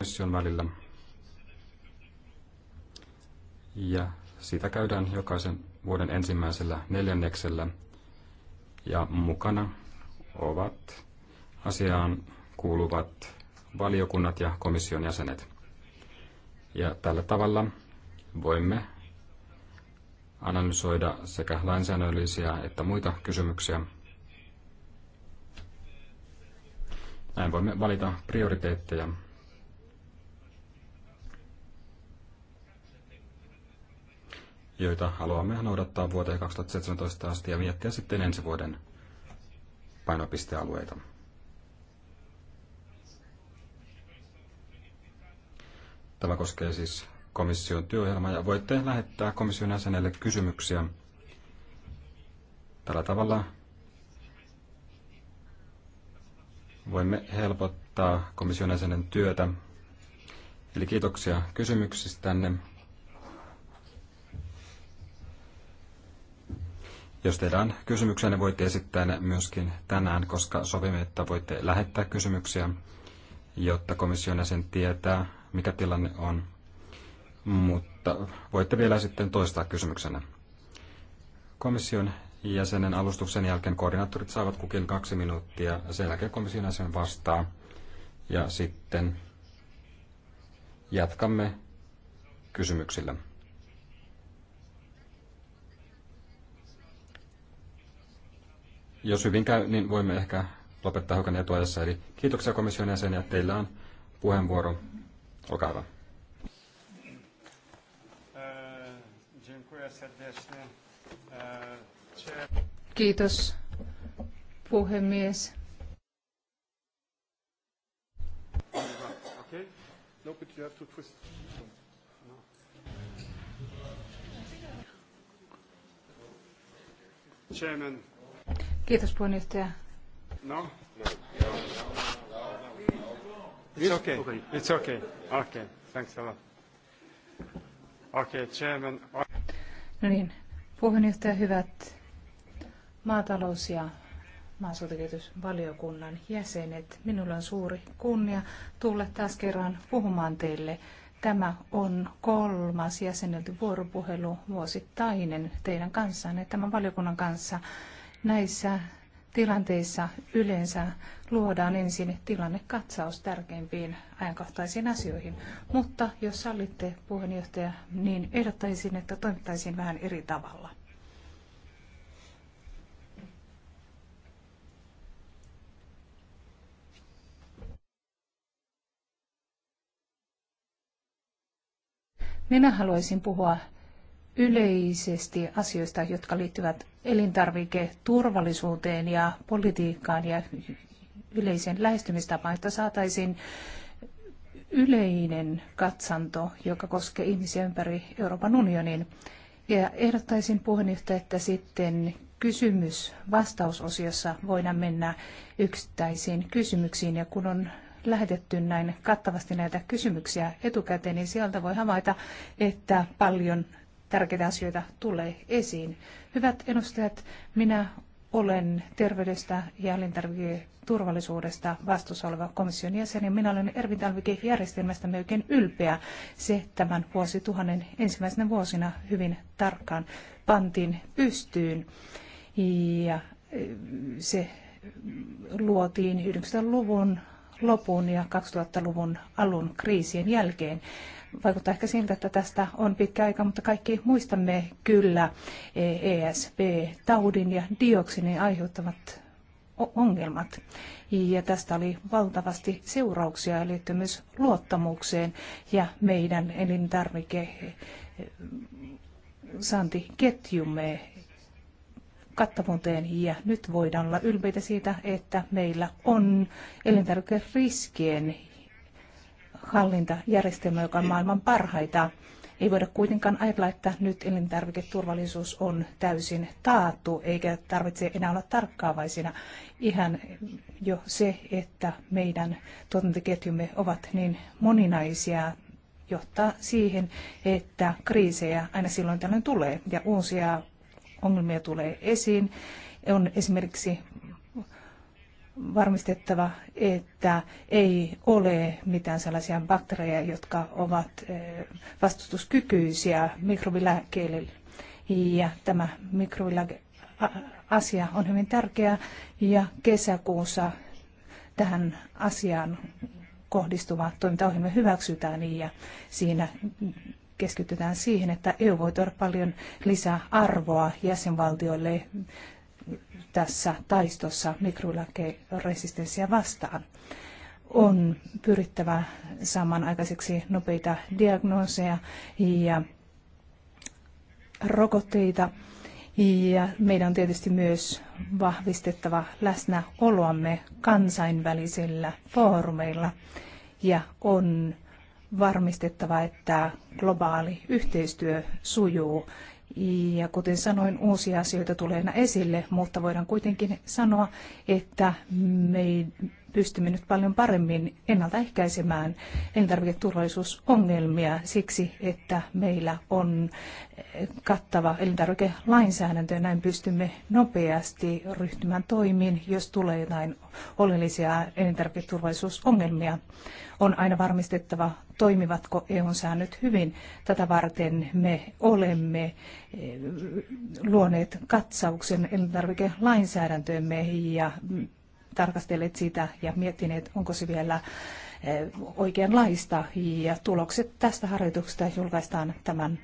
komission välillä. Ja sitä käydään jokaisen vuoden ensimmäisellä neljänneksellä. Ja mukana ovat asiaan kuuluvat valiokunnat ja komission jäsenet. Ja tällä tavalla voimme analysoida sekä lainsäädännöllisiä että muita kysymyksiä. Näin voimme valita prioriteetteja joita haluamme noudattaa vuoteen 2017 asti ja miettiä sitten ensi vuoden painopistealueita. Tämä koskee siis komission työohjelmaa ja voitte lähettää komission jäsenelle kysymyksiä. Tällä tavalla voimme helpottaa komission jäsenen työtä. Eli kiitoksia kysymyksistänne Jos teidän kysymyksenne kysymyksiä, voitte esittää ne myöskin tänään, koska sovimme, että voitte lähettää kysymyksiä, jotta komission jäsen tietää, mikä tilanne on. Mutta voitte vielä sitten toistaa kysymyksenä. Komission jäsenen alustuksen jälkeen koordinaattorit saavat kukin kaksi minuuttia, sen jälkeen komission jäsen vastaa. Ja sitten jatkamme kysymyksillä. Jos hyvin käy, niin voimme ehkä lopettaa hiukan etuajassa. Eli kiitoksia komission jäseniä. Teillä on puheenvuoro. Olkaa hyvä. Kiitos puhemies. Chairman, Kiitos puheenjohtaja. No. It's okay. It's okay. Okay. Thanks a lot. Okay, chairman. No niin, puheenjohtaja, hyvät maatalous- ja maaseutukehitysvaliokunnan jäsenet. Minulla on suuri kunnia tulla taas kerran puhumaan teille. Tämä on kolmas jäsenelty vuoropuhelu vuosittainen teidän kanssanne, tämän valiokunnan kanssa. Näissä tilanteissa yleensä luodaan ensin tilannekatsaus tärkeimpiin ajankohtaisiin asioihin. Mutta jos sallitte, puheenjohtaja, niin ehdottaisin, että toimittaisiin vähän eri tavalla. Minä haluaisin puhua yleisesti asioista, jotka liittyvät elintarviketurvallisuuteen ja politiikkaan ja yleisen lähestymistapaan, että saataisiin yleinen katsanto, joka koskee ihmisiä ympäri Euroopan unionin. Ja ehdottaisin puheenjohtaja, että sitten kysymys-vastausosiossa voidaan mennä yksittäisiin kysymyksiin. Ja kun on lähetetty näin kattavasti näitä kysymyksiä etukäteen, niin sieltä voi havaita, että paljon tärkeitä asioita tulee esiin. Hyvät edustajat, minä olen terveydestä ja elintarviketurvallisuudesta vastuussa oleva komission jäsen ja minä olen järjestelmästä oikein ylpeä. Se tämän vuosituhannen ensimmäisenä vuosina hyvin tarkkaan pantiin pystyyn ja e, se luotiin 90-luvun lopun ja 2000-luvun alun kriisien jälkeen. Vaikuttaa ehkä siltä, että tästä on pitkä aika, mutta kaikki muistamme kyllä ESP-taudin ja dioksinin aiheuttamat ongelmat. Ja tästä oli valtavasti seurauksia liittyen myös luottamukseen ja meidän elintarvike saantiketjumme kattavuuteen ja nyt voidaan olla ylpeitä siitä, että meillä on elintarvikeriskien hallintajärjestelmä, joka on maailman parhaita. Ei voida kuitenkaan ajatella, että nyt elintarviketurvallisuus on täysin taattu, eikä tarvitse enää olla tarkkaavaisina. Ihan jo se, että meidän tuotantoketjumme ovat niin moninaisia, johtaa siihen, että kriisejä aina silloin tällöin tulee ja uusia ongelmia tulee esiin. On esimerkiksi varmistettava, että ei ole mitään sellaisia bakteereja, jotka ovat eh, vastustuskykyisiä mikrobilääkkeille. Ja tämä mikrobilääkeasia on hyvin tärkeä ja kesäkuussa tähän asiaan kohdistuva toimintaohjelma hyväksytään ja siinä keskitytään siihen, että EU voi tuoda paljon lisää arvoa jäsenvaltioille tässä taistossa mikroeläkeresistenssiä vastaan. On pyrittävä saamaan aikaiseksi nopeita diagnooseja ja rokotteita. Ja meidän on tietysti myös vahvistettava läsnäoloamme kansainvälisillä foorumeilla ja on varmistettava, että globaali yhteistyö sujuu ja kuten sanoin, uusia asioita tulee aina esille, mutta voidaan kuitenkin sanoa, että me, pystymme nyt paljon paremmin ennaltaehkäisemään elintarviketurvallisuusongelmia siksi, että meillä on eh, kattava elintarvikelainsäädäntö ja näin pystymme nopeasti ryhtymään toimiin, jos tulee jotain oleellisia elintarviketurvallisuusongelmia. On aina varmistettava, toimivatko EUn säännöt hyvin. Tätä varten me olemme eh, luoneet katsauksen elintarvikelainsäädäntöömme ja tarkastelleet sitä ja miettineet, onko se vielä eh, oikeanlaista. Ja tulokset tästä harjoituksesta julkaistaan tämän,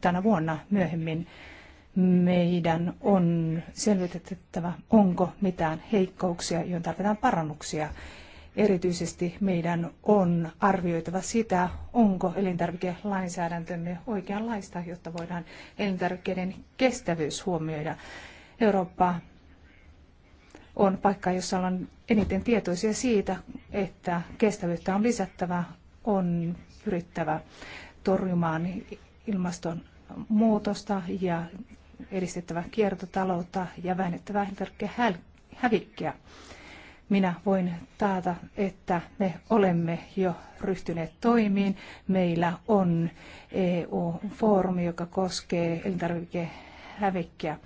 tänä vuonna myöhemmin. Meidän on selvitettävä, onko mitään heikkouksia, joihin tarvitaan parannuksia. Erityisesti meidän on arvioitava sitä, onko elintarvikelainsäädäntömme oikeanlaista, jotta voidaan elintarvikkeiden kestävyys huomioida. Eurooppa on paikka, jossa ollaan eniten tietoisia siitä, että kestävyyttä on lisättävä, on pyrittävä torjumaan ilmastonmuutosta ja edistettävä kiertotaloutta ja vähennettävä hävikkiä. Minä voin taata, että me olemme jo ryhtyneet toimiin. Meillä on EU-foorumi, joka koskee elintarvikehävikkiä. hävikkiä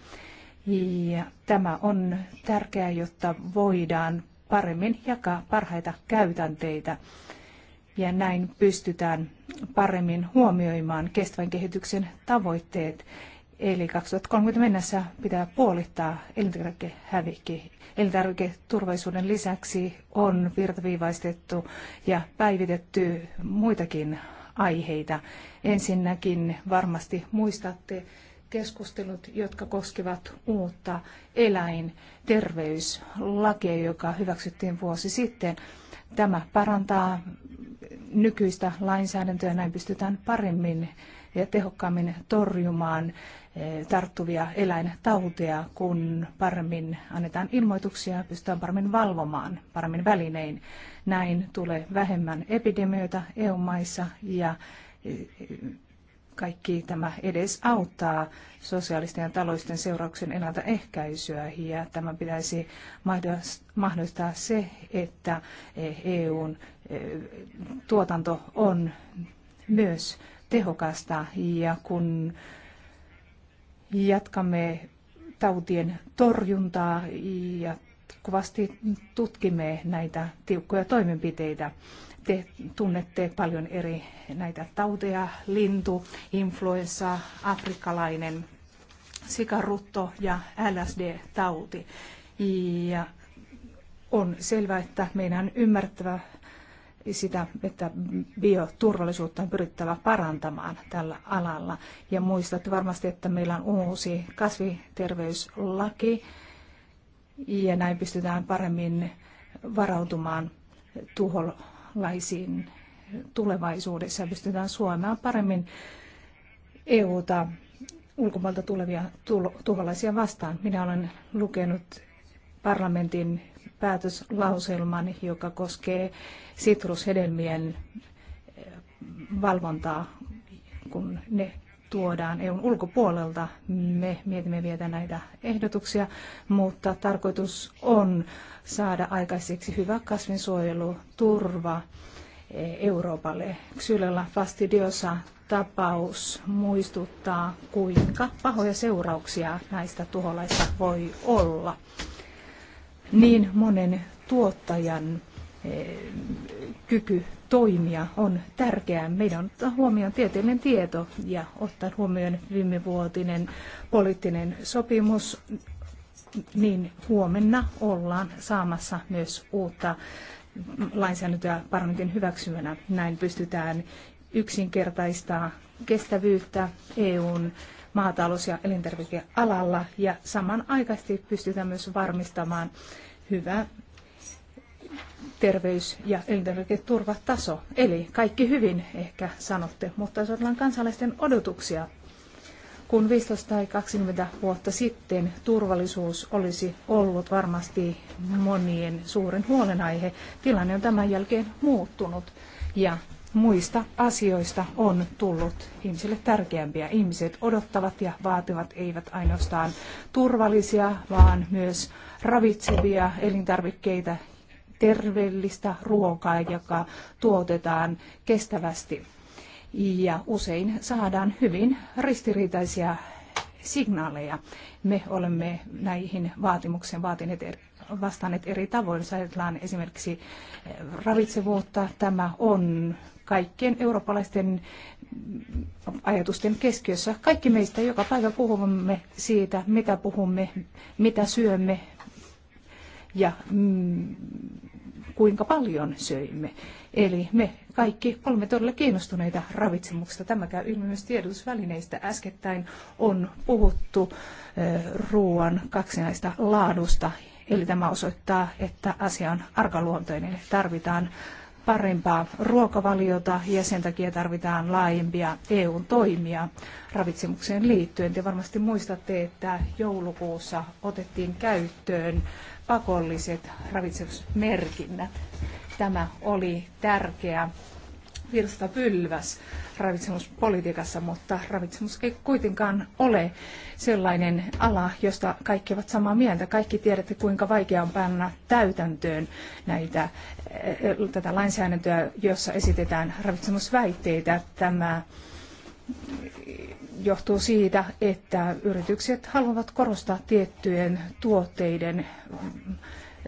ja tämä on tärkeää, jotta voidaan paremmin jakaa parhaita käytänteitä ja näin pystytään paremmin huomioimaan kestävän kehityksen tavoitteet. Eli 2030 mennessä pitää puolittaa elintarvikehävikki. Elintarviketurvallisuuden lisäksi on virtaviivaistettu ja päivitetty muitakin aiheita. Ensinnäkin varmasti muistatte, keskustelut, jotka koskivat uutta eläinterveyslakia, joka hyväksyttiin vuosi sitten. Tämä parantaa nykyistä lainsäädäntöä, näin pystytään paremmin ja tehokkaammin torjumaan eh, tarttuvia eläintauteja, kun paremmin annetaan ilmoituksia, pystytään paremmin valvomaan, paremmin välinein. Näin tulee vähemmän epidemioita EU-maissa ja eh, kaikki tämä edes auttaa sosiaalisten ja taloudellisten seurauksen ennaltaehkäisyä ja tämä pitäisi mahdollistaa se, että eh, EUn eh, tuotanto on myös tehokasta ja kun jatkamme tautien torjuntaa ja jatkuvasti tutkimme näitä tiukkoja toimenpiteitä te tunnette paljon eri näitä tauteja, lintu, influenssa, afrikkalainen, sikarutto ja LSD-tauti. Ja on selvää, että meidän on ymmärrettävä sitä, että bioturvallisuutta on pyrittävä parantamaan tällä alalla. Ja muistatte varmasti, että meillä on uusi kasviterveyslaki, ja näin pystytään paremmin varautumaan tuholla minkälaisiin tulevaisuudessa pystytään suomaan paremmin EUta ulkomailta tulevia tuholaisia vastaan. Minä olen lukenut parlamentin päätöslauselman, joka koskee sitrushedelmien eh, valvontaa, kun ne tuodaan EUn ulkopuolelta. Me mietimme vielä näitä ehdotuksia, mutta tarkoitus on saada aikaiseksi hyvä kasvinsuojeluturva e, Euroopalle. Xylella fastidiosa tapaus muistuttaa, kuinka pahoja seurauksia näistä tuholaista voi olla. Niin monen tuottajan e, kyky toimia on tärkeää. Meidän on ottaa huomioon tieteellinen tieto ja ottaa huomioon viimevuotinen poliittinen sopimus niin huomenna ollaan saamassa myös uutta lainsäädäntöä parlamentin hyväksymänä. Näin pystytään yksinkertaistaa kestävyyttä EUn maatalous- ja elintarvikealalla ja samanaikaisesti pystytään myös varmistamaan hyvä terveys- ja elintarviketurvataso. Eli kaikki hyvin ehkä sanotte, mutta jos odotellaan kansalaisten odotuksia kun 15 tai 20 vuotta sitten turvallisuus olisi ollut varmasti monien suurin huolenaihe. Tilanne on tämän jälkeen muuttunut ja muista asioista on tullut ihmisille tärkeämpiä. Ihmiset odottavat ja vaativat eivät ainoastaan turvallisia, vaan myös ravitsevia elintarvikkeita, terveellistä ruokaa, joka tuotetaan kestävästi ja usein saadaan hyvin ristiriitaisia signaaleja. Me olemme näihin vaatimuksiin vaatineet vastanneet eri tavoin. Jos ajatellaan esimerkiksi eh, ravitsevuutta, tämä on kaikkien eurooppalaisten ajatusten keskiössä. Kaikki meistä joka päivä puhumme siitä, mitä puhumme, mitä syömme ja mm, kuinka paljon söimme. Eli me kaikki olemme todella kiinnostuneita ravitsemuksesta. Tämä käy ilmi myös tiedotusvälineistä. Äskettäin on puhuttu eh, ruoan kaksinaista laadusta. Eli tämä osoittaa, että asia on arkaluontoinen. Tarvitaan parempaa ruokavaliota ja sen takia tarvitaan laajempia eu toimia ravitsemukseen liittyen. Te varmasti muistatte, että joulukuussa otettiin käyttöön pakolliset ravitsemusmerkinnät. Tämä oli tärkeä virstapylväs ravitsemuspolitiikassa, mutta ravitsemus ei kuitenkaan ole sellainen ala, josta kaikki ovat samaa mieltä. Kaikki tiedätte, kuinka vaikea on panna täytäntöön näitä, eh, tätä lainsäädäntöä, jossa esitetään ravitsemusväitteitä. Tämä johtuu siitä, että yritykset haluavat korostaa tiettyjen tuotteiden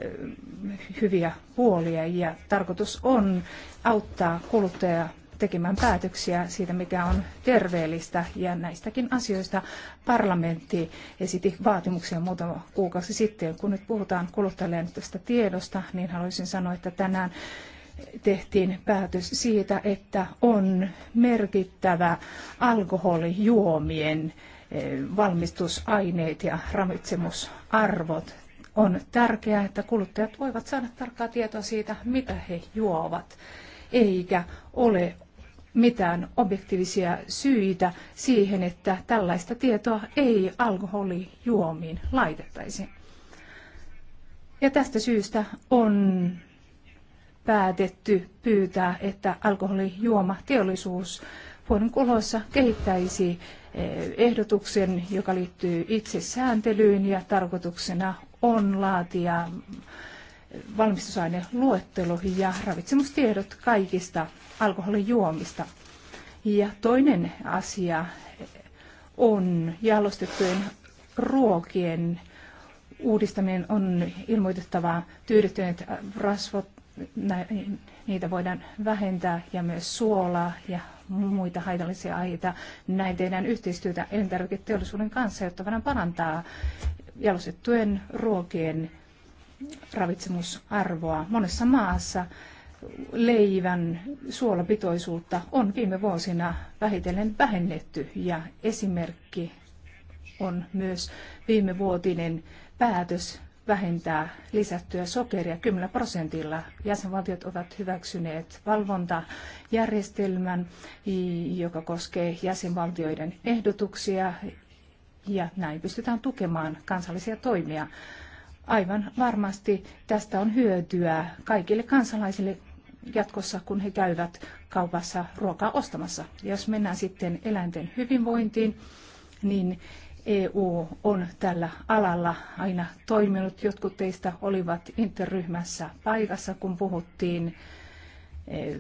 Eh, hyviä puolia ja tarkoitus on auttaa kuluttajaa tekemään päätöksiä siitä, mikä on terveellistä. Ja näistäkin asioista parlamentti esitti vaatimuksia muutama kuukausi sitten. Kun nyt puhutaan kuluttajille tästä tiedosta, niin haluaisin sanoa, että tänään tehtiin päätös siitä, että on merkittävä alkoholijuomien eh, valmistusaineet ja ravitsemusarvot on tärkeää, että kuluttajat voivat saada tarkkaa tietoa siitä, mitä he juovat, eikä ole mitään objektiivisia syitä siihen, että tällaista tietoa ei alkoholijuomiin laitettaisi. Ja tästä syystä on päätetty pyytää, että alkoholijuomateollisuus vuoden kuluessa kehittäisi eh, ehdotuksen, joka liittyy itsesääntelyyn ja tarkoituksena on laatia valmistusaineluettelo ja ravitsemustiedot kaikista alkoholin juomista. Ja toinen asia on jalostettujen ruokien uudistaminen on ilmoitettava tyydyttyneet rasvot niitä voidaan vähentää ja myös suolaa ja muita haitallisia aiheita. Näin tehdään yhteistyötä elintarviketeollisuuden kanssa, jotta voidaan parantaa jalostettujen ruokien ravitsemusarvoa. Monessa maassa leivän suolapitoisuutta on viime vuosina vähitellen vähennetty ja esimerkki on myös viime vuotinen päätös vähentää lisättyä sokeria 10 prosentilla. Jäsenvaltiot ovat hyväksyneet valvontajärjestelmän, joka koskee jäsenvaltioiden ehdotuksia ja näin pystytään tukemaan kansallisia toimia. Aivan varmasti tästä on hyötyä kaikille kansalaisille jatkossa, kun he käyvät kaupassa ruokaa ostamassa. Ja jos mennään sitten eläinten hyvinvointiin, niin EU on tällä alalla aina toiminut. Jotkut teistä olivat interryhmässä paikassa, kun puhuttiin eh,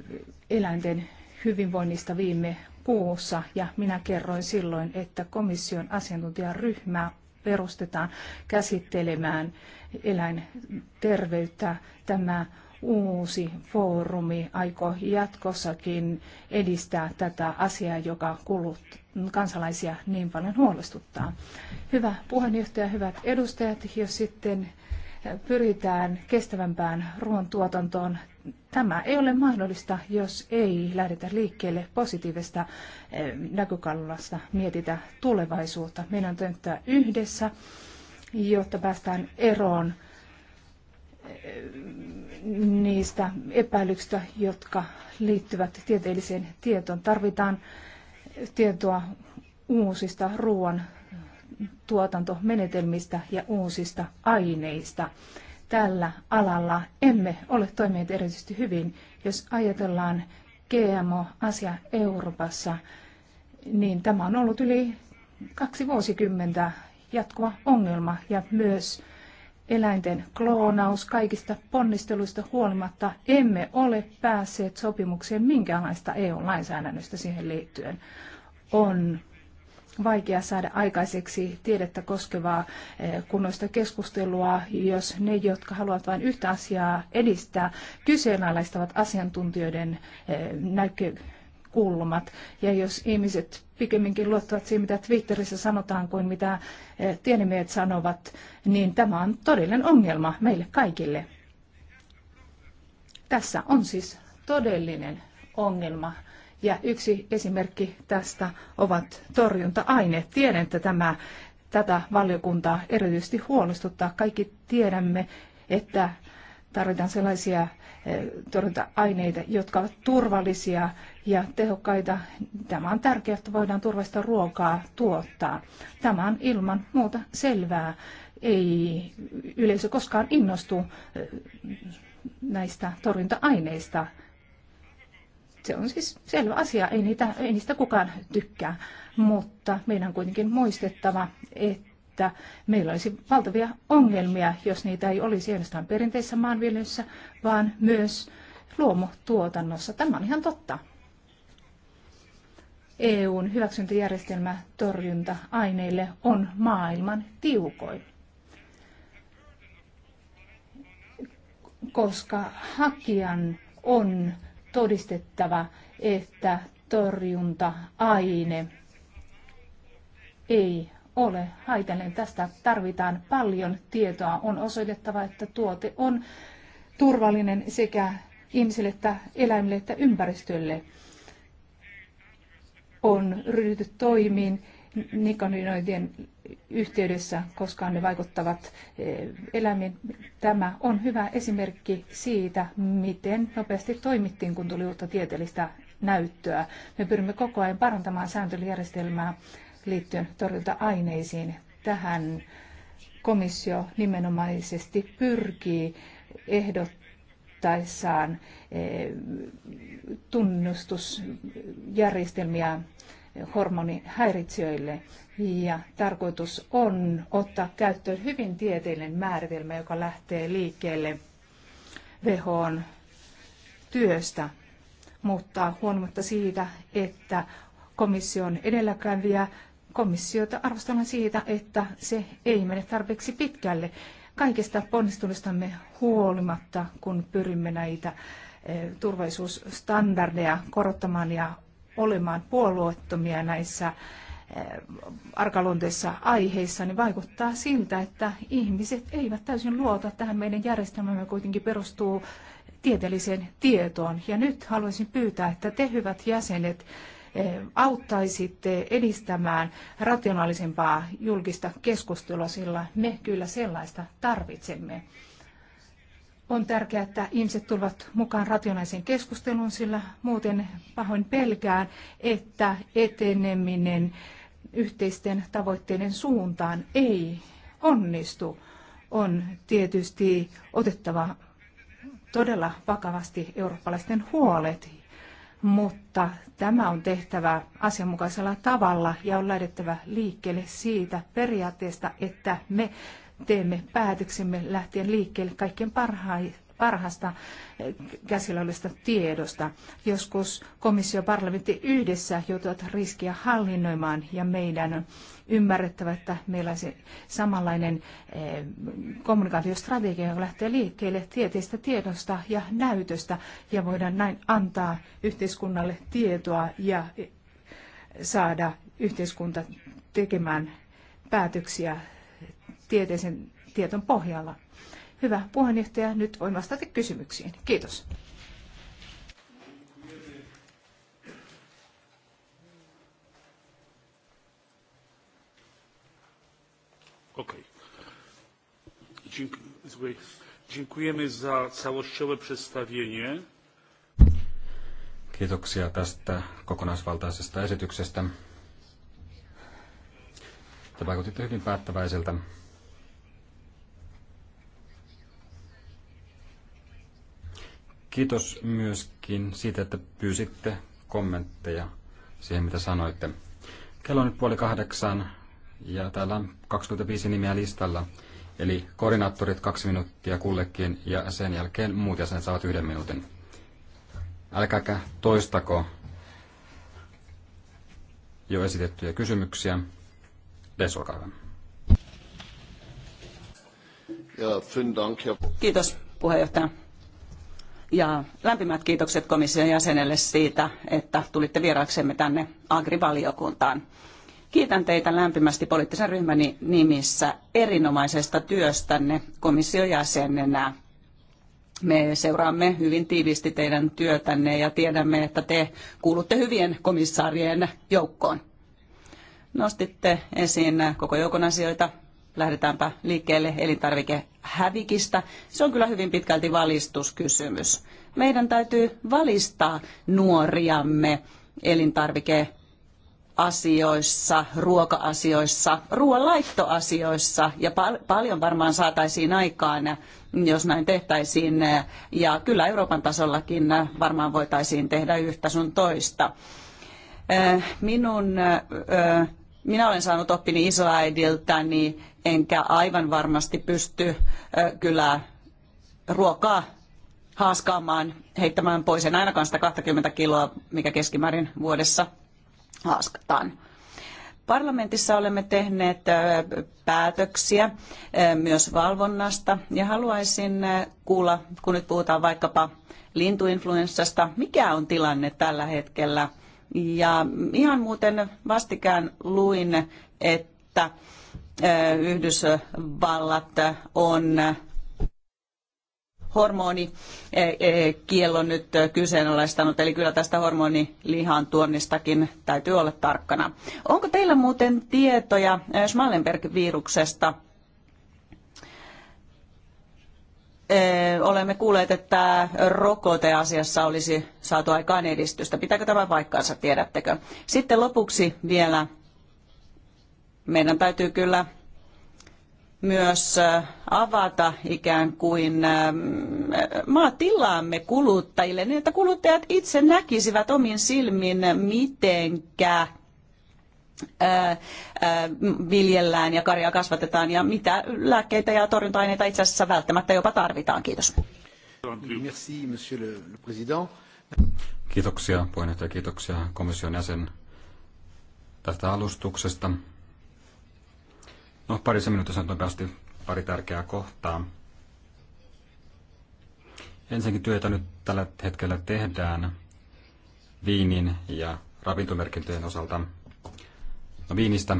eläinten hyvinvoinnista viime kuussa ja minä kerroin silloin, että komission asiantuntijaryhmä perustetaan käsittelemään eläinterveyttä. Tämä uusi foorumi aikoo jatkossakin edistää tätä asiaa, joka kulut kansalaisia niin paljon huolestuttaa. Hyvä puheenjohtaja, hyvät edustajat, jos sitten pyritään kestävämpään ruoantuotantoon tämä ei ole mahdollista, jos ei lähdetä liikkeelle positiivista eh, näkökulmasta, mietitä tulevaisuutta. Meidän on yhdessä, jotta päästään eroon eh, niistä epäilyksistä, jotka liittyvät tieteelliseen tietoon. Tarvitaan tietoa uusista ruoan tuotantomenetelmistä ja uusista aineista tällä alalla emme ole toimineet erityisesti hyvin. Jos ajatellaan GMO-asia Euroopassa, niin tämä on ollut yli kaksi vuosikymmentä jatkuva ongelma ja myös eläinten kloonaus kaikista ponnisteluista huolimatta emme ole päässeet sopimukseen minkäänlaista EU-lainsäädännöstä siihen liittyen. On vaikea saada aikaiseksi tiedettä koskevaa eh, kunnoista keskustelua, jos ne, jotka haluavat vain yhtä asiaa edistää, kyseenalaistavat asiantuntijoiden eh, näkökulmat. Ja jos ihmiset pikemminkin luottavat siihen, mitä Twitterissä sanotaan, kuin mitä eh, tiedemiehet sanovat, niin tämä on todellinen ongelma meille kaikille. Tässä on siis todellinen ongelma ja yksi esimerkki tästä ovat torjunta-aineet. Tiedän, että tämä, tätä valiokuntaa erityisesti huolestuttaa. Kaikki tiedämme, että tarvitaan sellaisia eh, torjunta-aineita, jotka ovat turvallisia ja tehokkaita. Tämä on tärkeää, että voidaan turvallista ruokaa tuottaa. Tämä on ilman muuta selvää. Ei yleisö koskaan innostu eh, näistä torjunta-aineista. Se on siis selvä asia, ei, niitä, ei niistä kukaan tykkää, mutta meidän on kuitenkin muistettava, että että meillä olisi valtavia ongelmia, jos niitä ei olisi ainoastaan perinteisessä maanviljelyssä, vaan myös luomutuotannossa. Tämä on ihan totta. EUn hyväksyntäjärjestelmä torjunta-aineille on maailman tiukoin, koska hakijan on todistettava, että torjunta-aine ei ole haitallinen. Tästä tarvitaan paljon tietoa. On osoitettava, että tuote on turvallinen sekä ihmisille että eläimille että ympäristölle. On ryhdytty toimiin nikoninoidien yhteydessä, koska ne vaikuttavat eh, eläimiin. Tämä on hyvä esimerkki siitä, miten nopeasti toimittiin, kun tuli uutta tieteellistä näyttöä. Me pyrimme koko ajan parantamaan sääntelyjärjestelmää liittyen torjunta-aineisiin. Tähän komissio nimenomaisesti pyrkii ehdottaessaan eh, tunnustusjärjestelmiä hormonihäiritsijöille. Ja tarkoitus on ottaa käyttöön hyvin tieteellinen määritelmä, joka lähtee liikkeelle vehoon työstä, mutta huolimatta siitä, että komissio on edelläkävijä, komissiota arvostellaan siitä, että se ei mene tarpeeksi pitkälle. Kaikesta ponnistulistamme huolimatta, kun pyrimme näitä eh, turvallisuusstandardeja korottamaan ja olemaan puolueettomia näissä eh, arkaluonteissa aiheissa, niin vaikuttaa siltä, että ihmiset eivät täysin luota tähän meidän järjestelmämme kuitenkin perustuu tieteelliseen tietoon. Ja nyt haluaisin pyytää, että te hyvät jäsenet eh, auttaisitte edistämään rationaalisempaa julkista keskustelua, sillä me kyllä sellaista tarvitsemme. On tärkeää, että ihmiset tulevat mukaan rationaaliseen keskusteluun, sillä muuten pahoin pelkään, että eteneminen yhteisten tavoitteiden suuntaan ei onnistu. On tietysti otettava todella vakavasti eurooppalaisten huolet, mutta tämä on tehtävä asianmukaisella tavalla ja on lähdettävä liikkeelle siitä periaatteesta, että me teemme päätöksemme lähtien liikkeelle kaikkien parhain, parhaasta eh, käsillä olevasta tiedosta. Joskus komissio ja parlamentti yhdessä joutuvat riskiä hallinnoimaan ja meidän on ymmärrettävä, että meillä on se samanlainen eh, kommunikaatiostrategia, joka lähtee liikkeelle tieteestä tiedosta ja näytöstä ja voidaan näin antaa yhteiskunnalle tietoa ja eh, saada yhteiskunta tekemään päätöksiä tieteisen tieton pohjalla. Hyvä puheenjohtaja, nyt voin vastata kysymyksiin. Kiitos. Okei. Okay. Dziękujemy za całościowe przedstawienie. Kiitoksia tästä kokonaisvaltaisesta esityksestä. Te vaikutitte hyvin päättäväiseltä. Kiitos myöskin siitä, että pyysitte kommentteja siihen, mitä sanoitte. Kello on nyt puoli kahdeksan ja täällä on 25 nimiä listalla. Eli koordinaattorit kaksi minuuttia kullekin ja sen jälkeen muut jäsenet saavat yhden minuutin. Älkääkä toistako jo esitettyjä kysymyksiä. Des, olkaa Kiitos puheenjohtaja. Ja lämpimät kiitokset komission jäsenelle siitä, että tulitte vieraaksemme tänne agrivaliokuntaan. Kiitän teitä lämpimästi poliittisen ryhmäni nimissä erinomaisesta työstänne komission jäsenenä. Me seuraamme hyvin tiiviisti teidän työtänne ja tiedämme, että te kuulutte hyvien komissaarien joukkoon. Nostitte esiin koko joukon asioita, lähdetäänpä liikkeelle elintarvikehävikistä. Se on kyllä hyvin pitkälti valistuskysymys. Meidän täytyy valistaa nuoriamme elintarvike asioissa, ruoka-asioissa, ruoanlaittoasioissa ja pal- paljon varmaan saataisiin aikaan, jos näin tehtäisiin. Ja kyllä Euroopan tasollakin varmaan voitaisiin tehdä yhtä sun toista. Äh, minun äh, minä olen saanut oppini isoäidiltäni, enkä aivan varmasti pysty kyllä ruokaa haaskaamaan, heittämään pois. En ainakaan sitä 20 kiloa, mikä keskimäärin vuodessa haaskataan. Parlamentissa olemme tehneet päätöksiä myös valvonnasta ja haluaisin kuulla, kun nyt puhutaan vaikkapa lintuinfluenssasta, mikä on tilanne tällä hetkellä – ja ihan muuten vastikään luin, että Yhdysvallat on hormonikiellon e, e, nyt kyseenalaistanut, eli kyllä tästä hormonilihan tuonnistakin täytyy olla tarkkana. Onko teillä muuten tietoja Schmallenberg-viruksesta? Eh, olemme kuulleet, että rokoteasiassa olisi saatu aikaan edistystä. Pitääkö tämä paikkaansa, tiedättekö? Sitten lopuksi vielä meidän täytyy kyllä myös eh, avata ikään kuin eh, maatilaamme kuluttajille, niin että kuluttajat itse näkisivät omin silmin, mitenkä viljellään ja karjaa kasvatetaan ja mitä lääkkeitä ja torjunta-aineita itse asiassa välttämättä jopa tarvitaan. Kiitos. Kiitoksia puheenjohtaja, kiitoksia komission jäsen tästä alustuksesta. No, parissa minuutissa nopeasti pari tärkeää kohtaa. Ensinnäkin työtä nyt tällä hetkellä tehdään viinin ja ravintomerkintöjen osalta – No Viinistä.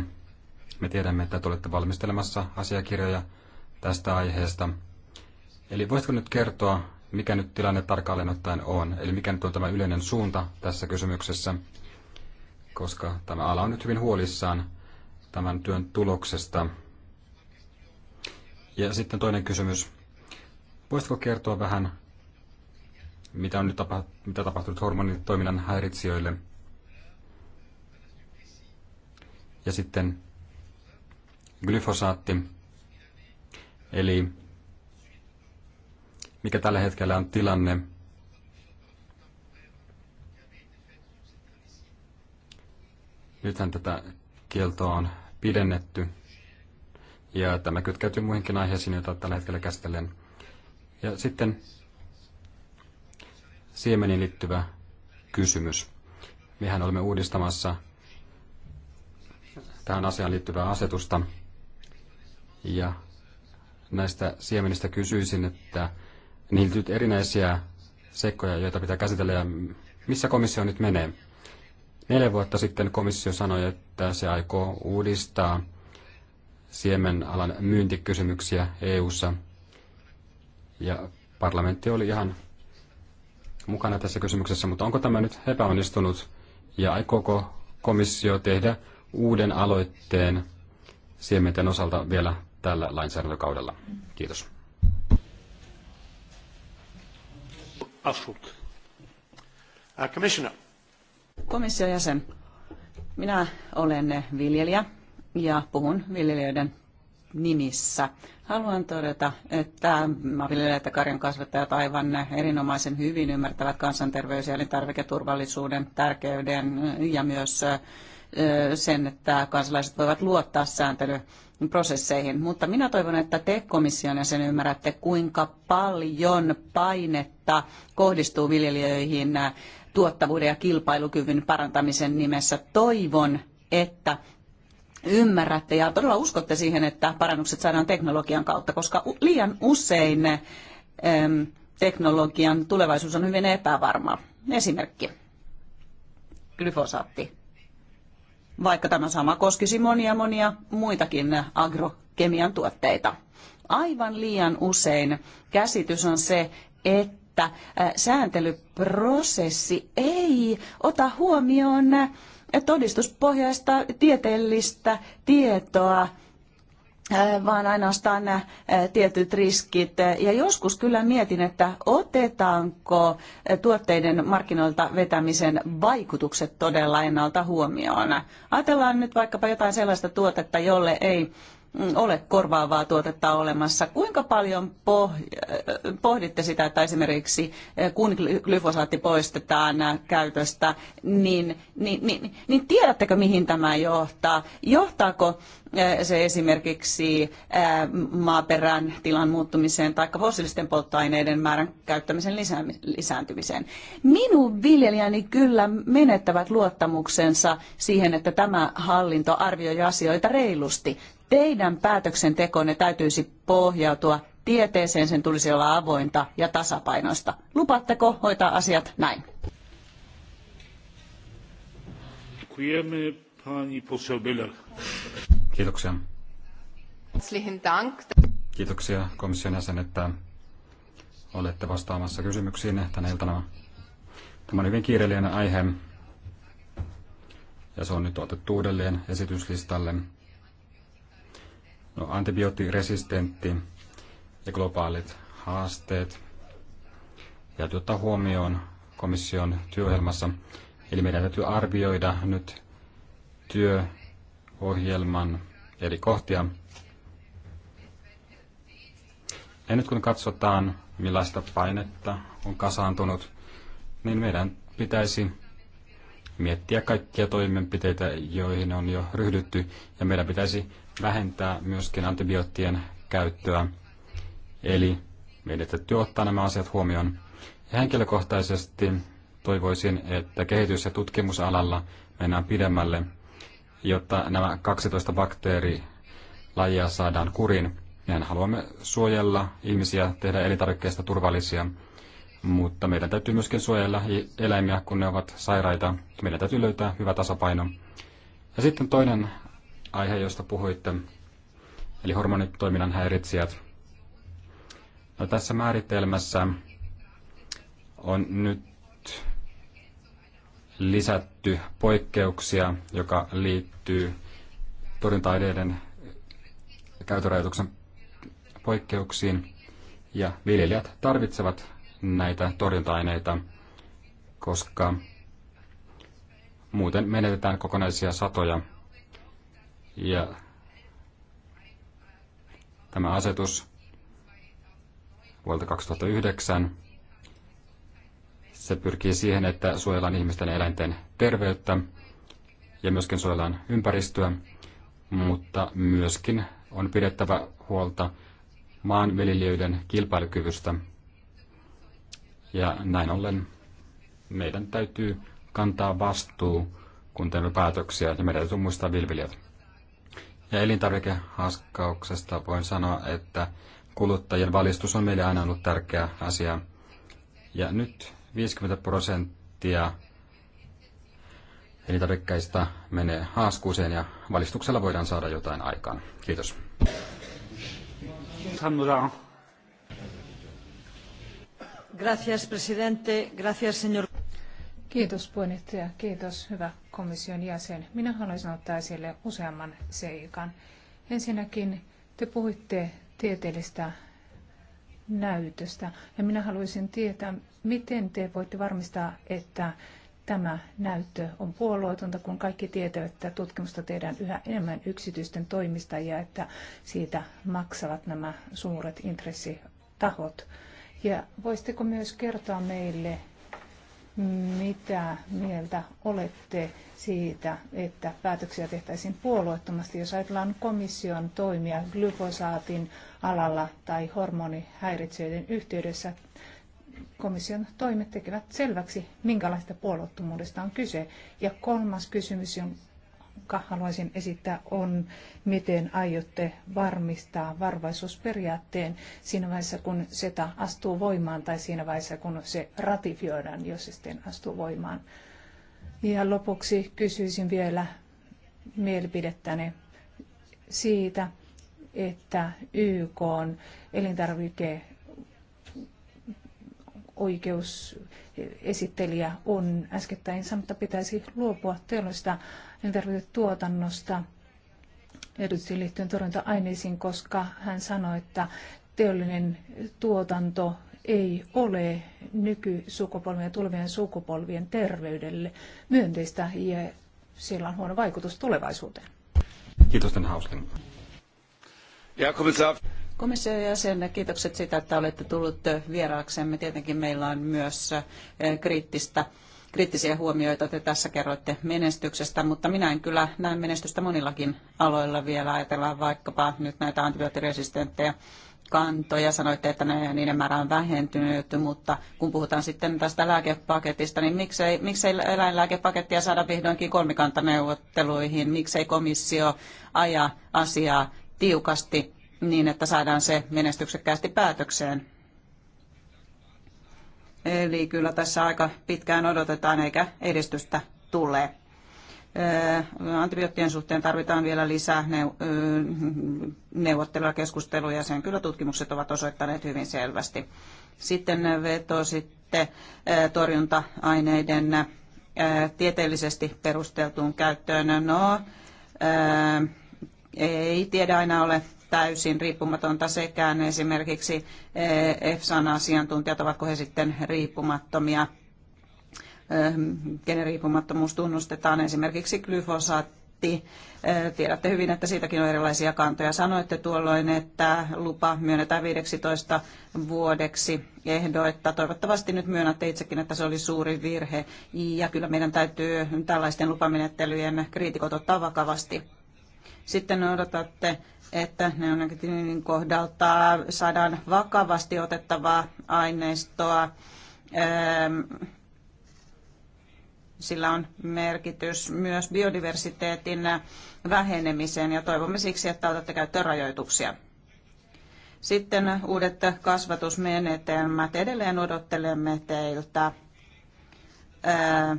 Me tiedämme, että te olette valmistelemassa asiakirjoja tästä aiheesta. Eli voisitko nyt kertoa, mikä nyt tilanne tarkalleen ottaen on? Eli mikä nyt on tämä yleinen suunta tässä kysymyksessä? Koska tämä ala on nyt hyvin huolissaan tämän työn tuloksesta. Ja sitten toinen kysymys. Voisitko kertoa vähän, mitä on nyt tapa, mitä tapahtunut hormonitoiminnan häiritsijöille? Ja sitten glyfosaatti, eli mikä tällä hetkellä on tilanne. Nythän tätä kieltoa on pidennetty. Ja tämä kytkeytyy muihinkin aiheisiin, joita tällä hetkellä käsitellen. Ja sitten siemeniin liittyvä kysymys. Mehän olemme uudistamassa tähän asiaan liittyvää asetusta. Ja näistä siemenistä kysyisin, että niihin liittyy erinäisiä sekkoja, joita pitää käsitellä ja missä komissio nyt menee. Neljä vuotta sitten komissio sanoi, että se aikoo uudistaa siemenalan myyntikysymyksiä EU:ssa ja parlamentti oli ihan mukana tässä kysymyksessä, mutta onko tämä nyt epäonnistunut ja aikooko komissio tehdä uuden aloitteen siementen osalta vielä tällä lainsäädäntökaudella. Kiitos. Ashut. Uh, Komission jäsen. Minä olen viljelijä ja puhun viljelijöiden nimissä. Haluan todeta, että maanviljelijät ja karjan kasvattajat aivan erinomaisen hyvin ymmärtävät kansanterveys- ja elintarviketurvallisuuden tärkeyden ja myös sen, että kansalaiset voivat luottaa sääntelyprosesseihin. Mutta minä toivon, että te komission sen ymmärrätte, kuinka paljon painetta kohdistuu viljelijöihin tuottavuuden ja kilpailukyvyn parantamisen nimessä. Toivon, että ymmärrätte ja todella uskotte siihen, että parannukset saadaan teknologian kautta, koska liian usein äm, teknologian tulevaisuus on hyvin epävarma. Esimerkki. Glyfosaatti vaikka tämä sama koskisi monia monia muitakin agrokemian tuotteita. Aivan liian usein käsitys on se, että sääntelyprosessi ei ota huomioon todistuspohjaista tieteellistä tietoa Äh, vaan ainoastaan nämä äh, tietyt riskit. Ja joskus kyllä mietin, että otetaanko äh, tuotteiden markkinoilta vetämisen vaikutukset todella ennalta huomioon. Ajatellaan nyt vaikkapa jotain sellaista tuotetta, jolle ei Mm, ole korvaavaa tuotetta olemassa. Kuinka paljon äh, pohditte sitä, että esimerkiksi äh, kun glyfosaatti poistetaan äh, käytöstä, niin, niin, niin, niin tiedättekö mihin tämä johtaa? Johtaako se esimerkiksi maaperän tilan muuttumiseen tai fossiilisten polttoaineiden määrän käyttämisen lisääntymiseen. Minun viljelijäni kyllä menettävät luottamuksensa siihen, että tämä hallinto arvioi asioita reilusti teidän päätöksentekonne täytyisi pohjautua tieteeseen, sen tulisi olla avointa ja tasapainoista. Lupatteko hoitaa asiat näin? Kiitoksia. Kiitoksia komission jäsen, että olette vastaamassa kysymyksiin tänä iltana. Tämä on hyvin kiireellinen aihe ja se on nyt otettu uudelleen esityslistalle No, antibioottiresistentti ja globaalit haasteet Ja ottaa huomioon komission työohjelmassa. Eli meidän täytyy arvioida nyt työohjelman eri kohtia. Ja nyt kun katsotaan, millaista painetta on kasaantunut, niin meidän pitäisi miettiä kaikkia toimenpiteitä, joihin on jo ryhdytty, ja meidän pitäisi vähentää myöskin antibioottien käyttöä. Eli meidän täytyy ottaa nämä asiat huomioon. Ja henkilökohtaisesti toivoisin, että kehitys- ja tutkimusalalla mennään pidemmälle, jotta nämä 12 bakteerilajia saadaan kuriin. Mehän haluamme suojella ihmisiä, tehdä elintarvikkeista turvallisia, mutta meidän täytyy myöskin suojella eläimiä, kun ne ovat sairaita. Meidän täytyy löytää hyvä tasapaino. Ja sitten toinen aihe, josta puhuitte, eli hormonitoiminnan häiritsijät. No, tässä määritelmässä on nyt lisätty poikkeuksia, joka liittyy torjunta-aineiden käytörajoituksen poikkeuksiin. Ja viljelijät tarvitsevat näitä torjunta-aineita, koska muuten menetetään kokonaisia satoja ja tämä asetus vuodelta 2009 se pyrkii siihen, että suojellaan ihmisten ja eläinten terveyttä ja myöskin suojellaan ympäristöä, mutta myöskin on pidettävä huolta maanviljelijöiden kilpailukyvystä. Ja näin ollen meidän täytyy kantaa vastuu, kun teemme päätöksiä, ja meidän täytyy muistaa viljelijät. Ja elintarvikehaskauksesta voin sanoa, että kuluttajien valistus on meille aina ollut tärkeä asia. Ja nyt 50 prosenttia elintarvikkeista menee haaskuuseen ja valistuksella voidaan saada jotain aikaan. Kiitos. Gracias, presidente. Gracias, señor. Kiitos puheenjohtaja. Kiitos, hyvä komission jäsen, minä haluaisin ottaa esille useamman seikan. Ensinnäkin te puhuitte tieteellistä näytöstä ja minä haluaisin tietää, miten te voitte varmistaa, että tämä näyttö on puolueetonta, kun kaikki tietävät, että tutkimusta tehdään yhä enemmän yksityisten toimista ja että siitä maksavat nämä suuret intressitahot. Ja voisitteko myös kertoa meille, mitä mieltä olette siitä, että päätöksiä tehtäisiin puolueettomasti, jos ajatellaan komission toimia glyfosaatin alalla tai hormonihäiritsijöiden yhteydessä. Komission toimet tekevät selväksi, minkälaista puolueettomuudesta on kyse. Ja kolmas kysymys, jonka haluaisin esittää, on miten aiotte varmistaa varvaisuusperiaatteen siinä vaiheessa, kun SETA astuu voimaan tai siinä vaiheessa, kun se ratifioidaan, jos se sitten astuu voimaan. Ja lopuksi kysyisin vielä mielipidettäne siitä, että YK on elintarvike oikeusesittelijä on äskettäin sanonut, että pitäisi luopua teollisesta elintarviketuotannosta erityisesti liittyen torjunta-aineisiin, koska hän sanoi, että teollinen tuotanto ei ole nykysukupolvien ja tulevien sukupolvien terveydelle myönteistä ja sillä on huono vaikutus tulevaisuuteen. Kiitos, Hausling. Ja, komissaari. Komission jäsen, kiitokset siitä, että olette tullut vieraaksemme. Tietenkin meillä on myös eh, kriittistä kriittisiä huomioita te tässä kerroitte menestyksestä, mutta minä en kyllä näe menestystä monillakin aloilla vielä. Ajatellaan vaikkapa nyt näitä antibioottiresistenttejä kantoja. Sanoitte, että niiden määrä on vähentynyt, mutta kun puhutaan sitten tästä lääkepaketista, niin miksei, miksei eläinlääkepakettia saada vihdoinkin kolmikantaneuvotteluihin? Miksei komissio aja asiaa tiukasti niin, että saadaan se menestyksekkäästi päätökseen. Eli kyllä tässä aika pitkään odotetaan eikä edistystä tule. Antibioottien suhteen tarvitaan vielä lisää neuvottelua, keskusteluja. Sen kyllä tutkimukset ovat osoittaneet hyvin selvästi. Sitten sitten torjunta-aineiden tieteellisesti perusteltuun käyttöön. No, ei tiedä aina ole täysin riippumatonta sekään. Esimerkiksi eh, EFSAn asiantuntijat, ovatko he sitten riippumattomia, ehm, kenen riippumattomuus tunnustetaan. Esimerkiksi glyfosaatti. Eh, tiedätte hyvin, että siitäkin on erilaisia kantoja. Sanoitte tuolloin, että lupa myönnetään 15 vuodeksi ehdoitta. Toivottavasti nyt myönnätte itsekin, että se oli suuri virhe. Ja kyllä meidän täytyy tällaisten lupamenettelyjen kriitikot ottaa vakavasti. Sitten odotatte että neonikotiinin kohdalta saadaan vakavasti otettavaa aineistoa. Ähm, sillä on merkitys myös biodiversiteetin vähenemiseen ja toivomme siksi, että otatte käyttöön rajoituksia. Sitten uudet kasvatusmenetelmät. Edelleen odottelemme teiltä äh,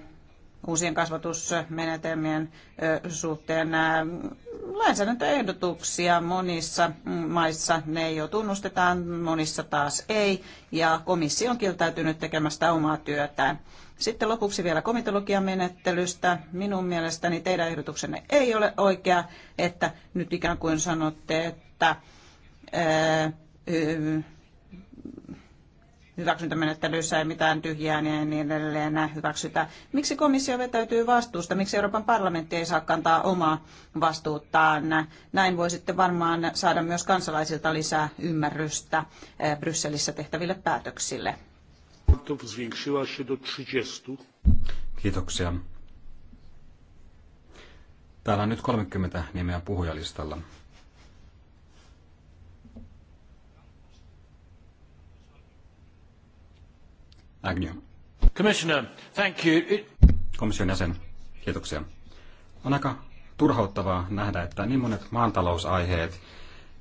uusien kasvatusmenetelmien suhteen äh, lainsäädäntöehdotuksia monissa maissa. Ne jo tunnustetaan, monissa taas ei, ja komissio on kieltäytynyt tekemästä omaa työtään. Sitten lopuksi vielä komitologiamenettelystä. Minun mielestäni teidän ehdotuksenne ei ole oikea, että nyt ikään kuin sanotte, että hyväksyntämenettelyissä ei mitään tyhjää ja niin, niin edelleen enää hyväksytä. Miksi komissio vetäytyy vastuusta? Miksi Euroopan parlamentti ei saa kantaa omaa vastuuttaan? Näin voi sitten varmaan saada myös kansalaisilta lisää ymmärrystä eh, Brysselissä tehtäville päätöksille. Kiitoksia. Täällä on nyt 30 nimeä puhujalistalla. Agnew. Commissioner, thank you. Komission jäsen, kiitoksia. On aika turhauttavaa nähdä, että niin monet maantalousaiheet,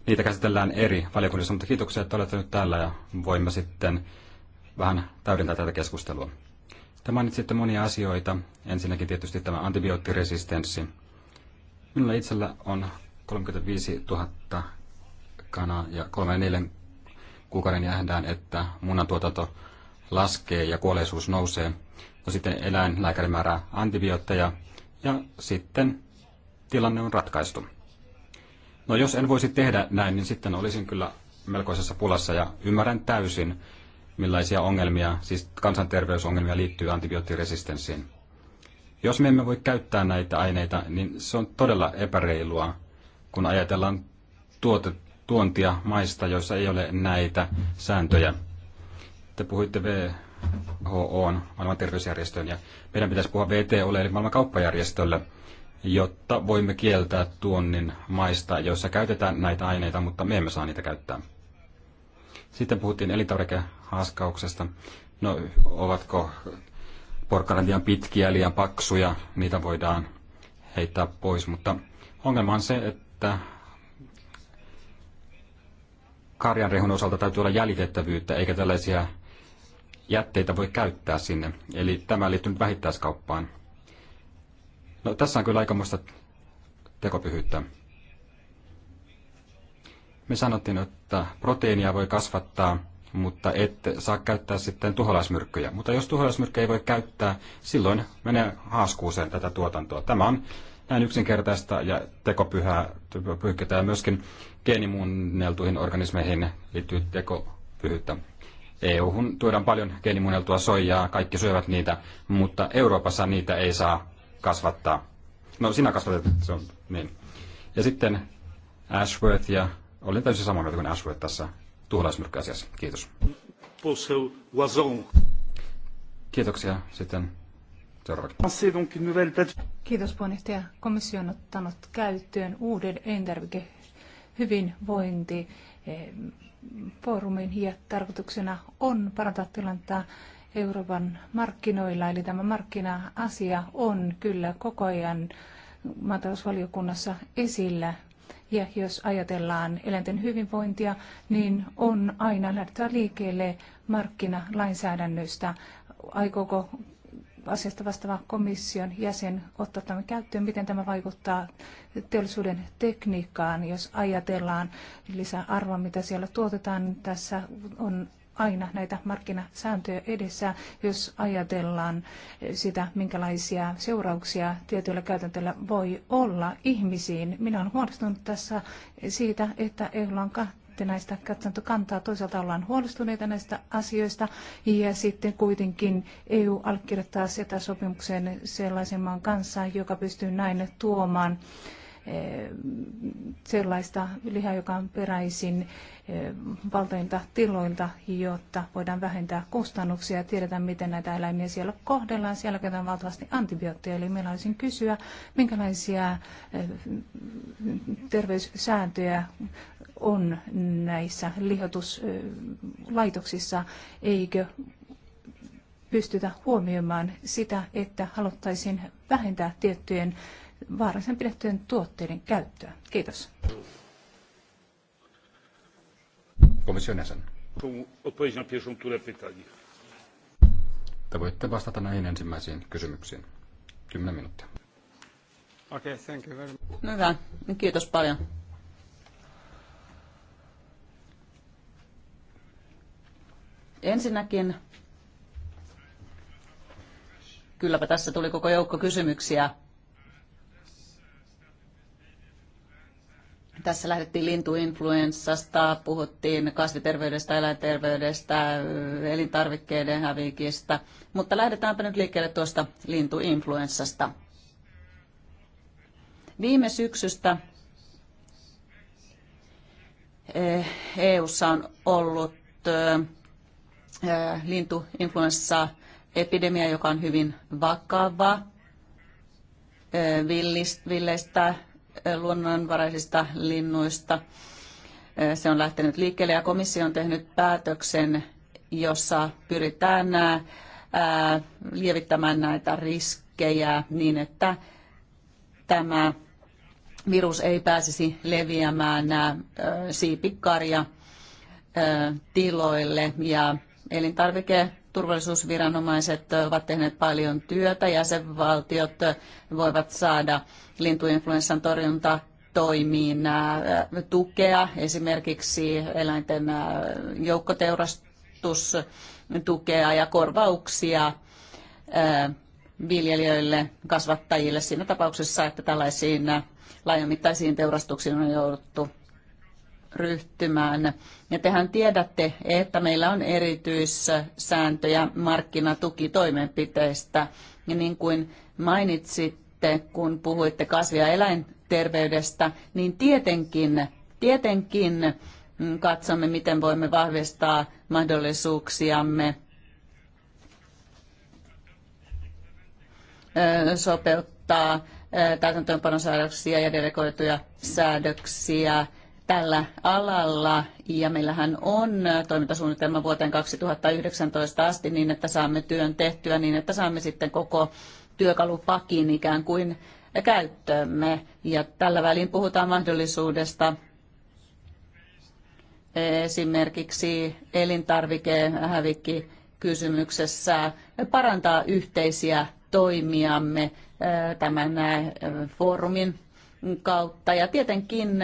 niitä käsitellään eri valiokunnissa, mutta kiitoksia, että olette nyt täällä ja voimme sitten vähän täydentää tätä keskustelua. Te mainitsitte monia asioita. Ensinnäkin tietysti tämä antibioottiresistenssi. Minulla itsellä on 35 000 kanaa ja kolmen neljän kuukauden jähdään, että munantuotanto laskee ja kuolleisuus nousee. No sitten eläinlääkäri määrää antibiootteja ja sitten tilanne on ratkaistu. No jos en voisi tehdä näin, niin sitten olisin kyllä melkoisessa pulassa ja ymmärrän täysin, millaisia ongelmia, siis kansanterveysongelmia liittyy antibioottiresistenssiin. Jos me emme voi käyttää näitä aineita, niin se on todella epäreilua, kun ajatellaan tuote, tuontia maista, joissa ei ole näitä sääntöjä. Te puhuitte WHO, maailman terveysjärjestöön ja meidän pitäisi puhua VTOlle, eli maailman kauppajärjestölle, jotta voimme kieltää tuonnin maista, joissa käytetään näitä aineita, mutta me emme saa niitä käyttää. Sitten puhuttiin elintarvikehaaskauksesta. No, ovatko porkkanat liian pitkiä, liian paksuja, niitä voidaan heittää pois, mutta ongelma on se, että karjanrehun osalta täytyy olla jäljitettävyyttä, eikä tällaisia jätteitä voi käyttää sinne. Eli tämä liittyy nyt vähittäiskauppaan. No, tässä on kyllä aikamoista tekopyhyyttä. Me sanottiin, että proteiinia voi kasvattaa, mutta et saa käyttää sitten tuholaismyrkkyjä. Mutta jos tuholaismyrkkyjä ei voi käyttää, silloin menee haaskuuseen tätä tuotantoa. Tämä on näin yksinkertaista ja tekopyhää pyykkätään myöskin geenimuunneltuihin organismeihin liittyy tekopyhyyttä. EU-hun tuodaan paljon geenimuunneltua soijaa, kaikki syövät niitä, mutta Euroopassa niitä ei saa kasvattaa. No sinä kasvatat, se on niin. Ja sitten Ashworth ja olen täysin samaa mieltä kuin Ashworth tässä tuholaismyrkkäasiassa. Kiitos. Kiitoksia sitten Kiitos puheenjohtaja. Komissio on ottanut käyttöön uuden elintarvike hyvinvointi foorumin ja tarkoituksena on parantaa tilannetta Euroopan markkinoilla. Eli tämä markkina-asia on kyllä koko ajan maatalousvaliokunnassa esillä. Ja jos ajatellaan eläinten hyvinvointia, niin on aina lähdettävä liikkeelle markkinalainsäädännöstä. Aikooko asiasta vastaava komission jäsen ottaa tämän käyttöön? Miten tämä vaikuttaa teollisuuden tekniikkaan, jos ajatellaan lisäarvoa, mitä siellä tuotetaan? Niin tässä on aina näitä markkinasääntöjä edessä, jos ajatellaan sitä, minkälaisia seurauksia tietyillä käytäntöillä voi olla ihmisiin. Minä olen huolestunut tässä siitä, että EUlla on näistä katsantokantaa. Toisaalta ollaan huolestuneita näistä asioista ja sitten kuitenkin EU allekirjoittaa sitä sopimuksen sellaisen maan kanssa, joka pystyy näin tuomaan eh, sellaista lihaa, joka on peräisin eh, valtailta tiloilta, jotta voidaan vähentää kustannuksia ja tiedetään, miten näitä eläimiä siellä kohdellaan. Siellä käytetään valtavasti antibiootteja, eli meillä olisin kysyä, minkälaisia eh, terveyssääntöjä on näissä lihotuslaitoksissa, eikö pystytä huomioimaan sitä, että haluttaisiin vähentää tiettyjen vaarallisen pidettyjen tuotteiden käyttöä. Kiitos. Komission jäsen. Te voitte vastata näihin ensimmäisiin kysymyksiin. 10 minuuttia. Okay, thank you very much. No hyvä. Kiitos paljon. Ensinnäkin, kylläpä tässä tuli koko joukko kysymyksiä. Tässä lähdettiin lintuinfluenssasta, puhuttiin kasviterveydestä, eläinterveydestä, elintarvikkeiden hävikistä, mutta lähdetäänpä nyt liikkeelle tuosta lintuinfluenssasta. Viime syksystä EU:ssa eh, e on ollut eh, lintuinfluenssaepidemia, joka on hyvin vakava villeistä luonnonvaraisista linnuista. Se on lähtenyt liikkeelle ja komissio on tehnyt päätöksen, jossa pyritään lievittämään näitä riskejä niin, että tämä virus ei pääsisi leviämään siipikarja tiloille ja Elintarviketurvallisuusviranomaiset ovat tehneet paljon työtä. Jäsenvaltiot voivat saada lintuinfluenssan torjunta toimiin tukea, esimerkiksi eläinten joukkoteurastustukea ja korvauksia viljelijöille, kasvattajille siinä tapauksessa, että tällaisiin laajamittaisiin teurastuksiin on jouduttu ryhtymään. Ja tehän tiedätte, että meillä on erityissääntöjä markkinatukitoimenpiteistä. Ja niin kuin mainitsitte, kun puhuitte kasvia eläinterveydestä, niin tietenkin, tietenkin mm, katsomme, miten voimme vahvistaa mahdollisuuksiamme sopeuttaa täytäntöönpanosäädöksiä ja delegoituja säädöksiä tällä alalla ja meillähän on toimintasuunnitelma vuoteen 2019 asti niin, että saamme työn tehtyä niin, että saamme sitten koko työkalupakin ikään kuin käyttöömme. Ja tällä välin puhutaan mahdollisuudesta esimerkiksi elintarvikehävikki kysymyksessä parantaa yhteisiä toimiamme tämän foorumin kautta. Ja tietenkin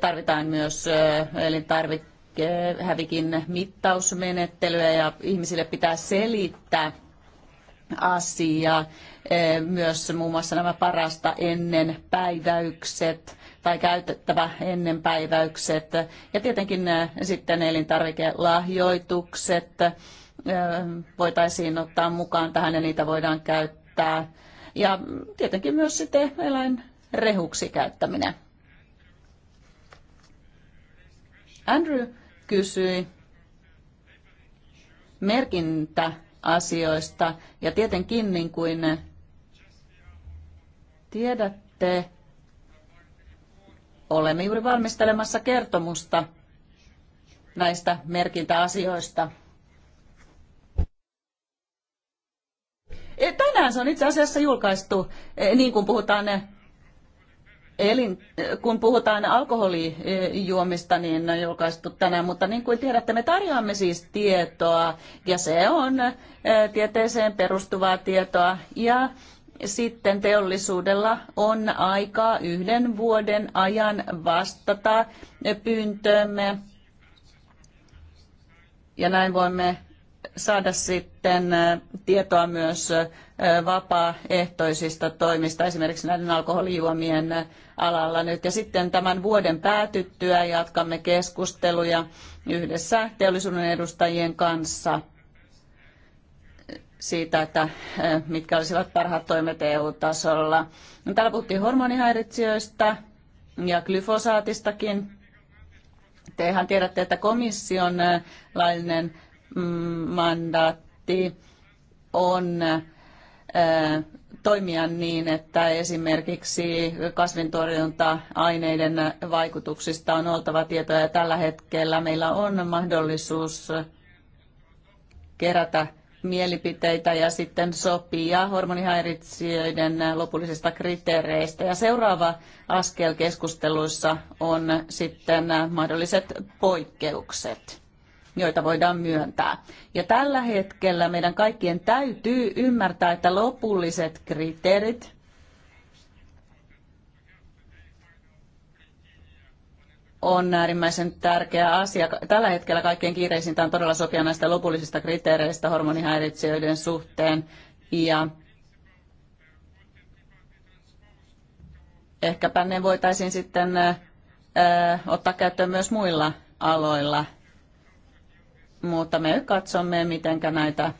Tarvitaan myös elintarvikehävikin mittausmenettelyä ja ihmisille pitää selittää asia. Myös muun muassa nämä parasta ennen päiväykset tai käytettävä ennen päiväykset ja tietenkin sitten elintarvikelahjoitukset voitaisiin ottaa mukaan tähän ja niitä voidaan käyttää. Ja tietenkin myös sitten eläinrehuksi käyttäminen. Andrew kysyi merkintäasioista ja tietenkin niin kuin tiedätte, olemme juuri valmistelemassa kertomusta näistä merkintäasioista. Tänään se on itse asiassa julkaistu, eh, niin kuin puhutaan eh, Elin, kun puhutaan alkoholijuomista, niin on julkaistu tänään, mutta niin kuin tiedätte, me tarjoamme siis tietoa ja se on tieteeseen perustuvaa tietoa ja sitten teollisuudella on aikaa yhden vuoden ajan vastata pyyntöömme ja näin voimme saada sitten tietoa myös vapaaehtoisista toimista, esimerkiksi näiden alkoholijuomien alalla nyt. Ja sitten tämän vuoden päätyttyä jatkamme keskusteluja yhdessä teollisuuden edustajien kanssa siitä, että mitkä olisivat parhaat toimet EU-tasolla. No, täällä puhuttiin hormonihäiritsijöistä ja glyfosaatistakin. Tehän tiedätte, että komission laillinen Mm, mandaatti on äh, toimia niin, että esimerkiksi kasvintorjunta-aineiden vaikutuksista on oltava tietoja. tällä hetkellä meillä on mahdollisuus kerätä mielipiteitä ja sitten sopia hormonihäiritsijöiden lopullisista kriteereistä. Ja seuraava askel keskusteluissa on sitten mahdolliset poikkeukset joita voidaan myöntää. Ja tällä hetkellä meidän kaikkien täytyy ymmärtää, että lopulliset kriteerit, on äärimmäisen tärkeä asia. Tällä hetkellä kaikkein kiireisintä on todella sopia näistä lopullisista kriteereistä hormonihäiritsijöiden suhteen. Ja ehkäpä ne voitaisiin sitten äh, ottaa käyttöön myös muilla aloilla mutta me katsomme, miten näitä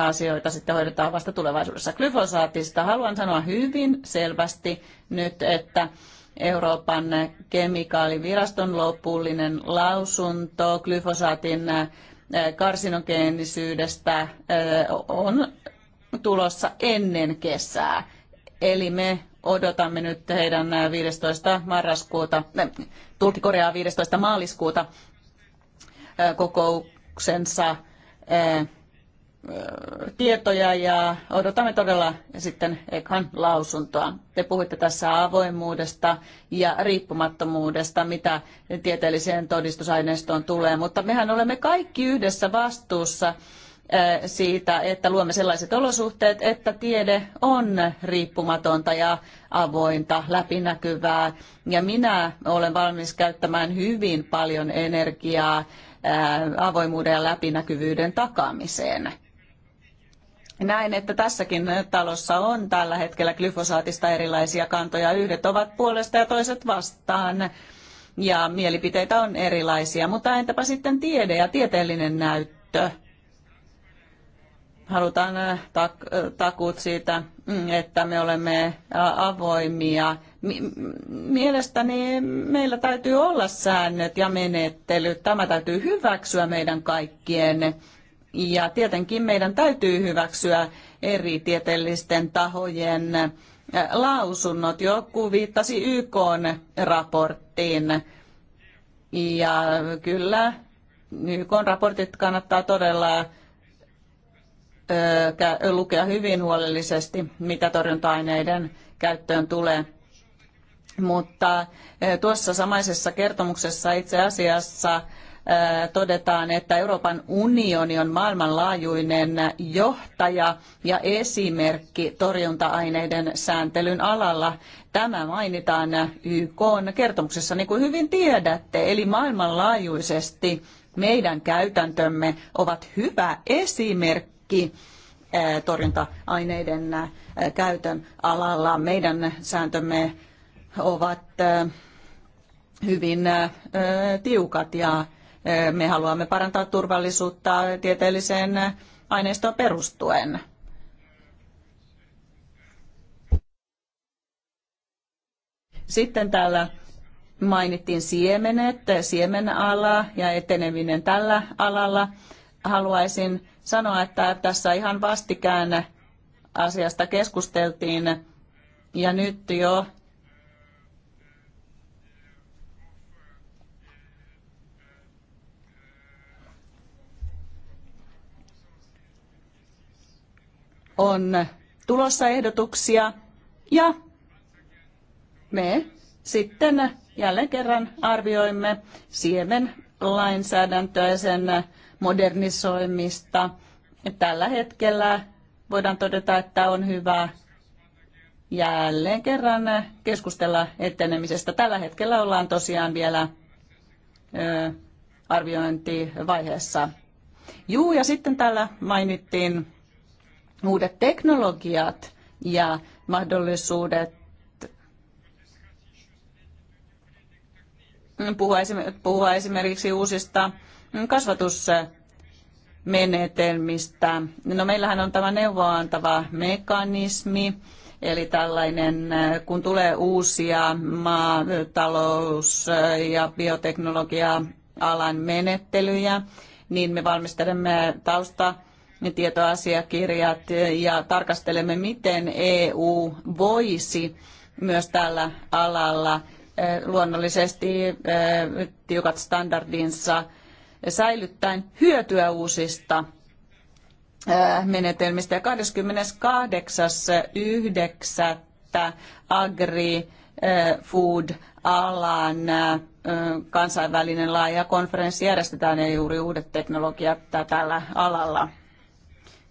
asioita sitten hoidetaan vasta tulevaisuudessa. Glyfosaatista haluan sanoa hyvin selvästi nyt, että Euroopan kemikaaliviraston lopullinen lausunto glyfosaatin äh, karsinogeenisyydestä äh, on tulossa ennen kesää. Eli me odotamme nyt heidän 15. marraskuuta, äh, tulkikorjaa 15. maaliskuuta kokouksensa tietoja ja odotamme todella sitten ekan lausuntoa. Te puhuitte tässä avoimuudesta ja riippumattomuudesta, mitä tieteelliseen todistusaineistoon tulee, mutta mehän olemme kaikki yhdessä vastuussa siitä, että luomme sellaiset olosuhteet, että tiede on riippumatonta ja avointa, läpinäkyvää. Ja minä olen valmis käyttämään hyvin paljon energiaa avoimuuden ja läpinäkyvyyden takaamiseen. Näin, että tässäkin talossa on tällä hetkellä glyfosaatista erilaisia kantoja. Yhdet ovat puolesta ja toiset vastaan ja mielipiteitä on erilaisia. Mutta entäpä sitten tiede ja tieteellinen näyttö? halutaan äh, äh, takuut siitä, mm, että me olemme äh, avoimia. Mielestäni meillä täytyy olla säännöt ja menettelyt. Tämä täytyy hyväksyä meidän kaikkien. Ja tietenkin meidän täytyy hyväksyä eri tieteellisten tahojen lausunnot. Joku viittasi YK raporttiin. Ja kyllä, YK raportit kannattaa todella lukea hyvin huolellisesti, mitä torjunta-aineiden käyttöön tulee. Mutta tuossa samaisessa kertomuksessa itse asiassa todetaan, että Euroopan unioni on maailmanlaajuinen johtaja ja esimerkki torjunta-aineiden sääntelyn alalla. Tämä mainitaan YK kertomuksessa, niin kuin hyvin tiedätte, eli maailmanlaajuisesti meidän käytäntömme ovat hyvä esimerkki kaikki torjunta-aineiden käytön alalla. Meidän sääntömme ovat hyvin tiukat ja me haluamme parantaa turvallisuutta tieteelliseen aineistoon perustuen. Sitten täällä mainittiin siemenet, siemenala ja eteneminen tällä alalla haluaisin sanoa, että tässä ihan vastikään asiasta keskusteltiin ja nyt jo on tulossa ehdotuksia ja me sitten jälleen kerran arvioimme siemen lainsäädäntöä ja sen modernisoimista. Tällä hetkellä voidaan todeta, että on hyvä jälleen kerran keskustella etenemisestä. Tällä hetkellä ollaan tosiaan vielä ö, arviointivaiheessa. Juu, ja sitten täällä mainittiin uudet teknologiat ja mahdollisuudet puhua esimerkiksi uusista kasvatusmenetelmistä. No meillähän on tämä neuvoantava mekanismi, Eli tällainen, kun tulee uusia maatalous- ja bioteknologia-alan menettelyjä, niin me valmistelemme tausta tietoasiakirjat ja tarkastelemme, miten EU voisi myös tällä alalla eh, luonnollisesti eh, tiukat standardinsa säilyttäen hyötyä uusista menetelmistä. Ja 28.9. Agri Food alan kansainvälinen laaja konferenssi järjestetään ja juuri uudet teknologiat tällä alalla.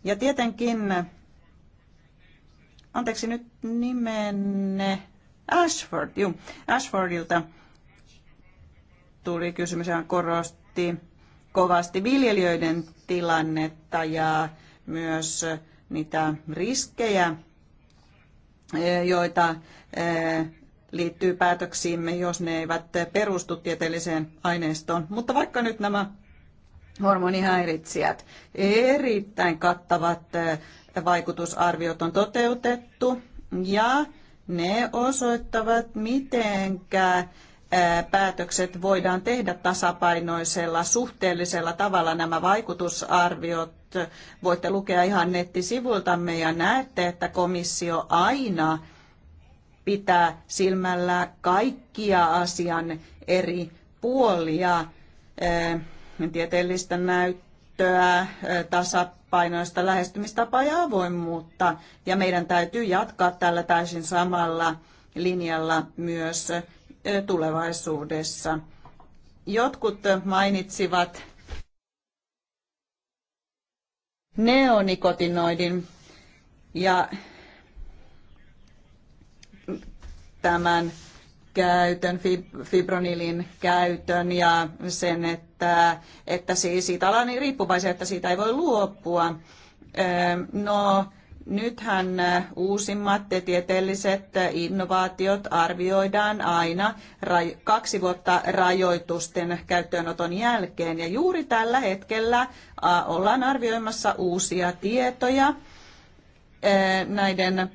Ja tietenkin, anteeksi nyt nimenne, Ashford, juu, Ashfordilta tuli kysymys, hän korosti kovasti viljelijöiden tilannetta ja myös niitä riskejä, eh, joita eh, liittyy päätöksiimme, jos ne eivät perustu tieteelliseen aineistoon. Mutta vaikka nyt nämä hormonihäiritsijät, erittäin kattavat eh, vaikutusarviot on toteutettu ja ne osoittavat, mitenkä päätökset voidaan tehdä tasapainoisella, suhteellisella tavalla nämä vaikutusarviot. Voitte lukea ihan nettisivuiltamme ja näette, että komissio aina pitää silmällä kaikkia asian eri puolia, tieteellistä näyttöä, tasapainoista lähestymistapaa ja avoimuutta. Ja meidän täytyy jatkaa tällä täysin samalla linjalla myös tulevaisuudessa. Jotkut mainitsivat neonikotinoidin ja tämän käytön, fibronilin käytön ja sen, että, että siitä ollaan niin riippuvaisia, että siitä ei voi luopua. No, Nythän uusimmat tieteelliset innovaatiot arvioidaan aina kaksi vuotta rajoitusten käyttöönoton jälkeen. Ja juuri tällä hetkellä ollaan arvioimassa uusia tietoja näiden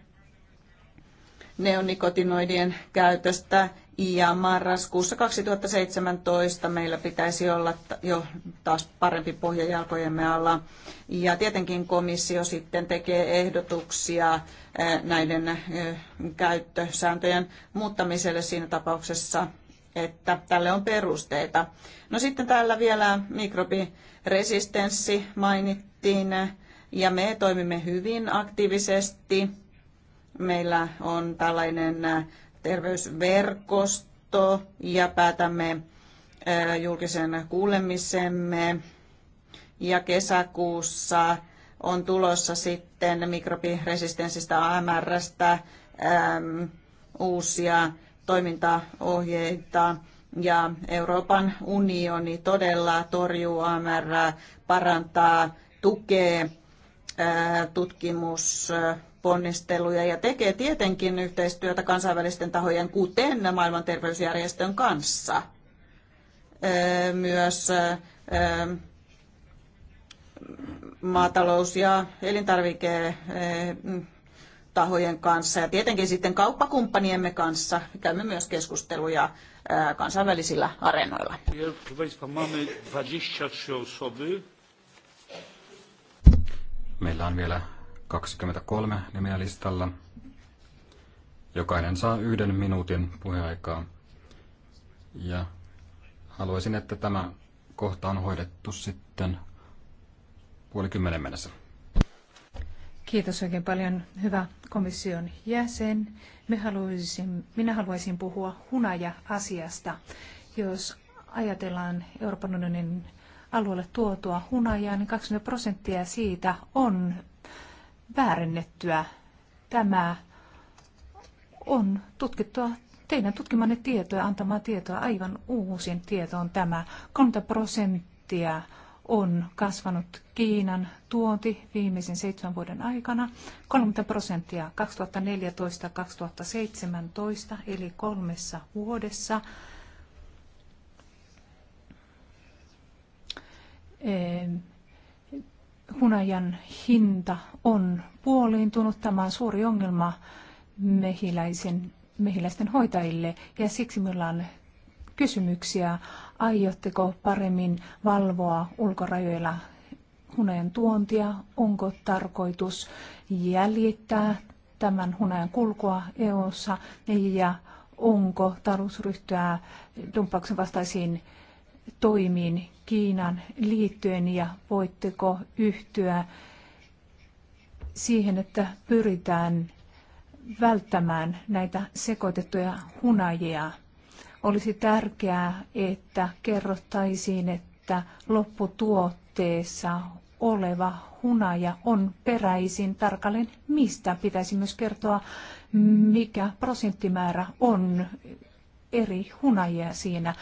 neonikotinoidien käytöstä ja marraskuussa 2017 meillä pitäisi olla jo taas parempi pohja jalkojemme alla. Ja tietenkin komissio sitten tekee ehdotuksia eh, näiden eh, käyttösääntöjen muuttamiselle siinä tapauksessa, että tälle on perusteita. No sitten täällä vielä mikrobiresistenssi mainittiin eh, ja me toimimme hyvin aktiivisesti. Meillä on tällainen terveysverkosto ja päätämme julkisen kuulemisemme. Ja kesäkuussa on tulossa sitten mikrobiresistenssistä AMRstä uusia toimintaohjeita ja Euroopan unioni todella torjuu AMR, parantaa, tukee tutkimus ponnisteluja ja tekee tietenkin yhteistyötä kansainvälisten tahojen, kuten maailman terveysjärjestön kanssa. Myös maatalous- ja elintarviketahojen kanssa ja tietenkin sitten kauppakumppaniemme kanssa käymme myös keskusteluja kansainvälisillä areenoilla. Meillä on vielä 23 nimeä listalla. Jokainen saa yhden minuutin puheaikaa. Ja haluaisin, että tämä kohta on hoidettu sitten puoli kymmenen mennessä. Kiitos oikein paljon, hyvä komission jäsen. Me haluaisin, minä haluaisin puhua hunaja-asiasta. Jos ajatellaan Euroopan unionin alueelle tuotua hunajaa, niin 20 prosenttia siitä on väärennettyä. Tämä on tutkittua teidän tutkimanne tietoa, antamaa tietoa, aivan uusin tietoon tämä. 30 prosenttia on kasvanut Kiinan tuonti viimeisen seitsemän vuoden aikana. 30 prosenttia 2014-2017, eli kolmessa vuodessa. Ee, hunajan hinta on puoliintunut. Tämä on suuri ongelma mehiläisen, mehiläisten hoitajille ja siksi meillä on kysymyksiä. Aiotteko paremmin valvoa ulkorajoilla hunajan tuontia? Onko tarkoitus jäljittää tämän hunajan kulkua EU:ssa ja onko tarkoitus ryhtyä dumppauksen vastaisiin toimiin Kiinan liittyen ja voitteko yhtyä siihen, että pyritään välttämään näitä sekoitettuja hunajia. Olisi tärkeää, että kerrottaisiin, että lopputuotteessa oleva hunaja on peräisin tarkalleen mistä. Pitäisi myös kertoa, mikä prosenttimäärä on eri hunajia siinä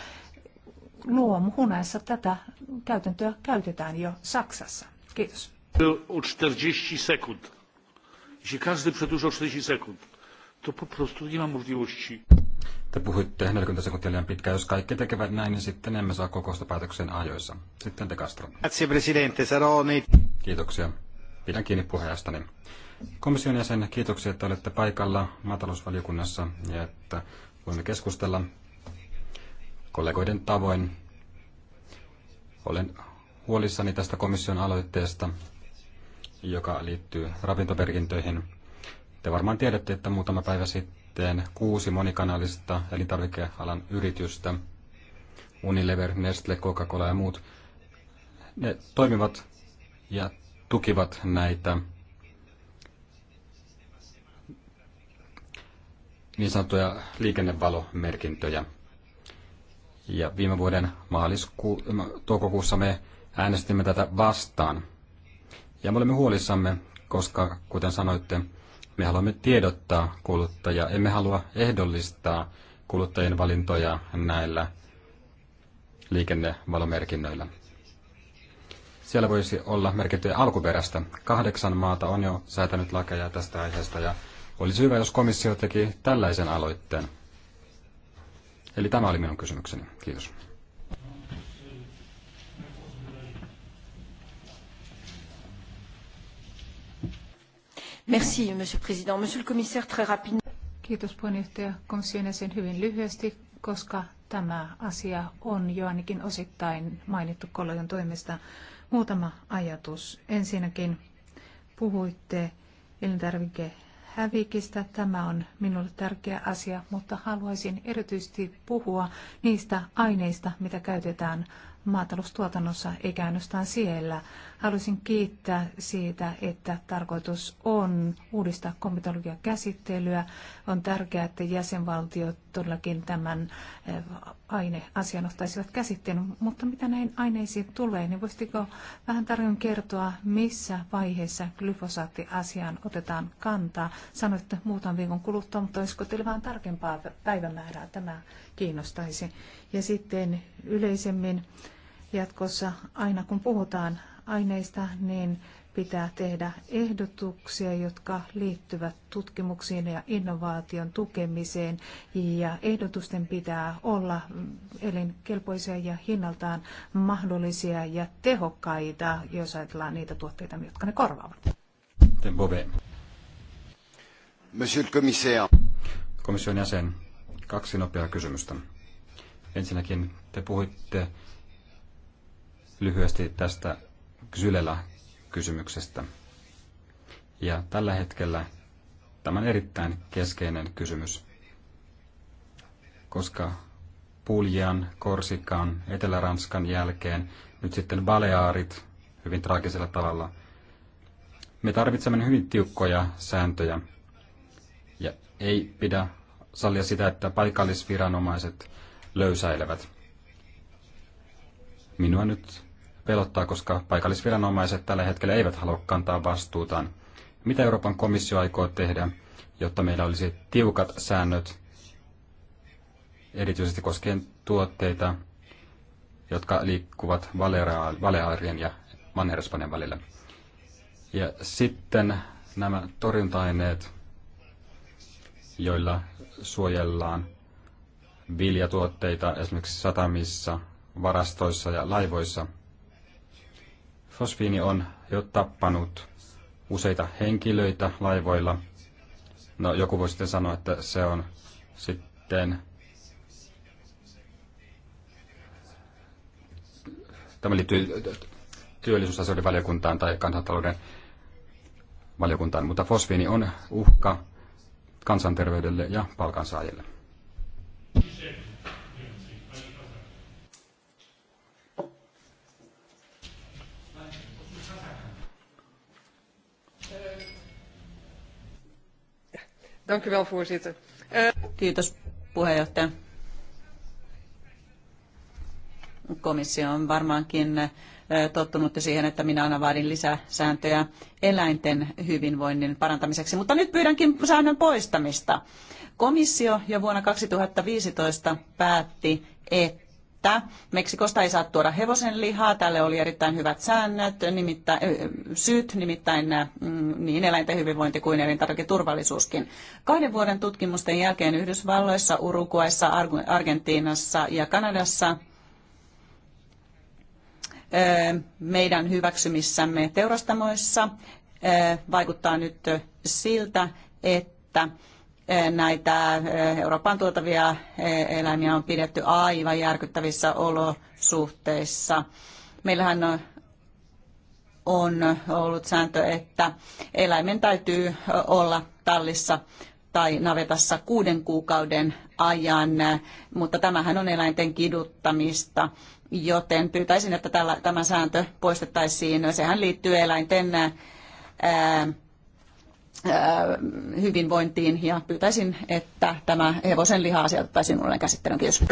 luomuhunassa tätä käytäntöä käytetään jo Saksassa. Kiitos. O 40 sekund. Jeśli każdy przedłuża 40 sekund, to po prostu nie ma możliwości. Te puhuitte 40 sekuntia liian pitkään. Jos kaikki tekevät näin, niin sitten emme saa kokousta päätökseen ajoissa. Sitten te Castro. Grazie, Presidente. Saroni. Kiitoksia. Pidän kiinni puheenjohtajastani. Komission jäsen, kiitoksia, että olette paikalla maatalousvaliokunnassa ja että voimme keskustella kollegoiden tavoin olen huolissani tästä komission aloitteesta, joka liittyy ravintomerkintöihin. Te varmaan tiedätte, että muutama päivä sitten kuusi monikanalista elintarvikealan yritystä, Unilever, Nestle, Coca-Cola ja muut, ne toimivat ja tukivat näitä niin sanottuja liikennevalomerkintöjä. Ja viime vuoden maalisku- toukokuussa me äänestimme tätä vastaan. Ja me olemme huolissamme, koska kuten sanoitte, me haluamme tiedottaa kuluttajia. Emme halua ehdollistaa kuluttajien valintoja näillä liikennevalomerkinnöillä. Siellä voisi olla merkittyä alkuperästä. Kahdeksan maata on jo säätänyt lakeja tästä aiheesta ja olisi hyvä, jos komissio teki tällaisen aloitteen. Eli tämä oli minun kysymykseni. Kiitos. Merci, monsieur le président. Monsieur le commissaire, très rapidement. Kiitos puheenjohtaja komission jäsen hyvin lyhyesti, koska tämä asia on jo ainakin osittain mainittu kollegan toimesta. Muutama ajatus. Ensinnäkin puhuitte elintarvike hävikistä. Tämä on minulle tärkeä asia, mutta haluaisin erityisesti puhua niistä aineista, mitä käytetään maataloustuotannossa, eikä ainoastaan siellä. Haluaisin kiittää siitä, että tarkoitus on uudistaa komitologian käsittelyä. On tärkeää, että jäsenvaltiot todellakin tämän eh, aineasian ottaisivat käsitteen, mutta mitä näin aineisiin tulee, niin voisitko vähän tarkemmin kertoa, missä vaiheessa glyfosaattiasiaan otetaan kantaa? Sanoitte muutaman viikon kuluttua, mutta olisiko teillä vähän tarkempaa päivämäärää tämä kiinnostaisi? Ja sitten yleisemmin jatkossa aina kun puhutaan aineista, niin pitää tehdä ehdotuksia, jotka liittyvät tutkimuksiin ja innovaation tukemiseen. Ja ehdotusten pitää olla elinkelpoisia ja hinnaltaan mahdollisia ja tehokkaita, jos ajatellaan niitä tuotteita, jotka ne korvaavat. Monsieur le commissaire. Komission jäsen, kaksi nopeaa kysymystä. Ensinnäkin te puhuitte lyhyesti tästä Sylelä kysymyksestä. Ja tällä hetkellä tämä on erittäin keskeinen kysymys, koska Puljan, Korsikan, Etelä-Ranskan jälkeen, nyt sitten Balearit hyvin traagisella tavalla. Me tarvitsemme hyvin tiukkoja sääntöjä ja ei pidä sallia sitä, että paikallisviranomaiset löysäilevät. Minua nyt pelottaa, koska paikallisviranomaiset tällä hetkellä eivät halua kantaa vastuutaan. Mitä Euroopan komissio aikoo tehdä, jotta meillä olisi tiukat säännöt, erityisesti koskien tuotteita, jotka liikkuvat Balearien ja Manner-Espanjan välillä? Ja sitten nämä torjunta-aineet, joilla suojellaan viljatuotteita esimerkiksi satamissa, varastoissa ja laivoissa – Fosfiini on jo tappanut useita henkilöitä laivoilla. No, joku voi sitten sanoa, että se on sitten tämä liittyy työllisyysasioiden valiokuntaan tai kansantalouden valiokuntaan, mutta fosfiini on uhka kansanterveydelle ja palkansaajille. Dank u wel, voorzitter. Eh, Kiitos, puheenjohtaja. Komissio on varmaankin eh, tottunut siihen, että minä aina vaadin lisäsääntöjä eläinten hyvinvoinnin parantamiseksi, mutta nyt pyydänkin säännön poistamista. Komissio jo vuonna 2015 päätti, että että Meksikosta ei saa tuoda hevosen lihaa. Tälle oli erittäin hyvät säännöt, nimittäin, syyt, nimittäin mm, niin eläinten hyvinvointi kuin elintarviketurvallisuuskin. Kahden vuoden tutkimusten jälkeen Yhdysvalloissa, Uruguayssa, Argentiinassa ja Kanadassa meidän hyväksymissämme teurastamoissa vaikuttaa nyt siltä, että näitä eh, Euroopan tuotavia eh, eläimiä on pidetty aivan järkyttävissä olosuhteissa. Meillähän on ollut sääntö, että eläimen täytyy olla tallissa tai navetassa kuuden kuukauden ajan, mutta tämähän on eläinten kiduttamista, joten pyytäisin, että tämä sääntö poistettaisiin. Sehän liittyy eläinten eh, hyvinvointiin ja pyytäisin, että tämä hevosen liha-asia otettaisiin uudelleen käsittelyyn. Kiitos.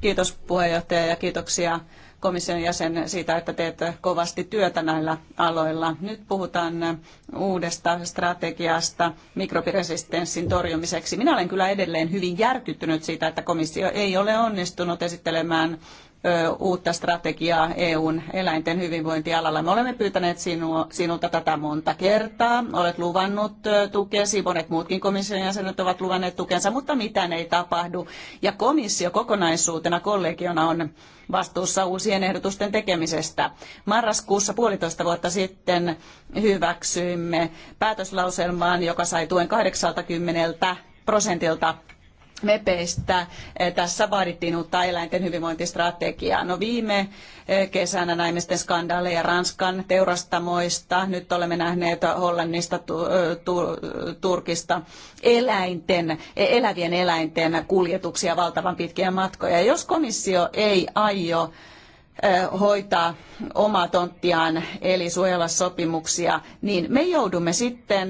Kiitos puheenjohtaja ja kiitoksia komission jäsen siitä, että teet kovasti työtä näillä aloilla. Nyt puhutaan uudesta strategiasta mikrobiresistenssin torjumiseksi. Minä olen kyllä edelleen hyvin järkyttynyt siitä, että komissio ei ole onnistunut esittelemään uutta strategiaa EUn eläinten hyvinvointialalla. Me olemme pyytäneet sinua, sinulta tätä monta kertaa. Olet luvannut tukesi, monet muutkin komission jäsenet ovat luvanneet tukensa, mutta mitään ei tapahdu. Ja komissio kokonaisuutena kollegiona on vastuussa uusien ehdotusten tekemisestä. Marraskuussa puolitoista vuotta sitten hyväksyimme päätöslauselmaan, joka sai tuen 80 prosentilta MEPEistä. Eh, tässä vaadittiin uutta eläinten hyvinvointistrategiaa. No viime eh, kesänä näimme sitten skandaaleja Ranskan teurastamoista. Nyt olemme nähneet Hollannista, eh, Turkista eläinten, elävien eläinten kuljetuksia valtavan pitkiä matkoja. Jos komissio ei aio hoitaa omaa tonttiaan eli suojella sopimuksia, niin me joudumme sitten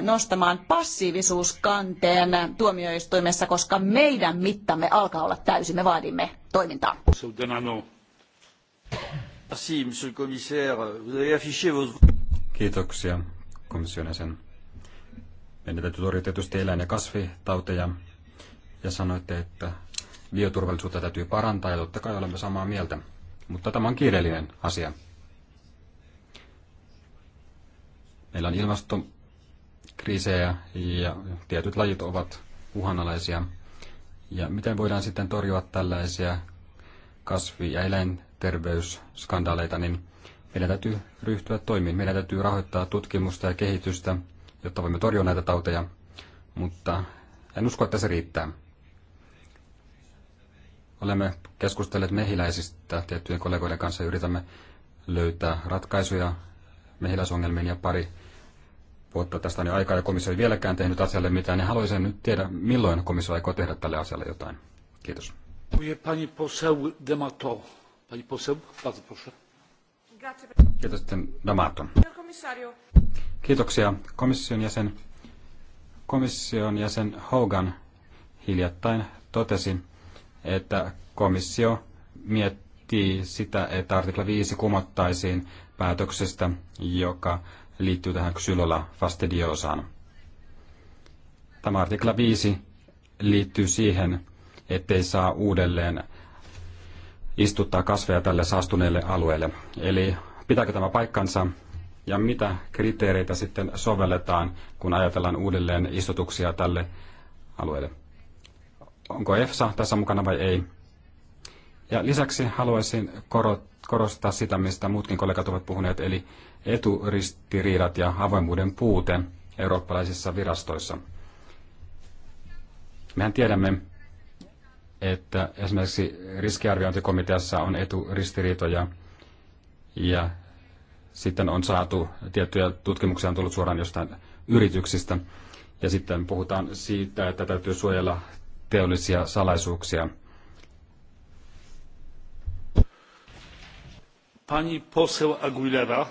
nostamaan passiivisuuskanteen tuomioistuimessa, koska meidän mittamme alkaa olla täysin. Me vaadimme toimintaa. Kiitoksia komission jäsen. Meidän täytyy torjua tietysti eläin- ja kasvitauteja ja sanoitte, että bioturvallisuutta täytyy parantaa ja totta kai olemme samaa mieltä mutta tämä on kiireellinen asia. Meillä on ilmastokriisejä ja tietyt lajit ovat uhanalaisia. Ja miten voidaan sitten torjua tällaisia kasvi- ja eläinterveysskandaaleita, niin meidän täytyy ryhtyä toimiin. Meidän täytyy rahoittaa tutkimusta ja kehitystä, jotta voimme torjua näitä tauteja, mutta en usko, että se riittää. Olemme keskustelleet mehiläisistä tiettyjen kollegoiden kanssa ja yritämme löytää ratkaisuja mehiläisongelmiin ja pari vuotta tästä on jo aikaa ja komissio ei vieläkään tehnyt asialle mitään. Ja haluaisin nyt tiedä, milloin komissio aikoo tehdä tälle asialle jotain. Kiitos. Pani poseł Demato. Pani poseł, bardzo proszę. Kiitos sitten Damaton. Kiitoksia komission jäsen. Komission jäsen Hogan hiljattain totesi, että komissio miettii sitä, että artikla 5 kumottaisiin päätöksestä, joka liittyy tähän Xylola fastidiosaan. Tämä artikla 5 liittyy siihen, ettei saa uudelleen istuttaa kasveja tälle saastuneelle alueelle. Eli pitääkö tämä paikkansa ja mitä kriteereitä sitten sovelletaan, kun ajatellaan uudelleen istutuksia tälle alueelle? onko EFSA tässä mukana vai ei. Ja lisäksi haluaisin korostaa sitä, mistä muutkin kollegat ovat puhuneet, eli eturistiriidat ja avoimuuden puute eurooppalaisissa virastoissa. Mehän tiedämme, että esimerkiksi riskiarviointikomiteassa on eturistiriitoja ja sitten on saatu, tiettyjä tutkimuksia on tullut suoraan jostain yrityksistä ja sitten puhutaan siitä, että täytyy suojella teollisia salaisuuksia. Pani poseł Aguilera.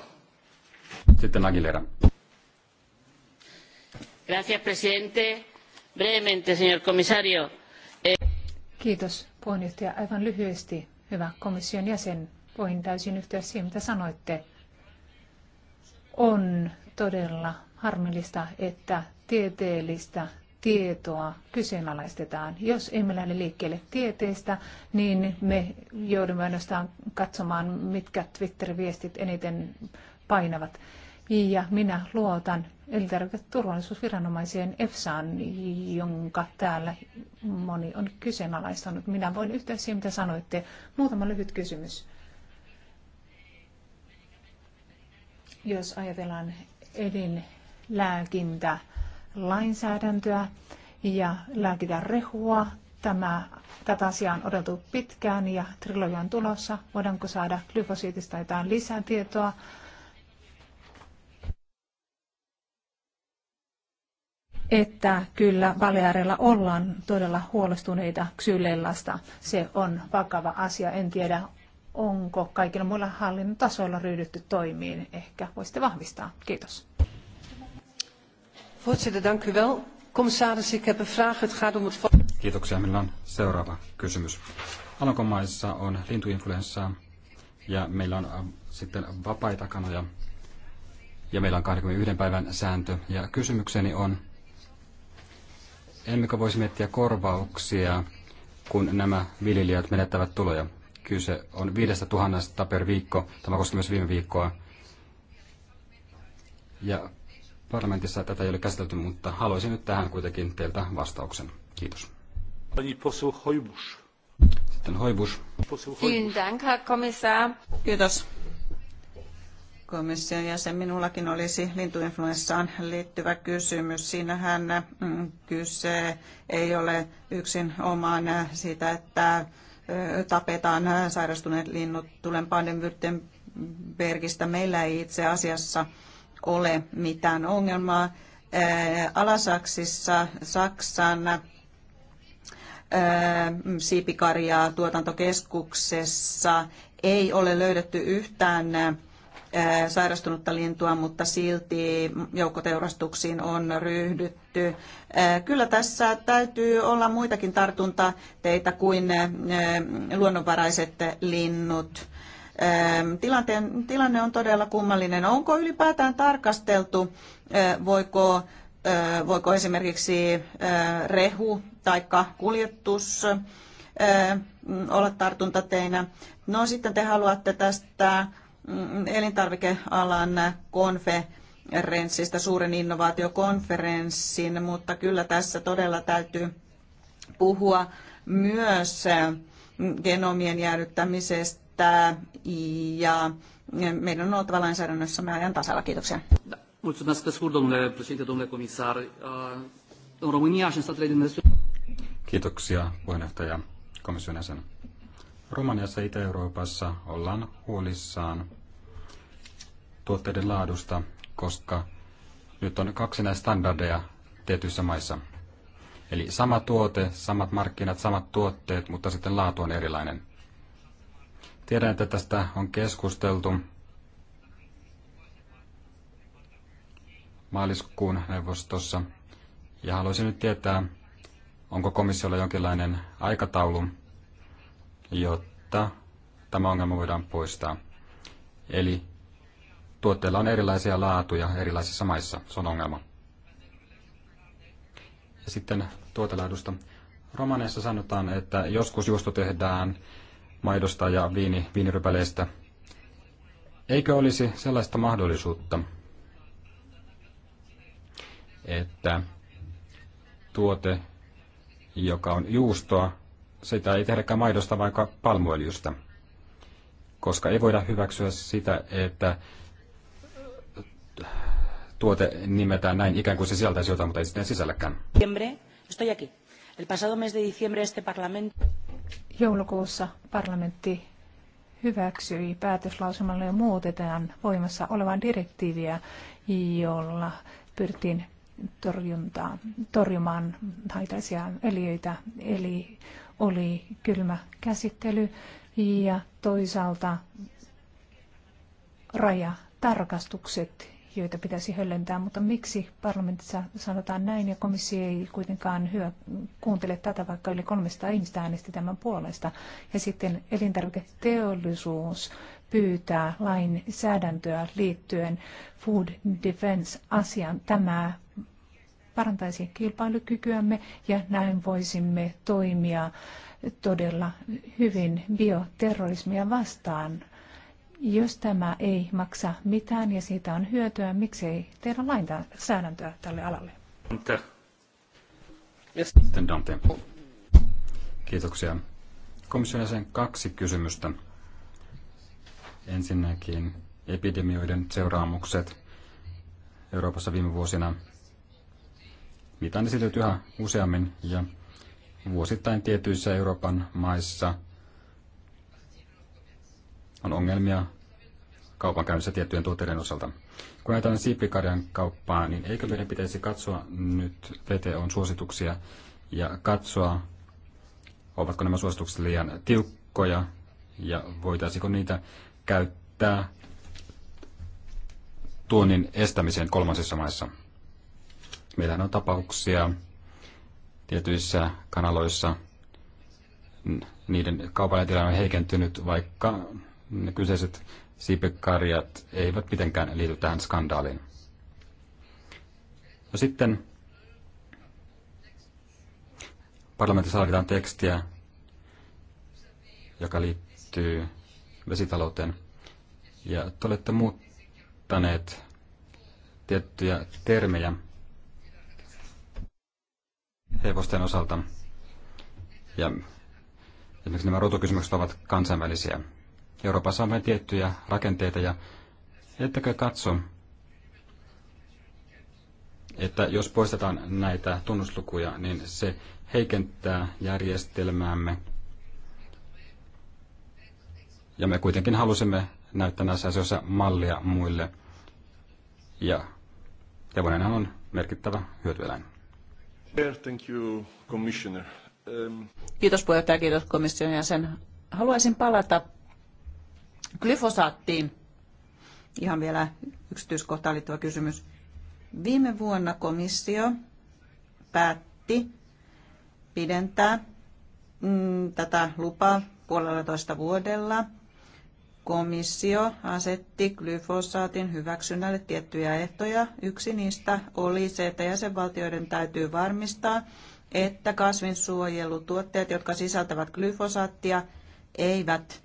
Sitten Aguilera. Gracias, presidente. Brevemente, señor comisario. Eh, Kiitos, puheenjohtaja. Aivan lyhyesti, hyvä komission jäsen. Voin täysin yhtyä siihen, mitä sanoitte. On todella harmillista, että tieteellistä tietoa kyseenalaistetaan. Jos emme lähde liikkeelle tieteestä, niin me joudumme ainoastaan katsomaan, mitkä Twitter-viestit eniten painavat. Ja minä luotan elintarviketurvallisuusviranomaiseen EFSAan, jonka täällä moni on kyseenalaistanut. Minä voin yhtyä siihen, mitä sanoitte. Muutama lyhyt kysymys. Jos ajatellaan elinlääkintä, lainsäädäntöä ja lääkitä rehua. Tämä, tätä asiaa on odotettu pitkään ja trilogia on tulossa. Voidaanko saada glyfosiitista jotain lisätietoa? että kyllä Balearella ollaan todella huolestuneita ksylellasta. Se on vakava asia. En tiedä, onko kaikilla muilla hallinnon tasoilla ryhdytty toimiin. Ehkä voisitte vahvistaa. Kiitos. Voorzitter, dank u wel. Commissaris, ik heb een vraag. Het gaat om het... Kiitoksia. Minulla on seuraava kysymys. Alankomaissa on lintuinfluenssaa ja meillä on äh, sitten vapaita kanoja ja meillä on 21 päivän sääntö. Ja kysymykseni on, emmekö voisi miettiä korvauksia, kun nämä viljelijät menettävät tuloja? Kyse on viidestä tuhannesta per viikko, tämä koski myös viime viikkoa. Ja parlamentissa tätä ei ole käsitelty, mutta haluaisin nyt tähän kuitenkin teiltä vastauksen. Kiitos. Sitten Hoibus. Kiitos. Komission jäsen, minullakin olisi lintuinfluenssaan liittyvä kysymys. Siinähän mm, kyse ei ole yksin omaan äh, siitä, että äh, tapetaan äh, sairastuneet linnut tulen baden Meillä ei itse asiassa ole mitään ongelmaa. Alasaksissa Saksan siipikarjaa tuotantokeskuksessa ei ole löydetty yhtään sairastunutta lintua, mutta silti joukkoteurastuksiin on ryhdytty. Kyllä tässä täytyy olla muitakin tartuntateitä kuin luonnonvaraiset linnut. Ehm, tilanteen, tilanne on todella kummallinen. Onko ylipäätään tarkasteltu, eh, voiko, eh, voiko esimerkiksi eh, rehu tai kuljetus olla tartuntateinä? No sitten te haluatte tästä mm, elintarvikealan konfe konferenssista, suuren innovaatiokonferenssin, mutta kyllä tässä todella täytyy puhua myös genomien jäädyttämisestä täyttää ja meidän on oltava me ajan tasalla. Kiitoksia. Mulțumesc scurt, domnule președinte, domnule comisar. În România și în statele din Estul... Kiitoksia, puheenjohtaja, komission jäsen. Romaniassa ja Itä-Euroopassa ollaan huolissaan tuotteiden laadusta, koska nyt on kaksi näistä standardeja tietyissä maissa. Eli sama tuote, samat markkinat, samat tuotteet, mutta sitten laatu on erilainen. Tiedän, että tästä on keskusteltu maaliskuun neuvostossa. Ja haluaisin nyt tietää, onko komissiolla jonkinlainen aikataulu, jotta tämä ongelma voidaan poistaa. Eli tuotteilla on erilaisia laatuja erilaisissa maissa. Se on ongelma. Ja sitten tuotelaadusta. Romaneissa sanotaan, että joskus juusto tehdään maidosta ja viini, viinirypäleistä. Eikö olisi sellaista mahdollisuutta, että tuote, joka on juustoa, sitä ei tehdäkään maidosta vaikka palmuöljystä, koska ei voida hyväksyä sitä, että tuote nimetään näin ikään kuin se sieltä jotain, mutta ei sitten sisälläkään. Estoy aquí. El pasado mes de diciembre este Parlamento... Joulukuussa parlamentti hyväksyi päätöslauselmalle ja muutetaan voimassa olevaa direktiiviä, jolla pyrittiin torjuntaan, torjumaan haitaisia eliöitä. Eli oli kylmä käsittely ja toisaalta rajatarkastukset, joita pitäisi höllentää, mutta miksi parlamentissa sanotaan näin ja komissio ei kuitenkaan hyvä kuuntele tätä, vaikka yli 300 ihmistä äänesti tämän puolesta. Ja sitten elintarviketeollisuus pyytää lainsäädäntöä liittyen food defense-asian. Tämä parantaisi kilpailukykyämme ja näin voisimme toimia todella hyvin bioterrorismia vastaan jos tämä ei maksa mitään ja siitä on hyötyä, miksi ei tehdä lainsäädäntöä tälle alalle? Sitten Dante. Kiitoksia. Komission jäsen kaksi kysymystä. Ensinnäkin epidemioiden seuraamukset Euroopassa viime vuosina. Mitä ne yhä useammin ja vuosittain tietyissä Euroopan maissa – on ongelmia kaupankäynnissä tiettyjen tuotteiden osalta. Kun ajatellaan siipikarjan kauppaa, niin eikö meidän pitäisi katsoa nyt VTOn suosituksia ja katsoa, ovatko nämä suositukset liian tiukkoja ja voitaisiko niitä käyttää tuonnin estämiseen kolmansissa maissa. Meillähän on tapauksia tietyissä kanaloissa, niiden kaupallinen tilanne on heikentynyt, vaikka ne kyseiset siipikarjat eivät mitenkään liity tähän skandaaliin. No sitten parlamentissa laaditaan tekstiä, joka liittyy vesitalouteen. Ja te olette muuttaneet tiettyjä termejä hevosten osalta. Ja esimerkiksi nämä rotukysymykset ovat kansainvälisiä. Euroopassa on vain tiettyjä rakenteita ja ettekö katso, että jos poistetaan näitä tunnuslukuja, niin se heikentää järjestelmäämme. Ja me kuitenkin halusimme näyttää näissä asioissa mallia muille. Ja hevonenhan on merkittävä hyötyeläin. Thank you, commissioner. Um... Kiitos puheenjohtaja, kiitos komission jäsen. Haluaisin palata glyfosaattiin. Ihan vielä yksityiskohtaan liittyvä kysymys. Viime vuonna komissio päätti pidentää mm, tätä lupaa puolellatoista vuodella. Komissio asetti glyfosaatin hyväksynnälle tiettyjä ehtoja. Yksi niistä oli se, että jäsenvaltioiden täytyy varmistaa, että kasvinsuojelutuotteet, jotka sisältävät glyfosaattia, eivät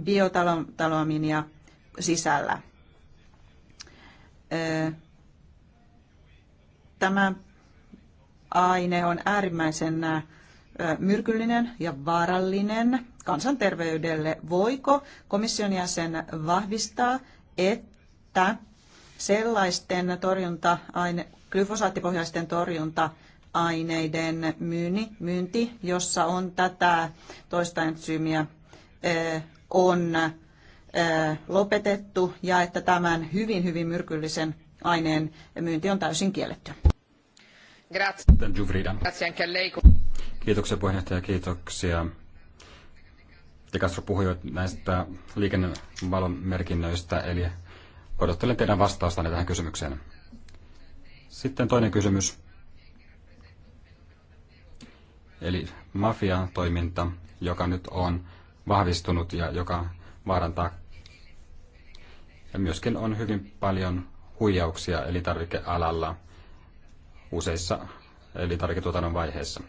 biotaloaminia sisällä. Tämä aine on äärimmäisen myrkyllinen ja vaarallinen kansanterveydelle. Voiko komission jäsen vahvistaa, että sellaisten torjunta-aine, glyfosaattipohjaisten torjunta-aineiden myynti, myynti, jossa on tätä toista entsyymiä, on lopetettu ja että tämän hyvin, hyvin myrkyllisen aineen myynti on täysin kielletty. Kiitoksia puheenjohtaja, kiitoksia. De Castro puhui näistä liikennevalon merkinnöistä, eli odottelen teidän vastaustanne tähän kysymykseen. Sitten toinen kysymys. Eli mafiatoiminta, joka nyt on vahvistunut ja joka vaarantaa. Ja myöskin on hyvin paljon huijauksia elintarvikealalla useissa elintarviketuotannon vaiheissa.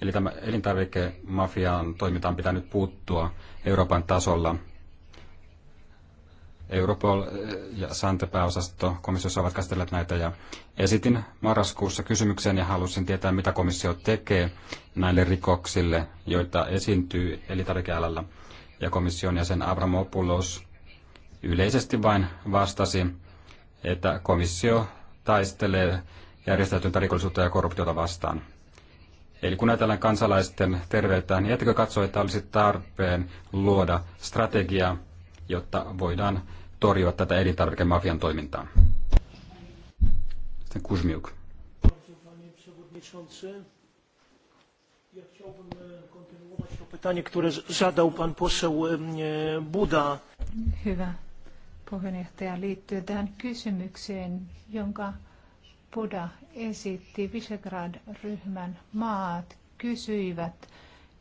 Eli tämä elintarvikemafiaan toimintaan pitää nyt puuttua Euroopan tasolla – Europol eh, ja Sante-pääosasto komissiossa ovat käsitelleet näitä ja esitin marraskuussa kysymyksen ja halusin tietää, mitä komissio tekee näille rikoksille, joita esiintyy elintarvikealalla. Ja komission jäsen Opulos yleisesti vain vastasi, että komissio taistelee järjestäytyntä rikollisuutta ja korruptiota vastaan. Eli kun ajatellaan kansalaisten terveyttä, niin ettekö katso, että olisi tarpeen luoda strategia, jotta voidaan torjua tätä elintarvikemafian toimintaa. Sitten Kuzmiuk. Hyvä puheenjohtaja liittyen tähän kysymykseen, jonka Buda esitti. Visegrad-ryhmän maat kysyivät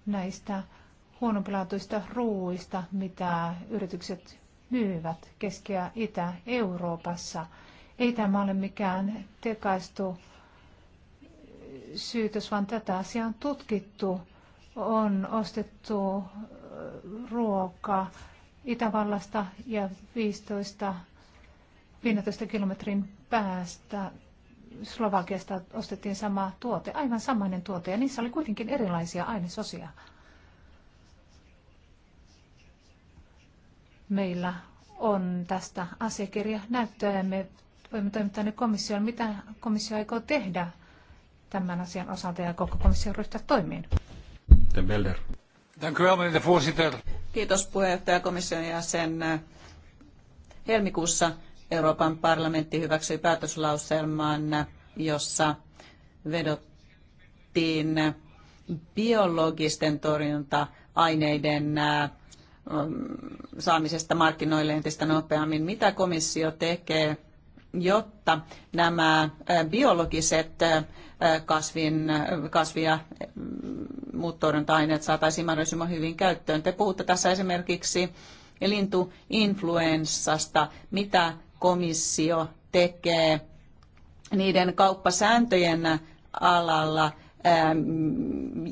näistä huonompilaatuista ruuista, mitä yritykset myyvät Keski- ja Itä-Euroopassa. Ei tämä ole mikään tekaistu syytös, vaan tätä asiaa on tutkittu. On ostettu äh, ruokaa Itävallasta ja 15 15 kilometrin päästä Slovakiasta ostettiin sama tuote, aivan samainen tuote, ja niissä oli kuitenkin erilaisia ainesosia. meillä on tästä asiakirja ja me voimme toimittaa ne komissioon. Mitä komissio aikoo tehdä tämän asian osalta ja koko komissio ryhtyä toimiin? Kiitos puheenjohtaja komission jäsen. Helmikuussa Euroopan parlamentti hyväksyi päätöslauselman, jossa vedottiin biologisten torjunta-aineiden äh, Ähm, saamisesta markkinoille entistä nopeammin. Mitä komissio tekee, jotta nämä äh, biologiset äh, kasvin, äh, kasvia mm, muuttorjunta-aineet saataisiin mahdollisimman hyvin käyttöön? Te puhutte tässä esimerkiksi lintuinfluenssasta. Mitä komissio tekee niiden kauppasääntöjen alalla, ähm,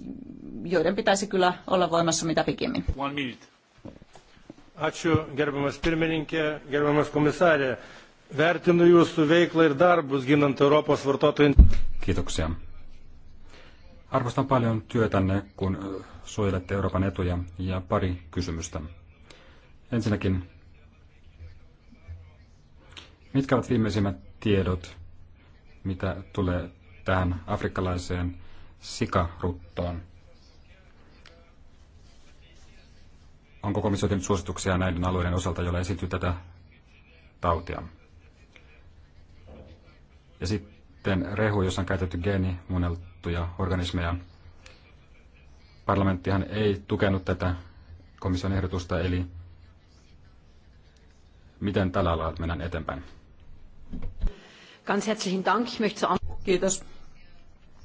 joiden pitäisi kyllä olla voimassa mitä pikimmin? One minute. Ačiū, gerbiamas pirmininkė, gerbiamas komisarė. Vertinu jūsų veiklą ir darbus ginant Europos vartotojų. Kiitoksia. Arvostan paljon työtänne, kun suojelette Euroopan etuja ja pari kysymystä. Ensinnäkin, mitkä ovat viimeisimmät tiedot, mitä tulee tähän afrikkalaiseen sikaruttoon? Onko komissio tehnyt suosituksia näiden alueiden osalta, joilla esiintyy tätä tautia? Ja sitten rehu, jossa on käytetty geenimuunneltuja organismeja. Parlamenttihan ei tukenut tätä komission ehdotusta, eli miten tällä alalla mennään eteenpäin? Ganz herzlichen Dank. Ich möchte Kiitos.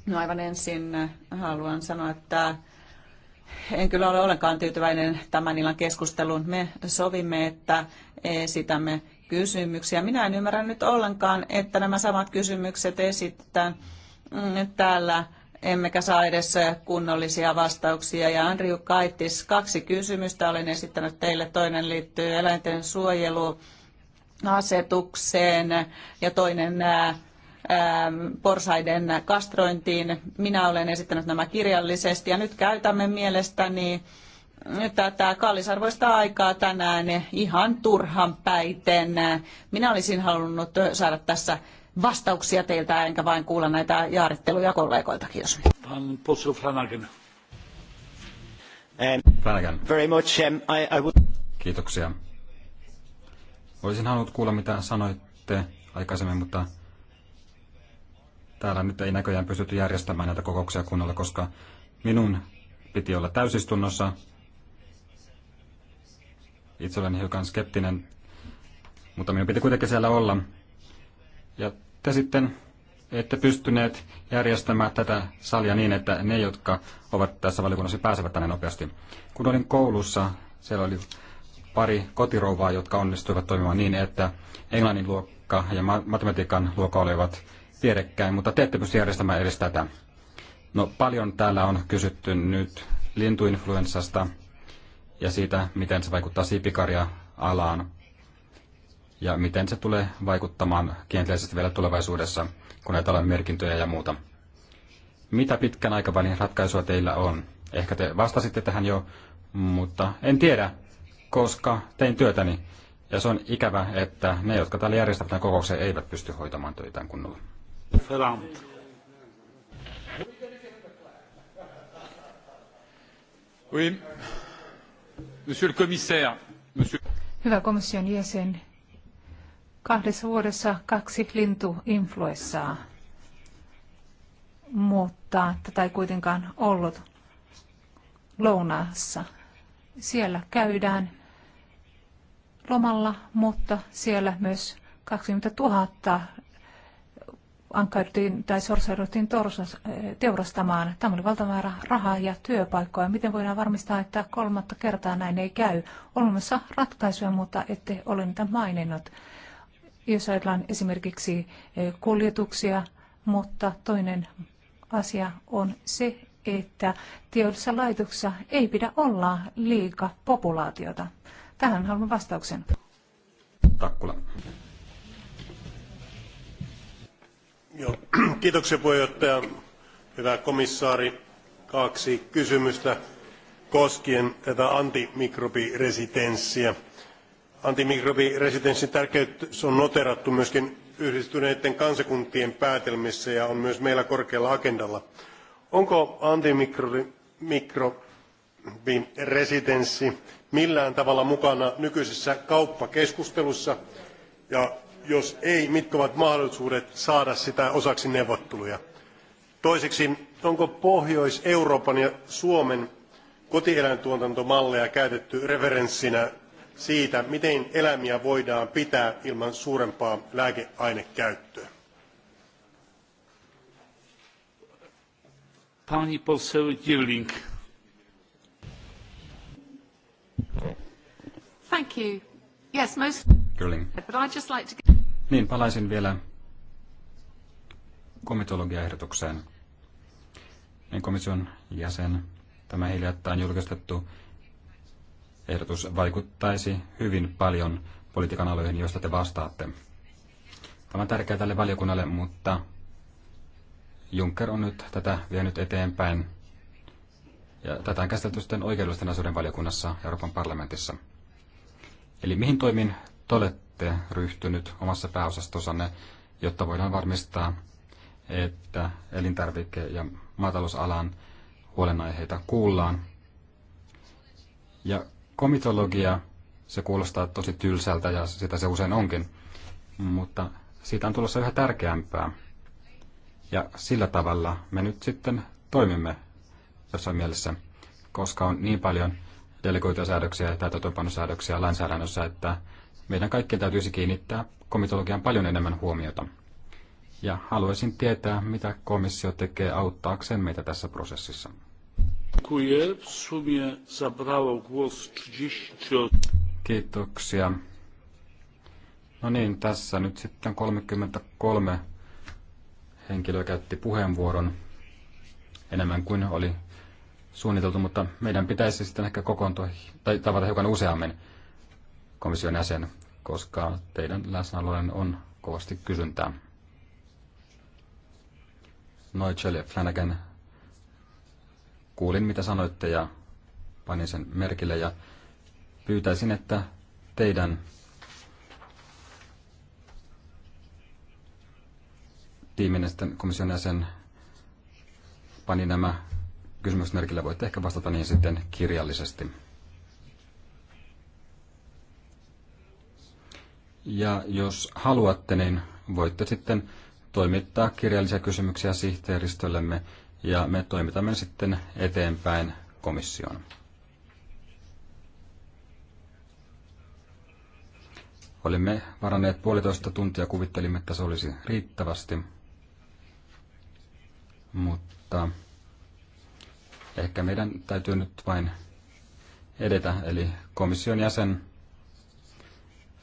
No aivan ensin haluan sanoa, että en kyllä ole ollenkaan tyytyväinen tämän illan keskusteluun. Me sovimme, että esitämme kysymyksiä. Minä en ymmärrä nyt ollenkaan, että nämä samat kysymykset esitetään mm, täällä emmekä saa edes kunnollisia vastauksia. Ja Andriu Kaitis, kaksi kysymystä olen esittänyt teille. Toinen liittyy eläinten suojeluasetukseen ja toinen äh, Ähm, porsaiden kastrointiin. Minä olen esittänyt nämä kirjallisesti ja nyt käytämme mielestäni tätä kallisarvoista aikaa tänään ihan turhan päiten. Minä olisin halunnut saada tässä vastauksia teiltä, enkä vain kuulla näitä jaaritteluja kollegoilta. Kiitos. Um, Kiitoksia. Olisin halunnut kuulla, mitä sanoitte aikaisemmin, mutta täällä nyt ei näköjään pystytty järjestämään näitä kokouksia kunnolla, koska minun piti olla täysistunnossa. Itse olen hiukan skeptinen, mutta minun piti kuitenkin siellä olla. Ja te sitten ette pystyneet järjestämään tätä salia niin, että ne, jotka ovat tässä valiokunnassa, pääsevät tänne nopeasti. Kun olin koulussa, siellä oli pari kotirouvaa, jotka onnistuivat toimimaan niin, että englannin luokka ja matematiikan luokka olivat vierekkäin, mutta te ette pysty järjestämään edes tätä. No paljon täällä on kysytty nyt lintuinfluenssasta ja siitä, miten se vaikuttaa siipikarja-alaan ja miten se tulee vaikuttamaan kielteisesti vielä tulevaisuudessa, kun näitä on merkintöjä ja muuta. Mitä pitkän aikavälin ratkaisua teillä on? Ehkä te vastasitte tähän jo, mutta en tiedä, koska tein työtäni. Ja se on ikävä, että ne, jotka täällä järjestävät kokouksen, eivät pysty hoitamaan töitä kunnolla. Ferrand. Oui. Monsieur le commissaire. Monsieur... Hyvä komission jäsen. Kahdessa vuodessa kaksi lintuinfluenssaa, mutta tätä ei kuitenkaan ollut lounaassa. Siellä käydään lomalla, mutta siellä myös 20 000 Ankartin tai sorsauduttiin eh, teurastamaan. Tämä oli valtava määrä rahaa ja työpaikkoja. Miten voidaan varmistaa, että kolmatta kertaa näin ei käy? Olemassa ratkaisuja, mutta ette ole niitä maininnut. Jos ajatellaan esimerkiksi eh, kuljetuksia, mutta toinen asia on se, että teollisessa laitoksessa ei pidä olla liika populaatiota. Tähän haluan vastauksen. Takkula. arvoisa puhemies Hyvä komissaari, kaksi kysymystä koskien tätä antimikrobiresistenssiä. Antimikrobiresistenssin tärkeys on noterattu myöskin yhdistyneiden kansakuntien päätelmissä ja on myös meillä korkealla agendalla. Onko antimikrobiresistenssi millään tavalla mukana nykyisessä kauppakeskustelussa ja jos ei, mitkä ovat mahdollisuudet saada sitä osaksi neuvotteluja? Toiseksi, onko Pohjois-Euroopan ja Suomen kotieläintuotantomalleja käytetty referenssinä siitä, miten eläimiä voidaan pitää ilman suurempaa lääkeainekäyttöä? Pani poseł Girling. Thank you. Yes, most. Girling. But I'd just like to. Niin, palaisin vielä komitologiaehdotukseen. Niin komission jäsen, tämä hiljattain julkistettu ehdotus vaikuttaisi hyvin paljon politiikan aloihin, joista te vastaatte. Tämä on tärkeää tälle valiokunnalle, mutta Juncker on nyt tätä vienyt eteenpäin. Ja tätä on käsitelty sitten oikeudellisten asioiden valiokunnassa Euroopan parlamentissa. Eli mihin toimin te olette ryhtynyt omassa pääosastosanne, jotta voidaan varmistaa, että elintarvike- ja maatalousalan huolenaiheita kuullaan. Ja komitologia, se kuulostaa tosi tylsältä ja sitä se usein onkin, mutta siitä on tulossa yhä tärkeämpää. Ja sillä tavalla me nyt sitten toimimme jossain mielessä, koska on niin paljon delegoituja säädöksiä ja täytäntöönpanosäädöksiä lainsäädännössä, että meidän kaikkien täytyisi kiinnittää komitologian paljon enemmän huomiota. Ja haluaisin tietää, mitä komissio tekee auttaakseen meitä tässä prosessissa. Kiitoksia. No niin, tässä nyt sitten 33 henkilöä käytti puheenvuoron enemmän kuin oli suunniteltu, mutta meidän pitäisi sitten ehkä kokoontua tai tavata hiukan useammin komission jäsen koska teidän läsnäolojen on kovasti kysyntää. Noichel ja Flanagan, kuulin mitä sanoitte ja panin sen merkille ja pyytäisin, että teidän tiiminen sitten komission jäsen pani nämä kysymysmerkillä, Voitte ehkä vastata niin sitten kirjallisesti. Ja jos haluatte, niin voitte sitten toimittaa kirjallisia kysymyksiä sihteeristöllemme ja me toimitamme sitten eteenpäin komissioon. Olimme varanneet puolitoista tuntia, kuvittelimme, että se olisi riittävästi, mutta ehkä meidän täytyy nyt vain edetä, eli komission jäsen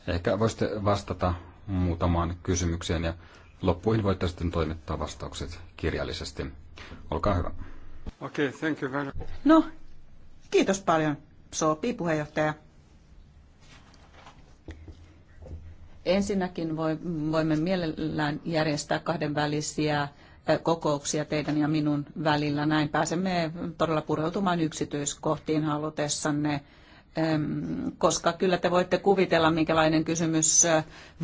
Ehkä voisitte vastata muutamaan kysymykseen ja loppuihin voitte sitten toimittaa vastaukset kirjallisesti. Olkaa hyvä. Okei, okay, thank you very much. No, kiitos paljon. Sopii puheenjohtaja. Ensinnäkin voimme mielellään järjestää kahdenvälisiä kokouksia teidän ja minun välillä. Näin pääsemme todella pureutumaan yksityiskohtiin halutessanne koska kyllä te voitte kuvitella, minkälainen kysymys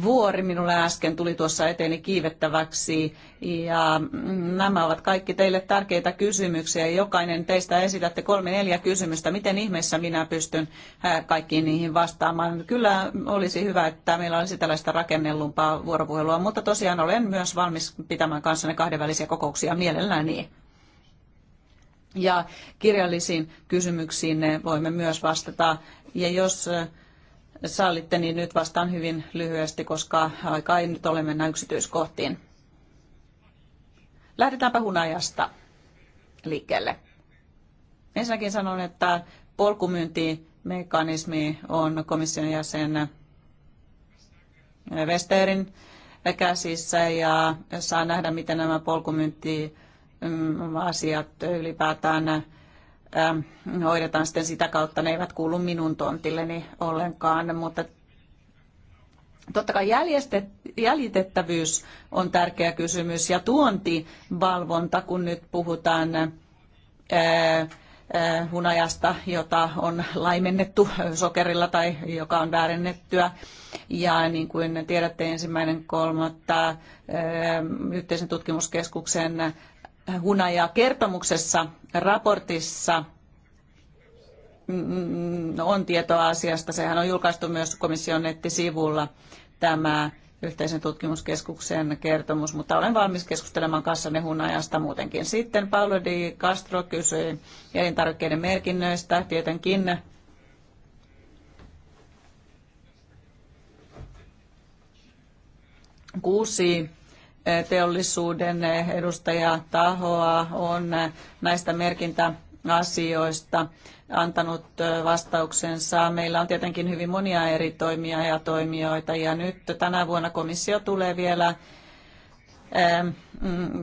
vuori minulle äsken tuli tuossa eteeni kiivettäväksi. Ja mm, nämä ovat kaikki teille tärkeitä kysymyksiä. Jokainen teistä esitätte kolme neljä kysymystä. Miten ihmeessä minä pystyn kaikkiin niihin vastaamaan? Kyllä olisi hyvä, että meillä olisi tällaista rakennellumpaa vuoropuhelua, mutta tosiaan olen myös valmis pitämään kanssanne kahdenvälisiä kokouksia mielellään niin ja kirjallisiin kysymyksiin ne voimme myös vastata. Ja jos sallitte, niin nyt vastaan hyvin lyhyesti, koska aika ei nyt ole mennä yksityiskohtiin. Lähdetäänpä hunajasta liikkeelle. Ensinnäkin sanon, että polkumyyntimekanismi on komission jäsen Westerin käsissä ja saa nähdä, miten nämä polkumyyntimekanismit Mm, asiat ylipäätään ähm, hoidetaan sitten sitä kautta, ne eivät kuulu minun tontilleni ollenkaan, mutta Totta kai jäljitettävyys on tärkeä kysymys ja tuontivalvonta, kun nyt puhutaan äh, äh, hunajasta, jota on laimennettu sokerilla tai joka on väärennettyä. Ja niin kuin tiedätte, ensimmäinen kolmatta äh, yhteisen tutkimuskeskuksen Hunaja kertomuksessa, raportissa mm, on tietoa asiasta. Sehän on julkaistu myös komission nettisivulla tämä yhteisen tutkimuskeskuksen kertomus, mutta olen valmis keskustelemaan kanssanne hunajasta muutenkin. Sitten Paolo Di Castro kysyi elintarvikkeiden merkinnöistä. Tietenkin kuusi teollisuuden edustajatahoa on näistä merkintäasioista antanut vastauksensa. Meillä on tietenkin hyvin monia eri toimia ja toimijoita ja nyt tänä vuonna komissio tulee vielä ähm,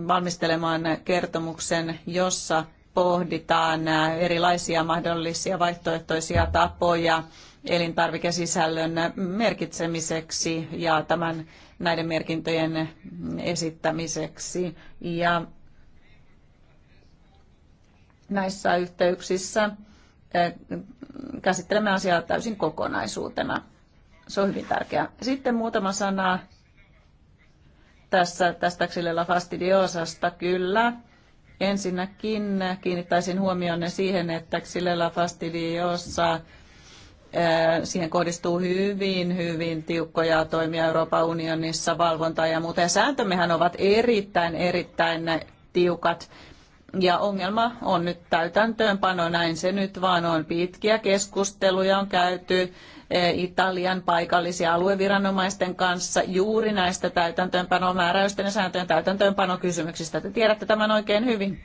valmistelemaan kertomuksen, jossa pohditaan erilaisia mahdollisia vaihtoehtoisia tapoja elintarvikesisällön merkitsemiseksi ja tämän näiden merkintöjen esittämiseksi. Ja näissä yhteyksissä käsittelemme asiaa täysin kokonaisuutena. Se on hyvin tärkeää. Sitten muutama sana tässä, tästä Xylella fastidiosasta. Kyllä, ensinnäkin kiinnittäisin huomionne siihen, että Xylella fastidiosa Siihen kohdistuu hyvin, hyvin tiukkoja toimia Euroopan unionissa, valvontaa ja muuten. Sääntömehän ovat erittäin, erittäin tiukat. Ja ongelma on nyt täytäntöönpano, näin se nyt vaan on. Pitkiä keskusteluja on käyty Italian paikallisia alueviranomaisten kanssa juuri näistä täytäntöönpanomääräysten ja sääntöjen täytäntöönpanokysymyksistä. Te tiedätte tämän oikein hyvin.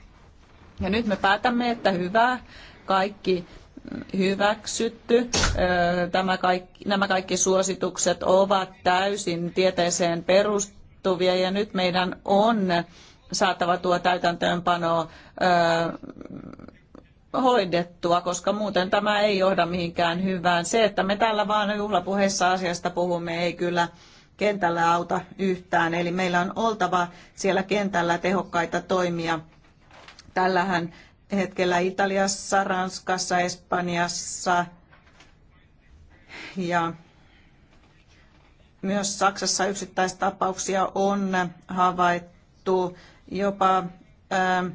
Ja nyt me päätämme, että hyvä, kaikki hyväksytty. Tämä kaikki, nämä kaikki suositukset ovat täysin tieteeseen perustuvia ja nyt meidän on saatava tuo täytäntöönpano hoidettua, koska muuten tämä ei johda mihinkään hyvään. Se, että me täällä vaan juhlapuheessa asiasta puhumme, ei kyllä kentällä auta yhtään. Eli meillä on oltava siellä kentällä tehokkaita toimia. Tällähän hetkellä Italiassa, Ranskassa, Espanjassa ja myös Saksassa yksittäistapauksia on havaittu. Jopa ähm,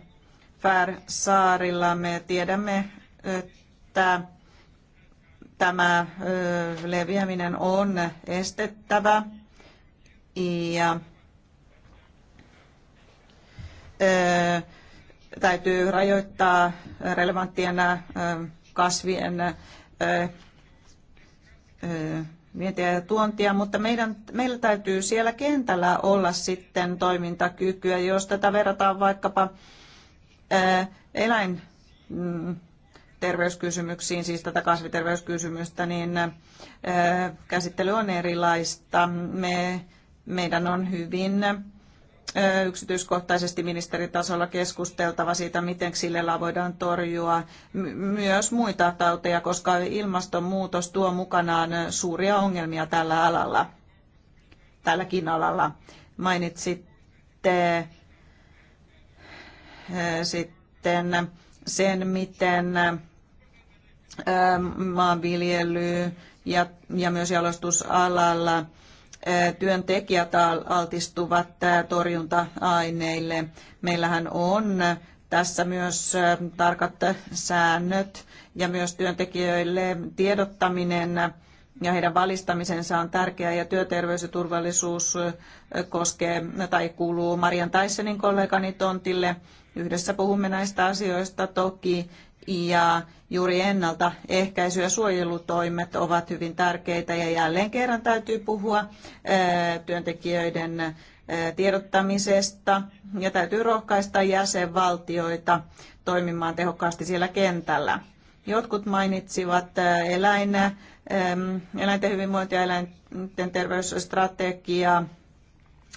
Fär-saarilla me tiedämme, että tämä äh, leviäminen on estettävä. Ja äh, täytyy rajoittaa relevanttien kasvien vientiä ja tuontia, mutta meidän, meillä täytyy siellä kentällä olla sitten toimintakykyä, jos tätä verrataan vaikkapa eläin mm, terveyskysymyksiin, siis tätä kasviterveyskysymystä, niin käsittely on erilaista. Me, meidän on hyvin yksityiskohtaisesti ministeritasolla keskusteltava siitä, miten sillellä voidaan torjua myös muita tauteja, koska ilmastonmuutos tuo mukanaan suuria ongelmia tällä alalla, tälläkin alalla. Mainitsitte sitten sen, miten maanviljely ja, ja myös jalostusalalla – työntekijät altistuvat torjunta-aineille. Meillähän on tässä myös tarkat säännöt ja myös työntekijöille tiedottaminen ja heidän valistamisensa on tärkeää ja työterveys ja turvallisuus koskee tai kuuluu Marian Taissenin kollegani tontille. Yhdessä puhumme näistä asioista toki ja juuri ennaltaehkäisy- ja suojelutoimet ovat hyvin tärkeitä ja jälleen kerran täytyy puhua työntekijöiden tiedottamisesta ja täytyy rohkaista jäsenvaltioita toimimaan tehokkaasti siellä kentällä. Jotkut mainitsivat eläin, eläinten hyvinvointia ja eläinten terveysstrategiaa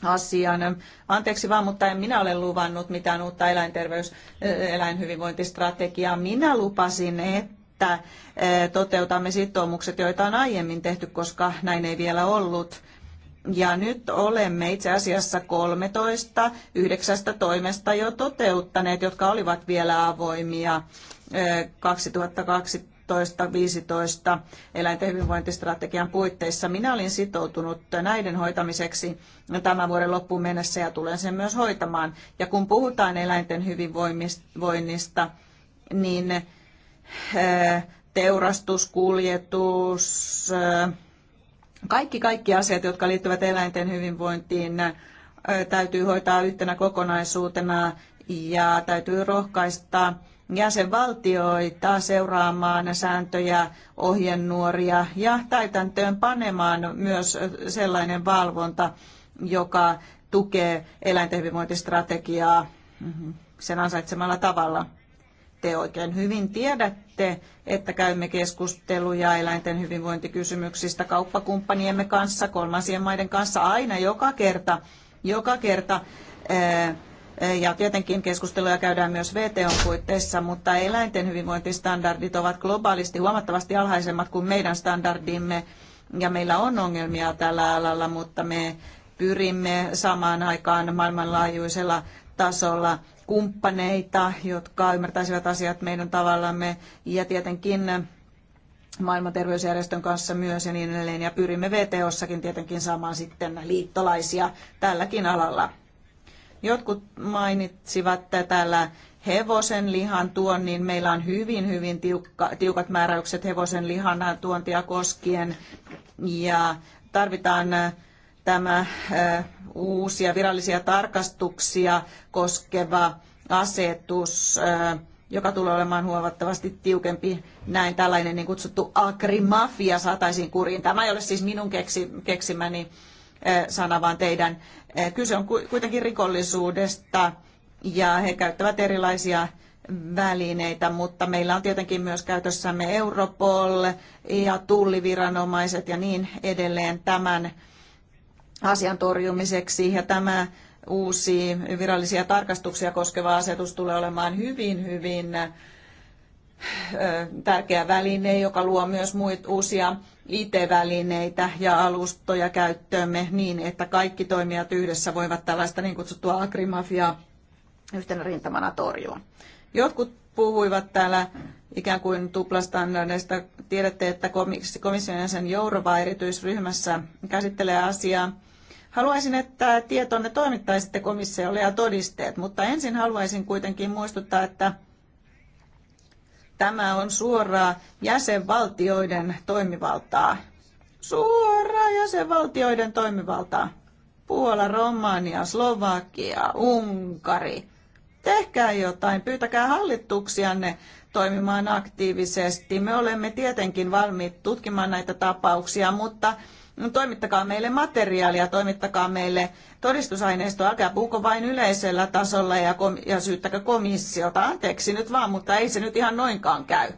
asian. Anteeksi vaan, mutta en minä ole luvannut mitään uutta eläinterveys- eläinhyvinvointistrategiaa. Minä lupasin, että eh, toteutamme sitoumukset, joita on aiemmin tehty, koska näin ei vielä ollut. Ja nyt olemme itse asiassa 13 yhdeksästä toimesta jo toteuttaneet, jotka olivat vielä avoimia 2020 eh, 13-15 eläinten hyvinvointistrategian puitteissa. Minä olin sitoutunut näiden hoitamiseksi tämän vuoden loppuun mennessä ja tulen sen myös hoitamaan. Ja kun puhutaan eläinten hyvinvoinnista, niin eh, teurastus, kuljetus, eh, kaikki, kaikki asiat, jotka liittyvät eläinten hyvinvointiin, eh, täytyy hoitaa yhtenä kokonaisuutena ja täytyy rohkaista jäsenvaltioita seuraamaan sääntöjä, ohjenuoria ja täytäntöön panemaan myös sellainen valvonta, joka tukee eläinten hyvinvointistrategiaa sen ansaitsemalla tavalla. Te oikein hyvin tiedätte, että käymme keskusteluja eläinten hyvinvointikysymyksistä kauppakumppaniemme kanssa, kolmansien maiden kanssa aina joka kerta, joka kerta ja tietenkin keskusteluja käydään myös VTOn puitteissa, mutta eläinten hyvinvointistandardit ovat globaalisti huomattavasti alhaisemmat kuin meidän standardimme. Ja meillä on ongelmia tällä alalla, mutta me pyrimme samaan aikaan maailmanlaajuisella tasolla kumppaneita, jotka ymmärtäisivät asiat meidän tavallamme ja tietenkin maailman terveysjärjestön kanssa myös ja niin edelleen. Ja pyrimme VTOssakin tietenkin saamaan sitten liittolaisia tälläkin alalla. Jotkut mainitsivat täällä hevosen lihan tuonnin. Meillä on hyvin, hyvin tiukka, tiukat määräykset hevosen lihan tuontia koskien ja tarvitaan äh, tämä äh, uusia virallisia tarkastuksia koskeva asetus, äh, joka tulee olemaan huomattavasti tiukempi. Näin tällainen niin kutsuttu agrimafia saataisiin kuriin. Tämä ei ole siis minun keksimäni niin sana, vaan teidän kyse on kuitenkin rikollisuudesta ja he käyttävät erilaisia välineitä, mutta meillä on tietenkin myös käytössämme Europol ja tulliviranomaiset ja niin edelleen tämän asian torjumiseksi. Ja tämä uusi virallisia tarkastuksia koskeva asetus tulee olemaan hyvin, hyvin tärkeä väline, joka luo myös muita uusia IT-välineitä ja alustoja käyttöömme niin, että kaikki toimijat yhdessä voivat tällaista niin kutsuttua agrimafiaa yhtenä rintamana torjua. Jotkut puhuivat täällä ikään kuin tuplastandardeista. Tiedätte, että komission jäsen Jourova erityisryhmässä käsittelee asiaa. Haluaisin, että tietonne toimittaisitte komissiolle ja todisteet, mutta ensin haluaisin kuitenkin muistuttaa, että Tämä on suoraa jäsenvaltioiden toimivaltaa. Suoraa jäsenvaltioiden toimivaltaa. Puola, Romania, Slovakia, Unkari. Tehkää jotain, pyytäkää hallituksianne toimimaan aktiivisesti. Me olemme tietenkin valmiit tutkimaan näitä tapauksia, mutta No, toimittakaa meille materiaalia, toimittakaa meille todistusaineistoa, älkää puhuko vain yleisellä tasolla ja, kom- ja syyttäkö komissiota. Anteeksi nyt vaan, mutta ei se nyt ihan noinkaan käy.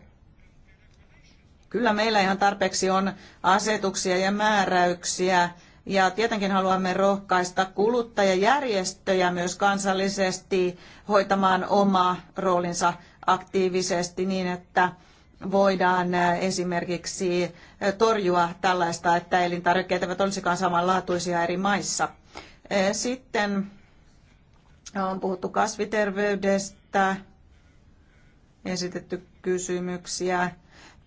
Kyllä meillä ihan tarpeeksi on asetuksia ja määräyksiä. Ja tietenkin haluamme rohkaista kuluttajajärjestöjä myös kansallisesti hoitamaan oma roolinsa aktiivisesti niin, että voidaan esimerkiksi torjua tällaista, että elintarvikkeet eivät olisikaan samanlaatuisia eri maissa. Eh, sitten on puhuttu kasviterveydestä, esitetty kysymyksiä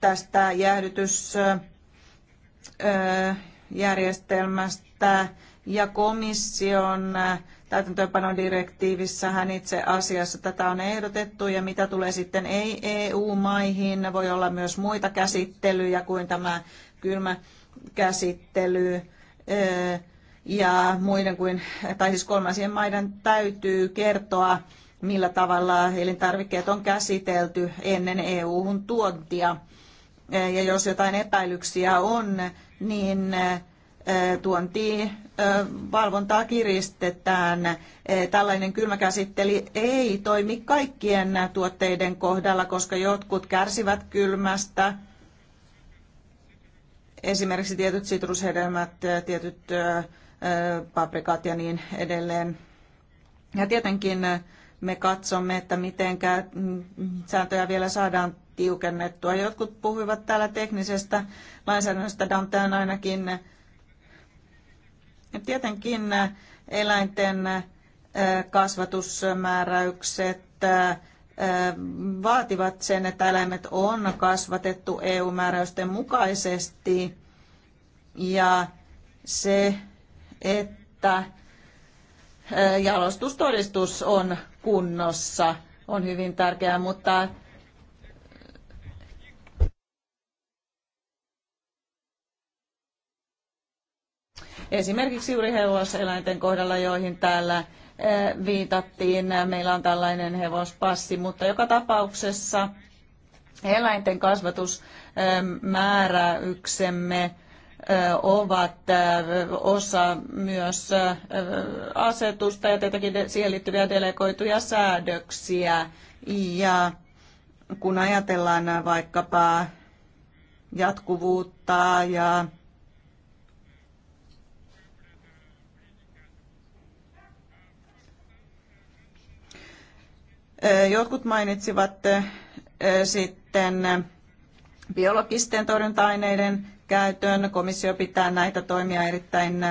tästä jäähdytysjärjestelmästä eh, ja komission eh, täytäntöönpanodirektiivissähän itse asiassa tätä on ehdotettu ja mitä tulee sitten ei-EU-maihin, voi olla myös muita käsittelyjä kuin tämä kylmä käsittely ja muiden kuin, tai siis kolmansien maiden täytyy kertoa, millä tavalla elintarvikkeet on käsitelty ennen EU-hun tuontia. Ja jos jotain epäilyksiä on, niin tuontivalvontaa kiristetään. Tällainen kylmäkäsittely ei toimi kaikkien tuotteiden kohdalla, koska jotkut kärsivät kylmästä. Esimerkiksi tietyt sitrushedelmät, tietyt paprikat ja niin edelleen. Ja tietenkin me katsomme, että miten mm, sääntöjä vielä saadaan tiukennettua. Jotkut puhuivat täällä teknisestä lainsäädännöstä, on ainakin ja tietenkin äh, eläinten äh, kasvatusmääräykset äh, vaativat sen, että eläimet on kasvatettu EU-määräysten mukaisesti. Ja se, että jalostustodistus on kunnossa, on hyvin tärkeää, mutta Esimerkiksi juuri hevoseläinten kohdalla, joihin täällä eh, viitattiin, meillä on tällainen hevospassi, mutta joka tapauksessa eläinten kasvatusmääräyksemme eh, eh, ovat osa myös asetusta ja tietenkin siihen liittyviä delegoituja säädöksiä. Ja kun ajatellaan vaikkapa jatkuvuutta ja Jotkut mainitsivat sitten biologisten torjunta-aineiden käytön. Komissio pitää näitä toimia erittäin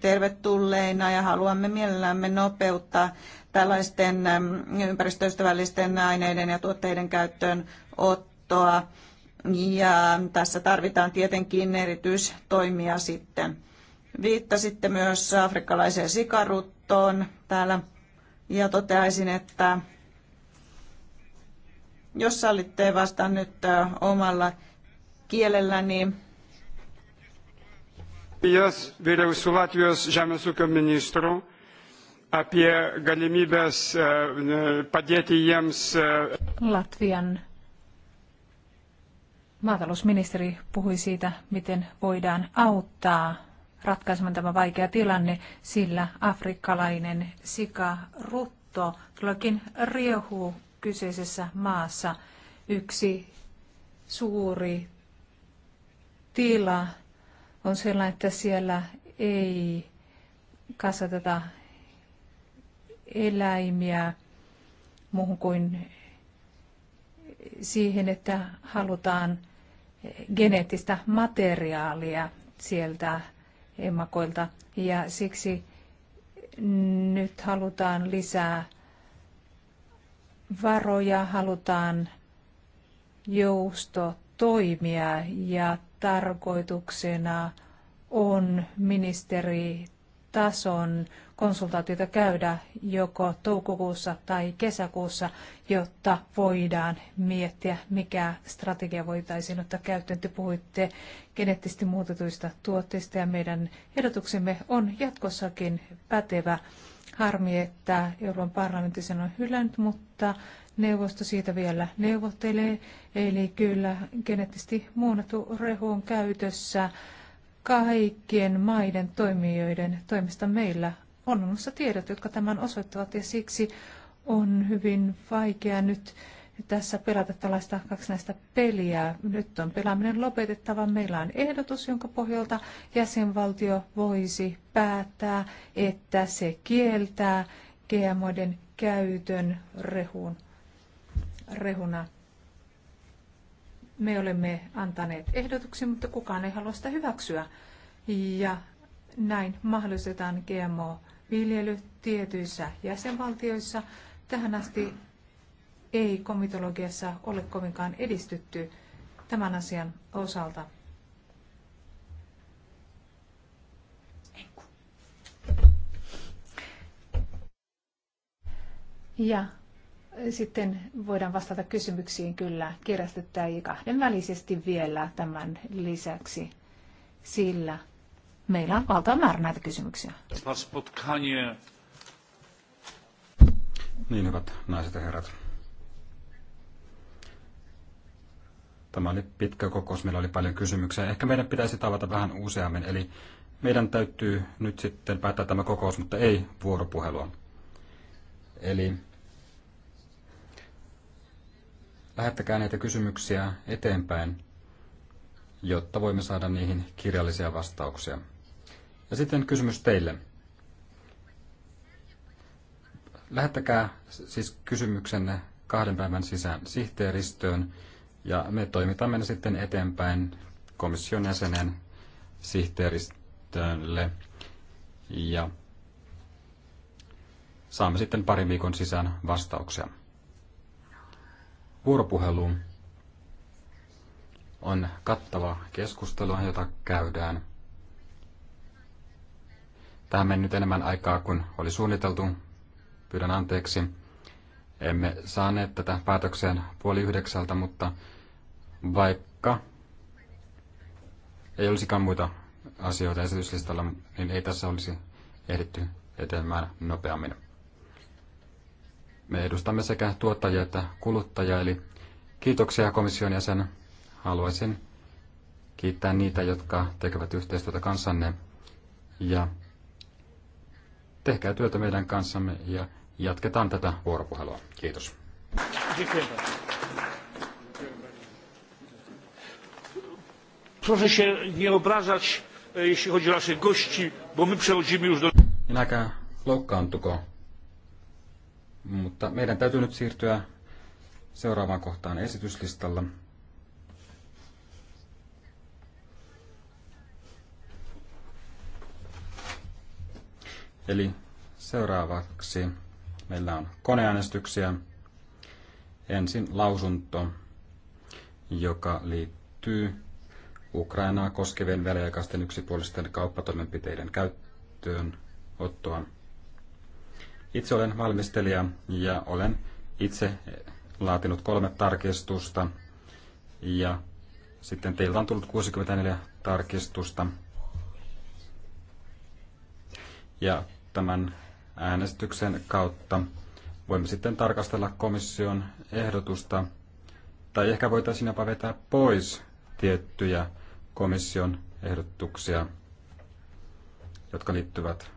tervetulleina ja haluamme mielellämme nopeuttaa tällaisten ympäristöystävällisten aineiden ja tuotteiden käyttöön ottoa. Ja tässä tarvitaan tietenkin erityistoimia sitten. Viittasitte myös afrikkalaiseen sikaruttoon täällä ja toteaisin, että jos sallitte vasta nyt äh, omalla kielelläni. NiinIjas vyriaus, jos žemės ūkio ministru apie galimybės e, e, padėti jiems. E, Latvian maatalousministeri puhui siitä, miten voidaan auttaa ratkaisemaan tämä vaikea tilanne, sillä afrikkalainen sikarutto kylläkin riehuu kyseisessä maassa yksi suuri tila on sellainen, että siellä ei kasvateta eläimiä muuhun kuin siihen, että halutaan geneettistä materiaalia sieltä emakoilta ja siksi nyt halutaan lisää varoja halutaan jousto toimia ja tarkoituksena on ministeritason konsultaatiota käydä joko toukokuussa tai kesäkuussa, jotta voidaan miettiä, mikä strategia voitaisiin ottaa käyttöön. Te puhuitte geneettisesti muutetuista tuotteista ja meidän ehdotuksemme on jatkossakin pätevä Harmi, että Euroopan parlamentti sen on hylännyt, mutta neuvosto siitä vielä neuvottelee. Eli kyllä geneettisesti muunnettu rehu on käytössä kaikkien maiden toimijoiden toimesta meillä on olemassa tiedot, jotka tämän osoittavat ja siksi on hyvin vaikea nyt tässä pelata tällaista kaksinaista peliä. Nyt on pelaaminen lopetettava. Meillä on ehdotus, jonka pohjalta jäsenvaltio voisi päättää, että se kieltää GMOiden käytön rehun, rehuna. Me olemme antaneet ehdotuksen, mutta kukaan ei halua sitä hyväksyä. Ja näin mahdollistetaan GMO-viljely tietyissä jäsenvaltioissa. Tähän asti ei komitologiassa ole kovinkaan edistytty tämän asian osalta. Ja sitten voidaan vastata kysymyksiin kyllä kirjastot kahden välisesti vielä tämän lisäksi, sillä meillä on valtava määrä näitä kysymyksiä. Niin hyvät naiset ja herrat. Tämä oli pitkä kokous, meillä oli paljon kysymyksiä. Ehkä meidän pitäisi tavata vähän useammin, eli meidän täytyy nyt sitten päättää tämä kokous, mutta ei vuoropuhelua. Eli lähettäkää näitä kysymyksiä eteenpäin, jotta voimme saada niihin kirjallisia vastauksia. Ja sitten kysymys teille. Lähettäkää siis kysymyksenne kahden päivän sisään sihteeristöön ja me toimitamme ne sitten eteenpäin komission jäsenen sihteeristölle ja saamme sitten parin viikon sisään vastauksia. Vuoropuhelu on kattava keskustelu, jota käydään. Tähän meni nyt enemmän aikaa kuin oli suunniteltu. Pyydän anteeksi. Emme saaneet tätä päätökseen puoli yhdeksältä, mutta vaikka ei olisikaan muita asioita esityslistalla, niin ei tässä olisi ehditty etenemään nopeammin. Me edustamme sekä tuottajia että kuluttajia, eli kiitoksia komission jäsen. Haluaisin kiittää niitä, jotka tekevät yhteistyötä kanssanne ja tehkää työtä meidän kanssamme ja jatketaan tätä vuoropuhelua. Kiitos. Kiitos. proszę się nie obrażać, e, jeśli chodzi o naszych gości, bo my przechodzimy już do... Minäkään loukkaantuko, mutta meidän täytyy nyt siirtyä seuraavaan kohtaan esityslistalla. Eli seuraavaksi meillä on koneäänestyksiä. Ensin lausunto, joka liittyy Ukrainaa koskevien väliaikaisten yksipuolisten kauppatoimenpiteiden käyttöön ottoa. Itse olen valmistelija ja olen itse laatinut kolme tarkistusta ja sitten teiltä on tullut 64 tarkistusta. Ja tämän äänestyksen kautta voimme sitten tarkastella komission ehdotusta, tai ehkä voitaisiin jopa vetää pois tiettyjä komission ehdotuksia, jotka liittyvät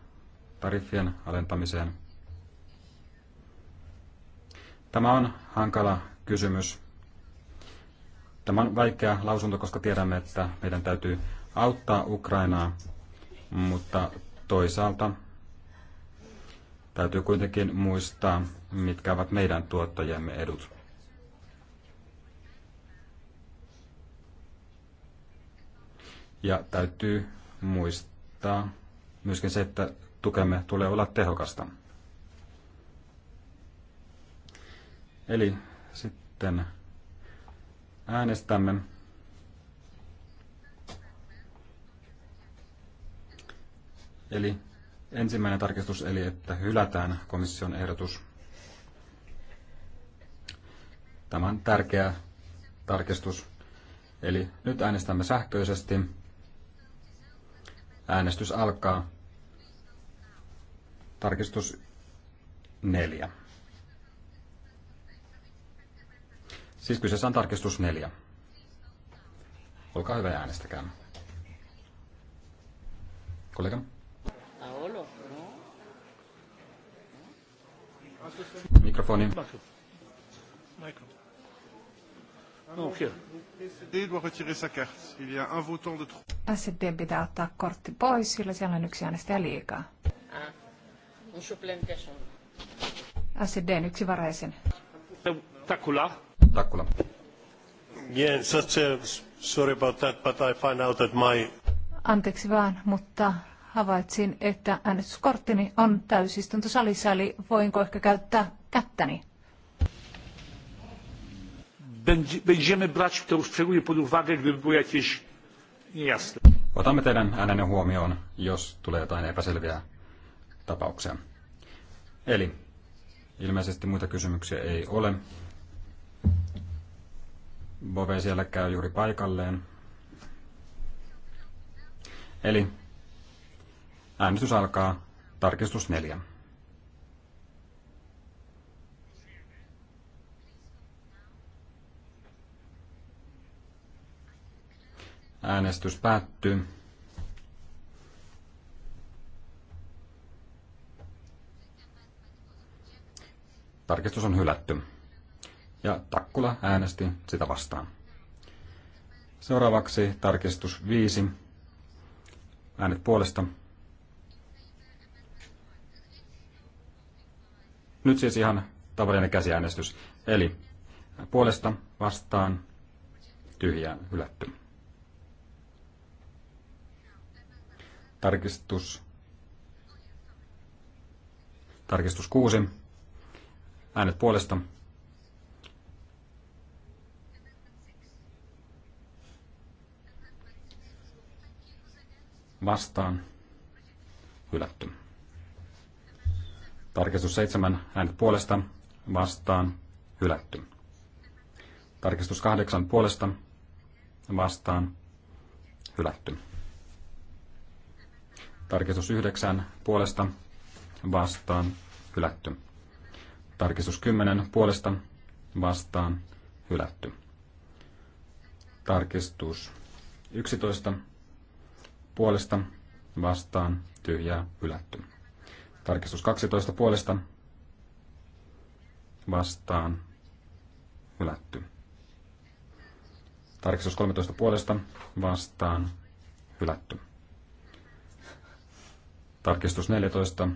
tariffien alentamiseen. Tämä on hankala kysymys. Tämä on vaikea lausunto, koska tiedämme, että meidän täytyy auttaa Ukrainaa, mutta toisaalta täytyy kuitenkin muistaa, mitkä ovat meidän tuottajiemme edut. Ja täytyy muistaa myöskin se, että tukemme tulee olla tehokasta. Eli sitten äänestämme. Eli ensimmäinen tarkistus, eli että hylätään komission ehdotus. Tämä on tärkeä tarkistus. Eli nyt äänestämme sähköisesti. Äänestys alkaa. Tarkistus neljä. Siis kyseessä on tarkistus neljä. Olkaa hyvä ja äänestäkää. Kollega? Mikrofoni. Mikrofoni. Euh, SDn pitää ottaa kortti pois, sillä siellä on yksi äänestäjä liikaa. SDn ah, yksi varaisen. Takula. Takula. Yeah, such a, sorry about that, but I find out that my... Anteeksi vaan, mutta havaitsin, että äänestyskorttini on täysistuntosalissa, eli voinko ehkä käyttää kättäni? będziemy brać to szczególnie pod uwagę, gdyby było jakieś niejasne. Otamme teidän äänenne huomioon, jos tulee jotain epäselviä tapauksia. Eli ilmeisesti muita kysymyksiä ei ole. Bove siellä käy juuri paikalleen. Eli äänestys alkaa tarkistus neljä. Äänestys päättyy. Tarkistus on hylätty. Ja Takkula äänesti sitä vastaan. Seuraavaksi tarkistus 5. Äänet puolesta. Nyt siis ihan tavallinen käsiäänestys. Eli puolesta vastaan tyhjään hylätty. Tarkistus. Tarkistus 6. Äänet puolesta. Vastaan. Hylätty. Tarkistus 7. Äänet puolesta. Vastaan. Hylätty. Tarkistus 8. Puolesta. Vastaan. Hylätty. Tarkistus 9 puolesta vastaan hylätty. Tarkistus 10 puolesta vastaan hylätty. Tarkistus 11 puolesta vastaan tyhjää hylätty. Tarkistus 12 puolesta vastaan hylätty. Tarkistus 13 puolesta vastaan hylätty. Tarkistus 14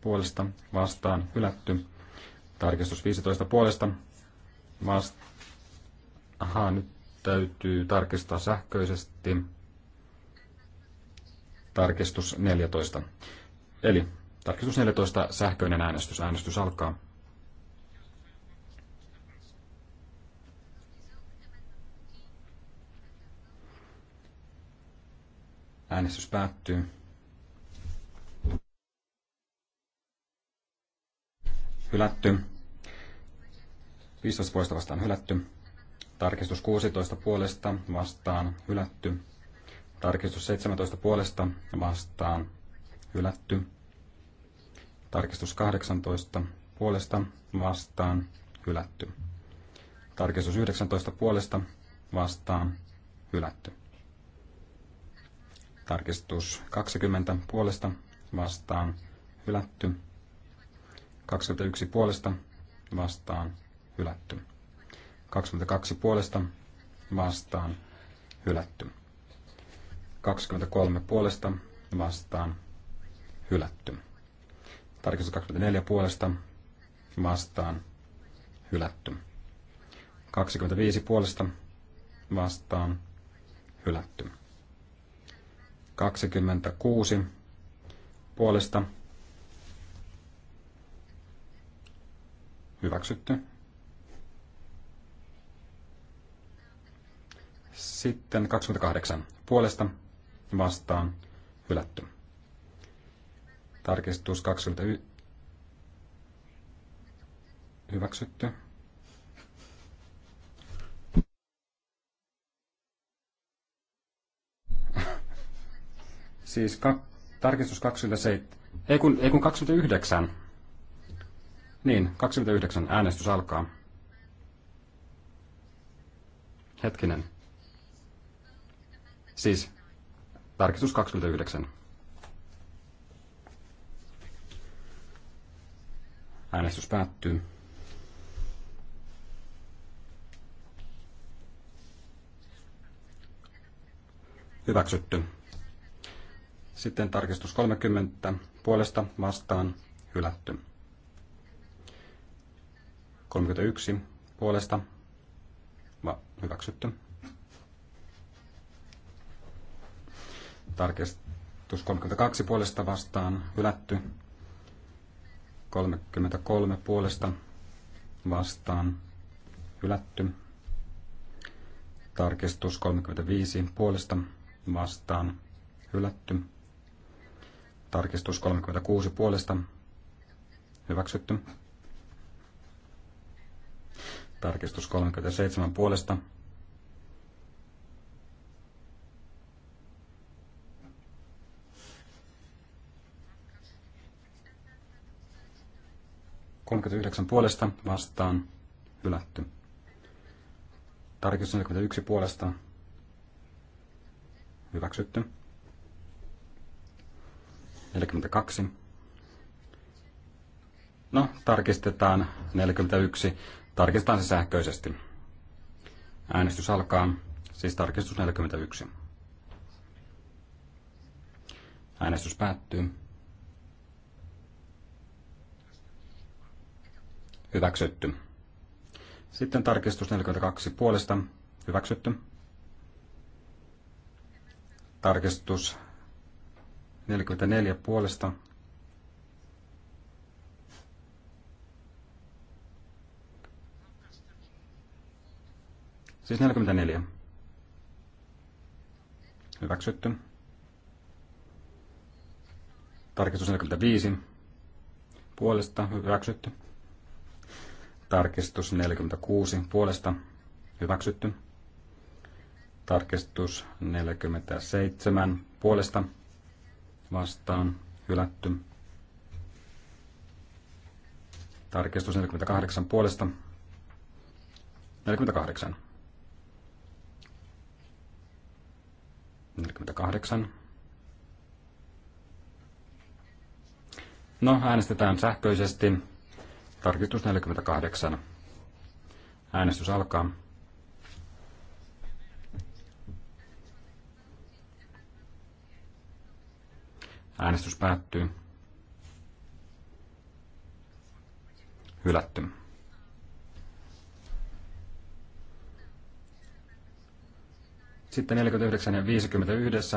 puolesta vastaan hylätty. Tarkistus 15 puolesta vastaan. Ahaa, nyt täytyy tarkistaa sähköisesti. Tarkistus 14. Eli tarkistus 14, sähköinen äänestys. Äänestys alkaa. Äänestys päättyy. hylätty. 15 puolesta vastaan hylätty. Tarkistus 16 puolesta vastaan hylätty. Tarkistus 17 puolesta vastaan hylätty. Tarkistus 18 puolesta vastaan hylätty. Tarkistus 19 puolesta vastaan hylätty. Tarkistus 20 puolesta vastaan hylätty. 21 puolesta vastaan hylätty. 22 puolesta vastaan hylätty. 23 puolesta vastaan hylätty. Tarkistus 24 puolesta vastaan hylätty. 25 puolesta vastaan hylätty. 26 puolesta hylätty. Hyväksytty. Sitten 28 puolesta vastaan hylätty. Tarkistus 21. Hyväksytty. Siis ka- tarkistus 27. Ei kun, ei kun 29. Niin, 29 äänestys alkaa. Hetkinen. Siis tarkistus 29. Äänestys päättyy. Hyväksytty. Sitten tarkistus 30. Puolesta vastaan hylätty. 31 puolesta Va, hyväksytty. Tarkistus 32 puolesta vastaan hylätty. 33 puolesta vastaan hylätty. Tarkistus 35 puolesta vastaan hylätty. Tarkistus 36 puolesta hyväksytty. Tarkistus 37 puolesta. Kolmekymmentäyhdeksän puolesta vastaan hylätty. Tarkistus 41 puolesta hyväksytty. 42. No, tarkistetaan 41. Tarkistetaan se sähköisesti. Äänestys alkaa, siis tarkistus 41. Äänestys päättyy. Hyväksytty. Sitten tarkistus 42 puolesta. Hyväksytty. Tarkistus 44 puolesta. Siis 44. Hyväksytty. Tarkistus 45. Puolesta hyväksytty. Tarkistus 46. Puolesta hyväksytty. Tarkistus 47. Puolesta vastaan hylätty. Tarkistus 48. Puolesta 48. 48. No, äänestetään sähköisesti. Tarkistus 48. Äänestys alkaa. Äänestys päättyy. Hylätty. Sitten 49 ja 51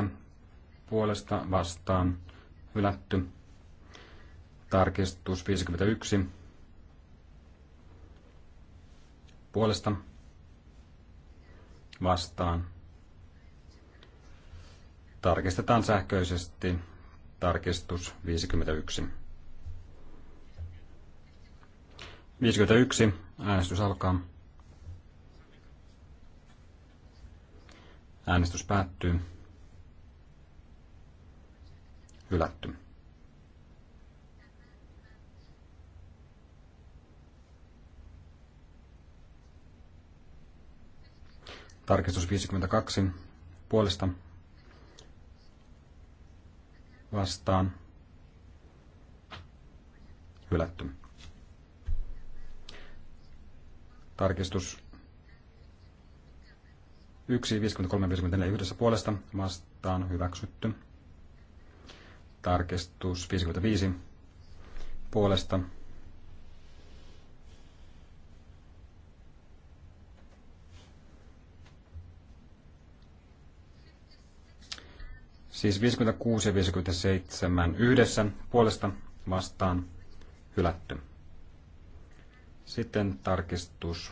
puolesta vastaan hylätty. Tarkistus 51 puolesta vastaan. Tarkistetaan sähköisesti tarkistus 51. 51. Äänestys alkaa. Äänestys päättyy. Hylätty. Tarkistus 52 puolesta vastaan hylätty. Tarkistus 1, 53, 54 yhdessä puolesta vastaan hyväksytty. Tarkistus 55 puolesta Siis 56 ja 57 yhdessä puolesta vastaan hylätty. Sitten tarkistus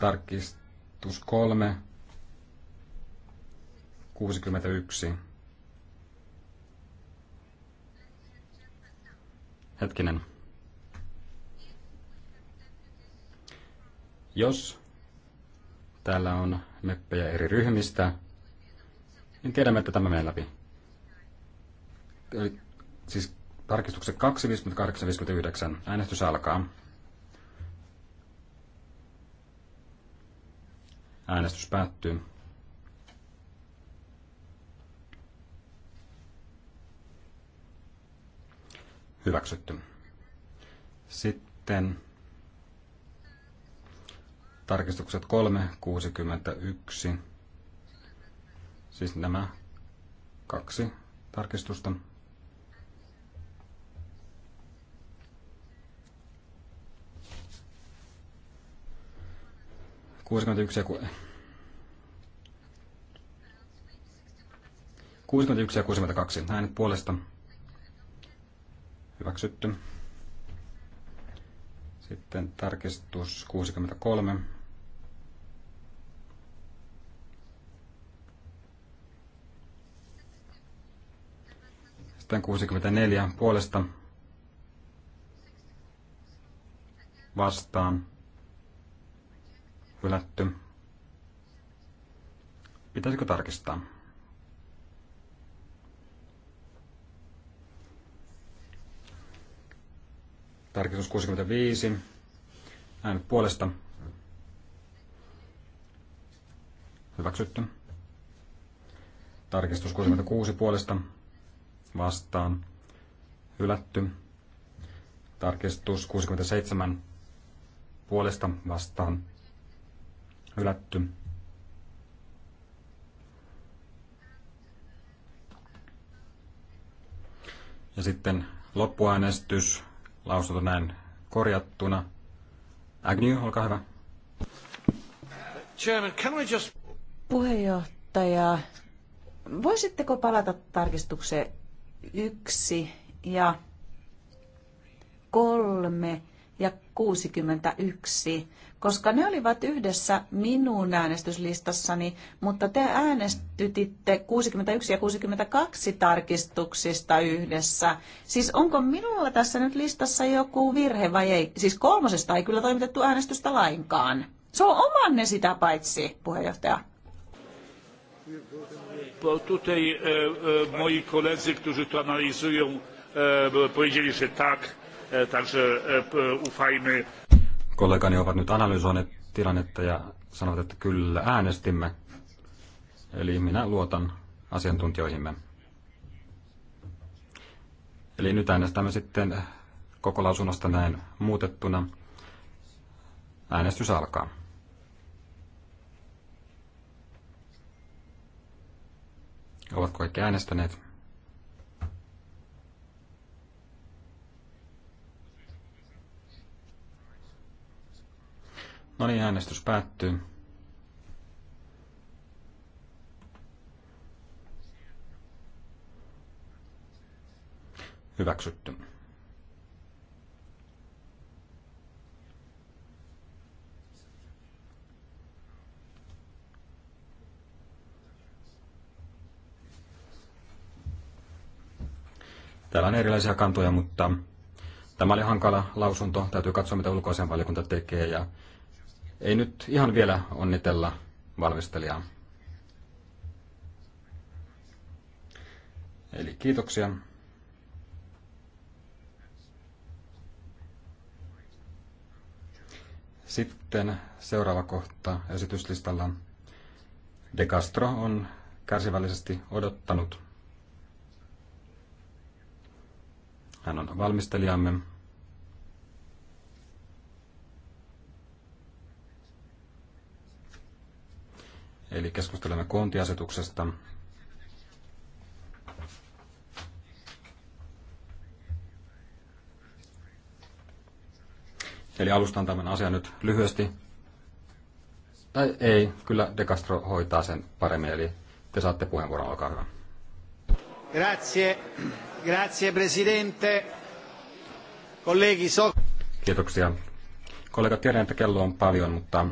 Tarkistus 3. 61. Hetkinen. Jos täällä on meppejä eri ryhmistä, niin tiedämme, että tämä menee läpi. Eli, siis tarkistukset 2, 58, 59. Äänestys alkaa. Äänestys päättyy. Hyväksytty. Sitten tarkistukset 361, Siis nämä kaksi tarkistusta 61 ja 62. Näin puolesta. Hyväksytty. Sitten tarkistus 63. Sitten 64 puolesta vastaan Hylätty. Pitäisikö tarkistaa? Tarkistus 65. Äänet puolesta. Hyväksytty. Tarkistus 66 puolesta. Vastaan. Hylätty. Tarkistus 67 puolesta vastaan hylätty. Ja sitten loppuäänestys, lausunto näin korjattuna. Agnew, olkaa hyvä. Chairman, can I just... Puheenjohtaja, voisitteko palata tarkistukseen yksi ja kolme ja 61 koska ne olivat yhdessä minun äänestyslistassani, mutta te äänestytitte 61 ja 62 tarkistuksista yhdessä. Siis onko minulla tässä nyt listassa joku virhe vai ei? Siis kolmosesta ei kyllä toimitettu äänestystä lainkaan. Se on omanne sitä paitsi, puheenjohtaja. Bo tutaj e, e, moi koledzy, którzy to analizują, e, powiedzieli, że tak, e, także e, ufajmy kollegani ovat nyt analysoineet tilannetta ja sanovat, että kyllä äänestimme. Eli minä luotan asiantuntijoihimme. Eli nyt äänestämme sitten koko lausunnosta näin muutettuna. Äänestys alkaa. Ovatko kaikki äänestäneet? No niin, äänestys päättyy. Hyväksytty. Täällä on erilaisia kantoja, mutta tämä oli hankala lausunto. Täytyy katsoa, mitä ulkoisen valiokunta tekee ja ei nyt ihan vielä onnitella valmistelijaa. Eli kiitoksia. Sitten seuraava kohta esityslistalla. De Castro on kärsivällisesti odottanut. Hän on valmistelijamme. Eli keskustelemme koontiasetuksesta. Eli alustan tämän asian nyt lyhyesti. Tai ei, kyllä De Castro hoitaa sen paremmin, eli te saatte puheenvuoron, olkaa hyvä. Grazie, grazie presidente. Kollegi so... Kiitoksia. Kollega, tiedän, että kello on paljon, mutta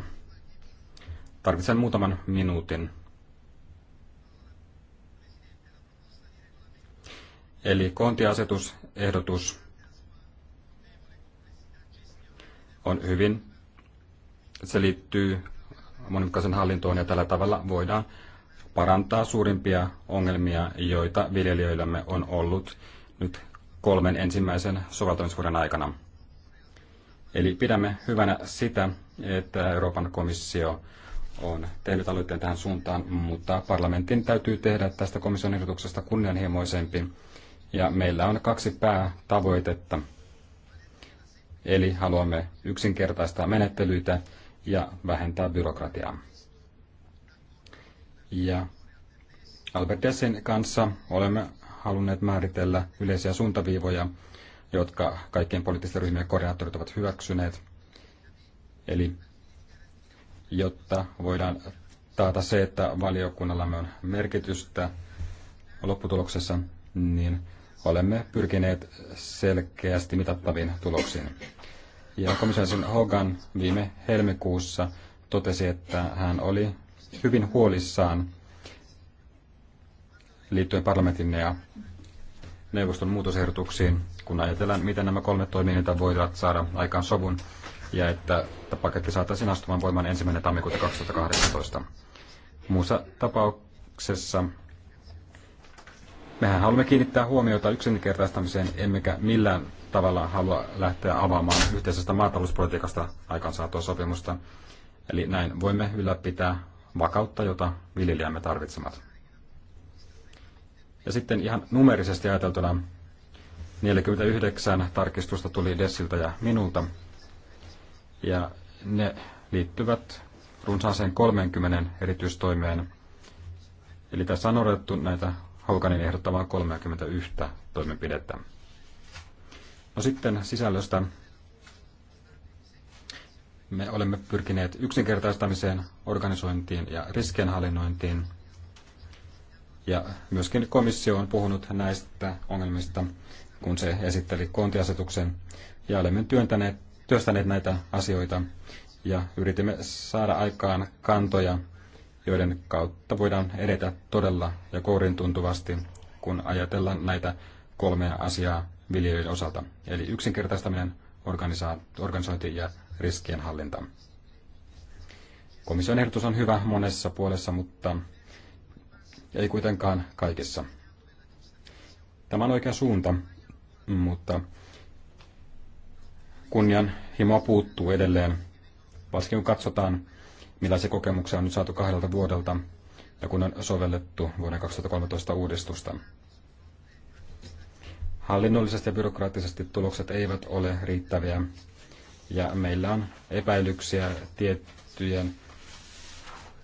Tarvitsen muutaman minuutin. Eli koontiasetusehdotus on hyvin, se liittyy monimutkaisen hallintoon ja tällä tavalla voidaan parantaa suurimpia ongelmia, joita viljelijöillämme on ollut nyt kolmen ensimmäisen soveltamisvuoden aikana. Eli pidämme hyvänä sitä, että Euroopan komissio on tehnyt aloitteen tähän suuntaan, mutta parlamentin täytyy tehdä tästä komission ehdotuksesta kunnianhimoisempi. Ja meillä on kaksi päätavoitetta. Eli haluamme yksinkertaistaa menettelyitä ja vähentää byrokratiaa. Ja Albert Dessin kanssa olemme halunneet määritellä yleisiä suuntaviivoja, jotka kaikkien poliittisten ryhmien koordinaattorit ovat hyväksyneet. Eli jotta voidaan taata se, että valiokunnallamme on merkitystä lopputuloksessa, niin olemme pyrkineet selkeästi mitattaviin tuloksiin. Ja komissaari Hogan viime helmikuussa totesi, että hän oli hyvin huolissaan liittyen parlamentin ja neuvoston muutosehdotuksiin, kun ajatellaan, miten nämä kolme toimintaa voivat saada aikaan sovun ja että paketti saataisiin astumaan voimaan ensimmäinen tammikuuta 2018. Muussa tapauksessa mehän haluamme kiinnittää huomiota yksinkertaistamiseen, emmekä millään tavalla halua lähteä avaamaan yhteisestä maatalouspolitiikasta aikaansaatua sopimusta. Eli näin voimme ylläpitää vakautta, jota viljelijämme tarvitsevat. Ja sitten ihan numerisesti ajateltuna 49 tarkistusta tuli Dessiltä ja minulta ja ne liittyvät runsaaseen 30 erityistoimeen. Eli tässä on odotettu näitä Haukanin ehdottamaa 31 toimenpidettä. No sitten sisällöstä. Me olemme pyrkineet yksinkertaistamiseen, organisointiin ja riskienhallinnointiin. Ja myöskin komissio on puhunut näistä ongelmista, kun se esitteli kontiasetuksen. Ja olemme työntäneet työstäneet näitä asioita ja yritimme saada aikaan kantoja, joiden kautta voidaan edetä todella ja kourin tuntuvasti, kun ajatellaan näitä kolmea asiaa viljelijöiden osalta, eli yksinkertaistaminen, organisointi ja riskien hallinta. Komission ehdotus on hyvä monessa puolessa, mutta ei kuitenkaan kaikissa. Tämä on oikea suunta, mutta Kunnian himoa puuttuu edelleen, varsinkin kun katsotaan, millaisia kokemuksia on nyt saatu kahdelta vuodelta ja kun on sovellettu vuoden 2013 uudistusta. Hallinnollisesti ja byrokraattisesti tulokset eivät ole riittäviä ja meillä on epäilyksiä tiettyjen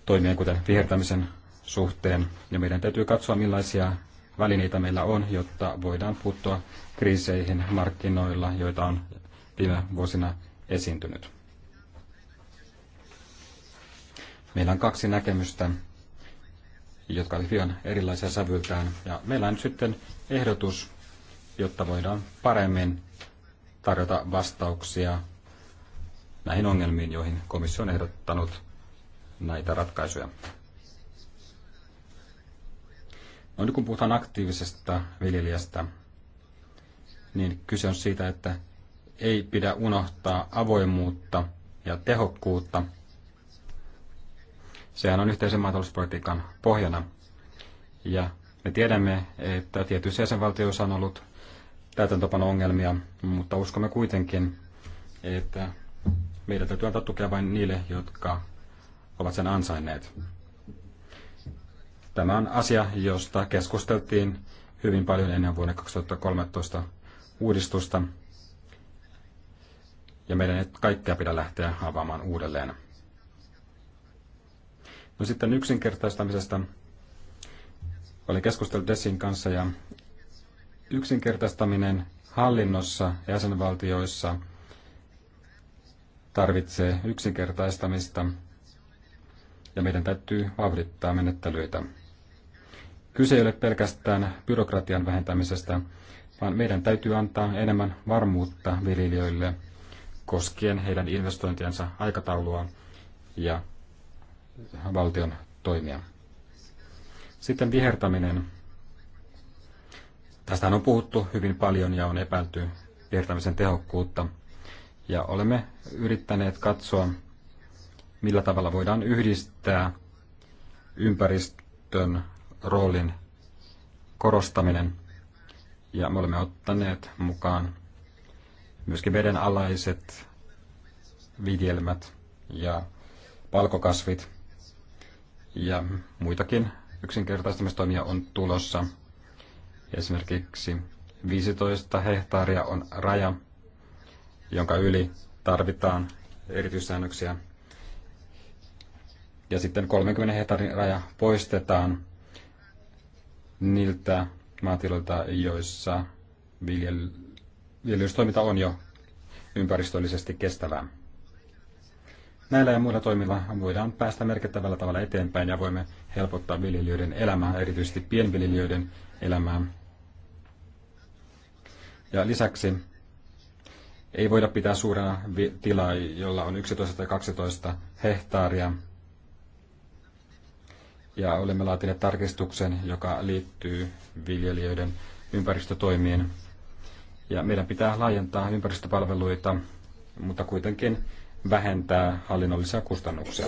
toimien, kuten vihertämisen suhteen, ja meidän täytyy katsoa, millaisia välineitä meillä on, jotta voidaan puuttua kriiseihin markkinoilla, joita on viime vuosina esiintynyt. Meillä on kaksi näkemystä, jotka olivat hyvin erilaisia sävyltään. Ja meillä on nyt sitten ehdotus, jotta voidaan paremmin tarjota vastauksia näihin ongelmiin, joihin komissio on ehdottanut näitä ratkaisuja. No nyt kun puhutaan aktiivisesta viljelijästä, niin kyse on siitä, että ei pidä unohtaa avoimuutta ja tehokkuutta. Sehän on yhteisen maatalouspolitiikan pohjana. Ja me tiedämme, että tietyissä jäsenvaltioissa on ollut täytäntöpano ongelmia, mutta uskomme kuitenkin, että meidän täytyy antaa tukea vain niille, jotka ovat sen ansainneet. Tämä on asia, josta keskusteltiin hyvin paljon ennen vuoden 2013 uudistusta, ja meidän ei kaikkea pidä lähteä avaamaan uudelleen. No sitten yksinkertaistamisesta. Olin keskustellut Dessin kanssa ja yksinkertaistaminen hallinnossa ja jäsenvaltioissa tarvitsee yksinkertaistamista ja meidän täytyy vauhdittaa menettelyitä. Kyse ei ole pelkästään byrokratian vähentämisestä, vaan meidän täytyy antaa enemmän varmuutta viljelijöille koskien heidän investointiensa aikataulua ja valtion toimia. Sitten vihertäminen. tästä on puhuttu hyvin paljon ja on epäilty vihertämisen tehokkuutta. Ja olemme yrittäneet katsoa, millä tavalla voidaan yhdistää ympäristön roolin korostaminen. Ja me olemme ottaneet mukaan myöskin alaiset viljelmät ja palkokasvit ja muitakin yksinkertaistamistoimia on tulossa. Esimerkiksi 15 hehtaaria on raja, jonka yli tarvitaan erityissäännöksiä. Ja sitten 30 hehtaarin raja poistetaan niiltä maatiloilta, joissa viljel- viljelystoiminta on jo ympäristöllisesti kestävää. Näillä ja muilla toimilla voidaan päästä merkittävällä tavalla eteenpäin ja voimme helpottaa viljelijöiden elämää, erityisesti pienviljelijöiden elämää. Ja lisäksi ei voida pitää suurena tilaa, jolla on 11 tai 12 hehtaaria. Ja olemme laatineet tarkistuksen, joka liittyy viljelijöiden ympäristötoimiin ja meidän pitää laajentaa ympäristöpalveluita, mutta kuitenkin vähentää hallinnollisia kustannuksia.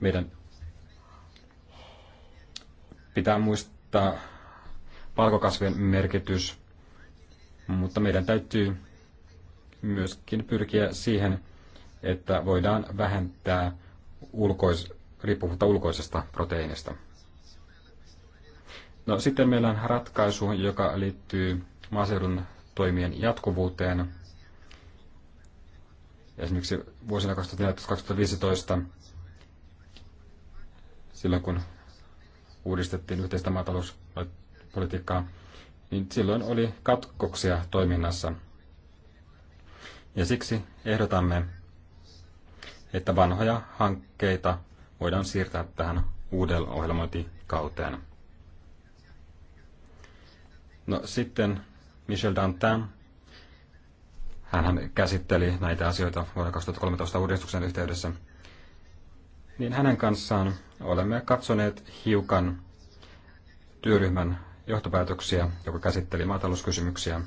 Meidän pitää muistaa palkokasvien merkitys, mutta meidän täytyy myöskin pyrkiä siihen, että voidaan vähentää ulkois, riippuvuutta ulkoisesta proteiinista. No sitten meillä on ratkaisu, joka liittyy maaseudun toimien jatkuvuuteen. Esimerkiksi vuosina 2014-2015, silloin kun uudistettiin yhteistä maatalouspolitiikkaa, niin silloin oli katkoksia toiminnassa. Ja siksi ehdotamme, että vanhoja hankkeita voidaan siirtää tähän uudelle ohjelmointikauteen. No sitten Michel Dantin, hän käsitteli näitä asioita vuonna 2013 uudistuksen yhteydessä, niin hänen kanssaan olemme katsoneet hiukan työryhmän johtopäätöksiä, joka käsitteli maatalouskysymyksiä.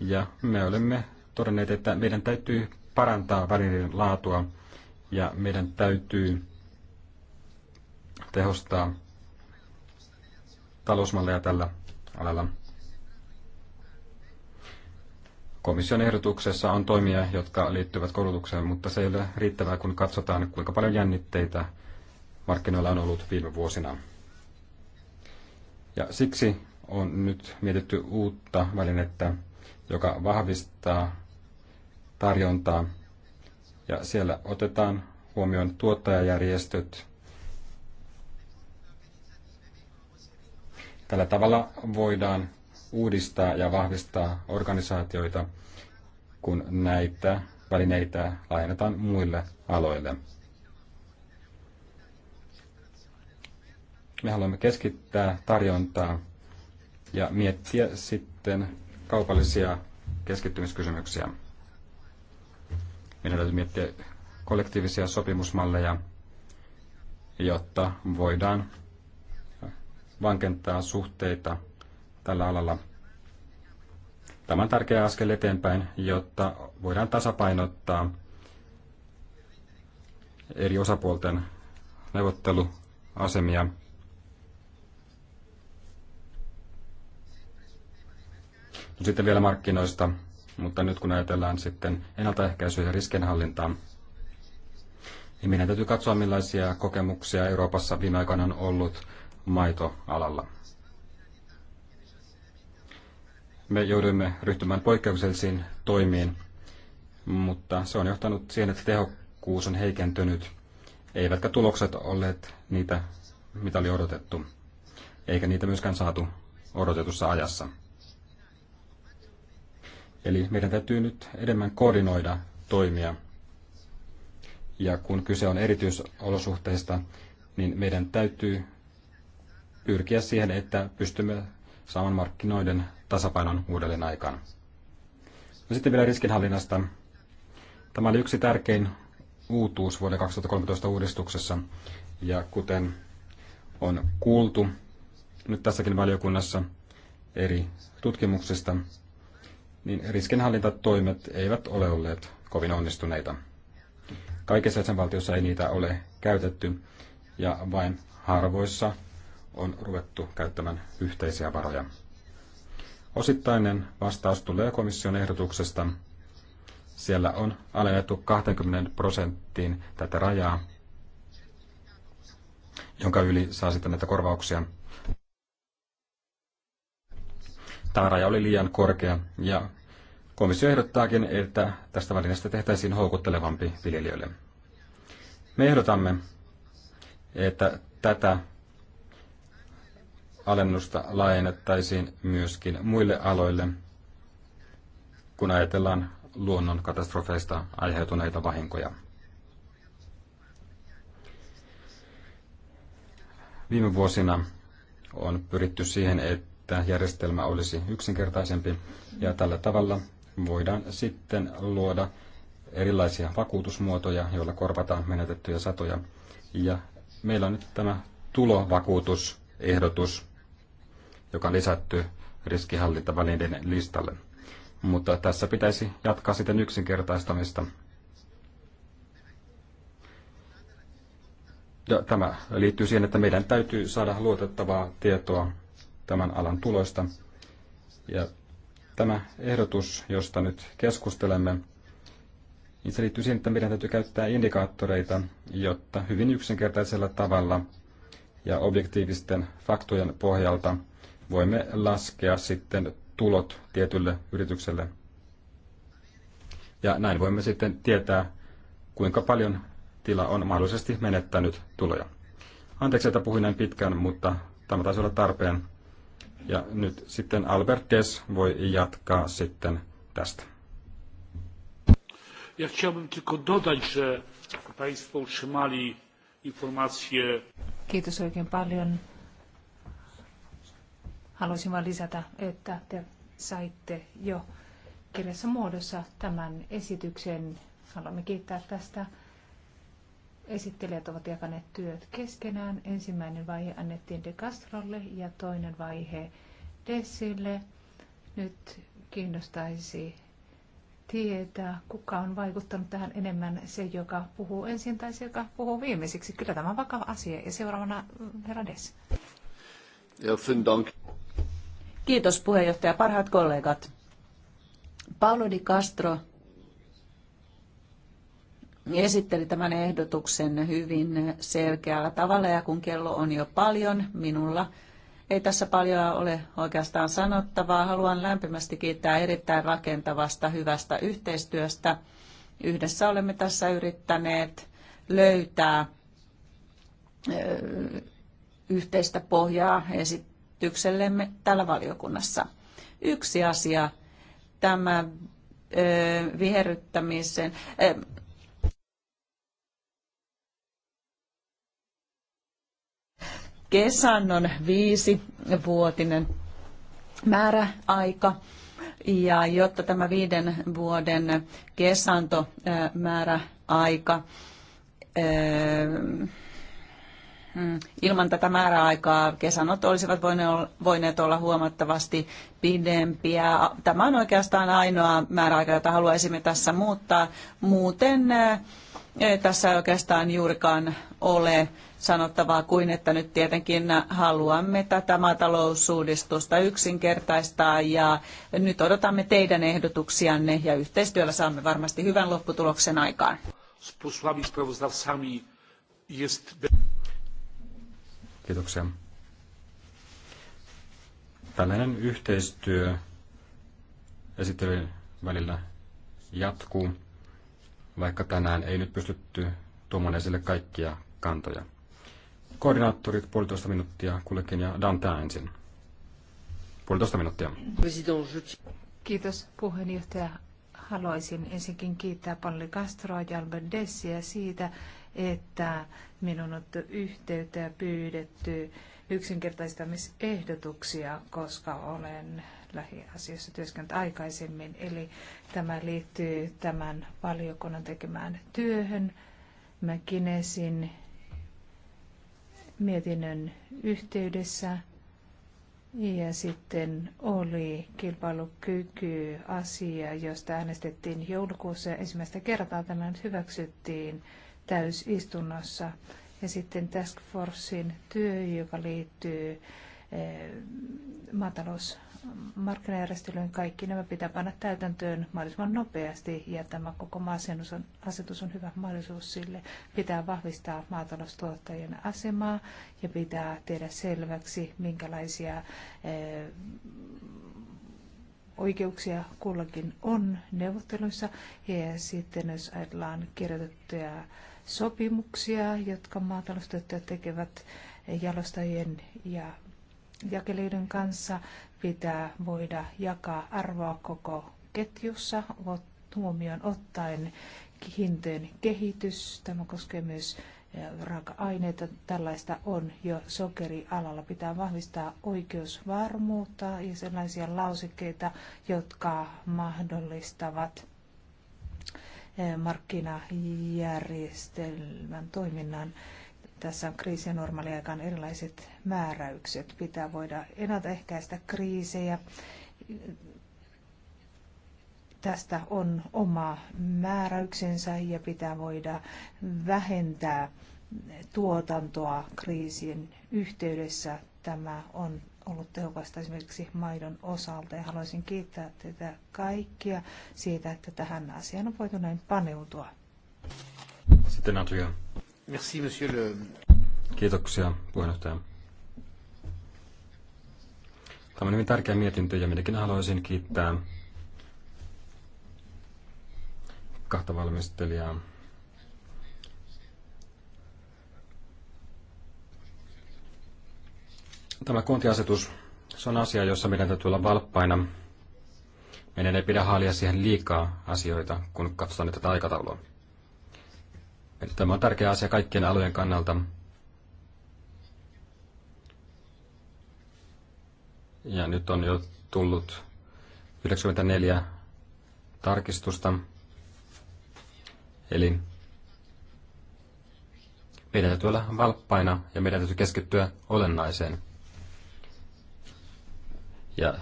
Ja me olemme todenneet, että meidän täytyy parantaa välineiden laatua ja meidän täytyy tehostaa talousmalleja tällä alalla. Komission ehdotuksessa on toimia, jotka liittyvät koulutukseen, mutta se ei ole riittävää, kun katsotaan, kuinka paljon jännitteitä markkinoilla on ollut viime vuosina. Ja siksi on nyt mietitty uutta välinettä, joka vahvistaa tarjontaa ja siellä otetaan huomioon tuottajajärjestöt Tällä tavalla voidaan uudistaa ja vahvistaa organisaatioita, kun näitä välineitä laajennetaan muille aloille. Me haluamme keskittää tarjontaa ja miettiä sitten kaupallisia keskittymiskysymyksiä. Meidän täytyy miettiä kollektiivisia sopimusmalleja, jotta voidaan vankentaa suhteita tällä alalla. Tämä on tärkeä askel eteenpäin, jotta voidaan tasapainottaa eri osapuolten neuvotteluasemia. No sitten vielä markkinoista, mutta nyt kun ajatellaan sitten ennaltaehkäisyä ja riskienhallintaa, niin meidän täytyy katsoa, millaisia kokemuksia Euroopassa viime aikoina on ollut maitoalalla. Me jouduimme ryhtymään poikkeuksellisiin toimiin, mutta se on johtanut siihen, että tehokkuus on heikentynyt, eivätkä tulokset olleet niitä, mitä oli odotettu, eikä niitä myöskään saatu odotetussa ajassa. Eli meidän täytyy nyt enemmän koordinoida toimia. Ja kun kyse on erityisolosuhteista, niin meidän täytyy pyrkiä siihen, että pystymme saamaan markkinoiden tasapainon uudelleen aikaan. No sitten vielä riskinhallinnasta. Tämä oli yksi tärkein uutuus vuoden 2013 uudistuksessa. Ja kuten on kuultu nyt tässäkin valiokunnassa eri tutkimuksista, niin riskinhallintatoimet eivät ole olleet kovin onnistuneita. Kaikissa jäsenvaltioissa ei niitä ole käytetty ja vain harvoissa on ruvettu käyttämään yhteisiä varoja. Osittainen vastaus tulee komission ehdotuksesta. Siellä on alennettu 20 prosenttiin tätä rajaa, jonka yli saa sitten näitä korvauksia. Tämä raja oli liian korkea ja komissio ehdottaakin, että tästä välineestä tehtäisiin houkuttelevampi viljelijöille. Me ehdotamme, että tätä alennusta laajennettaisiin myöskin muille aloille, kun ajatellaan luonnon katastrofeista aiheutuneita vahinkoja. Viime vuosina on pyritty siihen, että järjestelmä olisi yksinkertaisempi ja tällä tavalla voidaan sitten luoda erilaisia vakuutusmuotoja, joilla korvataan menetettyjä satoja. Ja meillä on nyt tämä tulovakuutusehdotus, joka lisätty riskihallintavälineiden listalle. Mutta tässä pitäisi jatkaa sitten yksinkertaistamista. Ja tämä liittyy siihen, että meidän täytyy saada luotettavaa tietoa tämän alan tuloista. Ja tämä ehdotus, josta nyt keskustelemme, niin se liittyy siihen, että meidän täytyy käyttää indikaattoreita, jotta hyvin yksinkertaisella tavalla ja objektiivisten faktojen pohjalta – voimme laskea sitten tulot tietylle yritykselle. Ja näin voimme sitten tietää, kuinka paljon tila on mahdollisesti menettänyt tuloja. Anteeksi, että puhuin näin pitkään, mutta tämä taisi olla tarpeen. Ja nyt sitten Albert Des voi jatkaa sitten tästä. Ja chciałbym tylko dodać, że Państwo otrzymali informację. Kiitos oikein paljon. Haluaisin vain lisätä, että te saitte jo kirjassa muodossa tämän esityksen. Haluamme kiittää tästä. Esittelijät ovat jakaneet työt keskenään. Ensimmäinen vaihe annettiin De Castrolle ja toinen vaihe Dessille. Nyt kiinnostaisi tietää, kuka on vaikuttanut tähän enemmän, se joka puhuu ensin tai se joka puhuu viimeiseksi. Kyllä tämä on vakava asia. Ja seuraavana mm, herra Dess. Ja, dank. Kiitos puheenjohtaja, parhaat kollegat. Paolo Di Castro esitteli tämän ehdotuksen hyvin selkeällä tavalla ja kun kello on jo paljon, minulla ei tässä paljon ole oikeastaan sanottavaa. Haluan lämpimästi kiittää erittäin rakentavasta, hyvästä yhteistyöstä. Yhdessä olemme tässä yrittäneet löytää yhteistä pohjaa esittää esityksellemme täällä valiokunnassa. Yksi asia tämä ö, viherryttämisen... Ö, Kesannon viisivuotinen määräaika. Ja jotta tämä viiden vuoden kesantomääräaika öö, Mm. ilman tätä määräaikaa kesänot olisivat voineet olla huomattavasti pidempiä. Tämä on oikeastaan ainoa määräaika, jota haluaisimme tässä muuttaa. Muuten eh, ei tässä oikeastaan juurikaan ole sanottavaa kuin, että nyt tietenkin haluamme tätä maataloussuudistusta yksinkertaistaa ja nyt odotamme teidän ehdotuksianne ja yhteistyöllä saamme varmasti hyvän lopputuloksen aikaan. jest Kiitoksia. Tällainen yhteistyö esittelyn välillä jatkuu, vaikka tänään ei nyt pystytty tuomaan esille kaikkia kantoja. Koordinaattorit puolitoista minuuttia kullekin ja Dante ensin. Puolitoista minuuttia. Kiitos puheenjohtaja. Haluaisin ensinkin kiittää Palli Castroa ja Albert Dessiä siitä, että minun on yhteyttä ja pyydetty yksinkertaistamisehdotuksia, koska olen lähiasiassa työskennellyt aikaisemmin. Eli tämä liittyy tämän valiokunnan tekemään työhön. Mä Kinesin mietinnön yhteydessä ja sitten oli kilpailukyky asia, josta äänestettiin joulukuussa ensimmäistä kertaa tämä hyväksyttiin täysistunnossa. Ja sitten Task Forcein työ, joka liittyy eh, maatalousmarkkinajärjestelyyn, kaikki nämä pitää panna täytäntöön mahdollisimman nopeasti ja tämä koko on, asetus on hyvä mahdollisuus sille. Pitää vahvistaa maataloustuottajien asemaa ja pitää tehdä selväksi, minkälaisia eh, oikeuksia kullakin on neuvotteluissa. Ja sitten jos ajatellaan kirjoitettuja sopimuksia, jotka maataloustuottajat tekevät jalostajien ja jakelijoiden kanssa. Pitää voida jakaa arvoa koko ketjussa huomioon ottaen hintojen kehitys. Tämä koskee myös e, raaka-aineita. Tällaista on jo sokerialalla. Pitää vahvistaa oikeusvarmuutta ja sellaisia lausekkeita, jotka mahdollistavat Eh, markkinajärjestelmän toiminnan. Tässä on kriisi- ja normaaliaikaan erilaiset määräykset. Pitää voida ennaltaehkäistä kriisejä. Tästä on oma määräyksensä ja pitää voida vähentää tuotantoa kriisin yhteydessä. Tämä on ollut tehokasta esimerkiksi maidon osalta ja haluaisin kiittää teitä kaikkia siitä, että tähän asiaan on voitu näin paneutua. Sitten Adria. Merci, monsieur le... Kiitoksia, puheenjohtaja. Tämä on hyvin tärkeä mietintö ja minäkin haluaisin kiittää kahta valmistelijaa Tämä kontiasetus se on asia, jossa meidän täytyy olla valppaina. Meidän ei pidä haalia siihen liikaa asioita, kun katsotaan nyt tätä aikataulua. Eli tämä on tärkeä asia kaikkien alojen kannalta. Ja nyt on jo tullut 94 tarkistusta. Eli meidän täytyy olla valppaina ja meidän täytyy keskittyä olennaiseen. Ja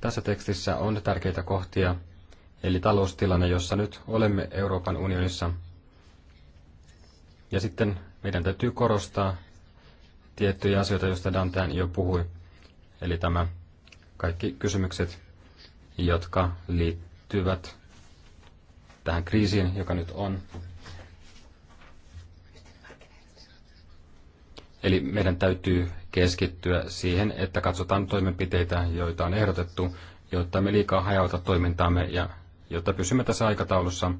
tässä tekstissä on tärkeitä kohtia, eli taloustilanne, jossa nyt olemme Euroopan unionissa. Ja sitten meidän täytyy korostaa tiettyjä asioita, joista Dantean jo puhui. Eli tämä kaikki kysymykset, jotka liittyvät tähän kriisiin, joka nyt on. Eli meidän täytyy keskittyä siihen, että katsotaan toimenpiteitä, joita on ehdotettu, jotta me liikaa hajauta toimintaamme ja jotta pysymme tässä aikataulussa.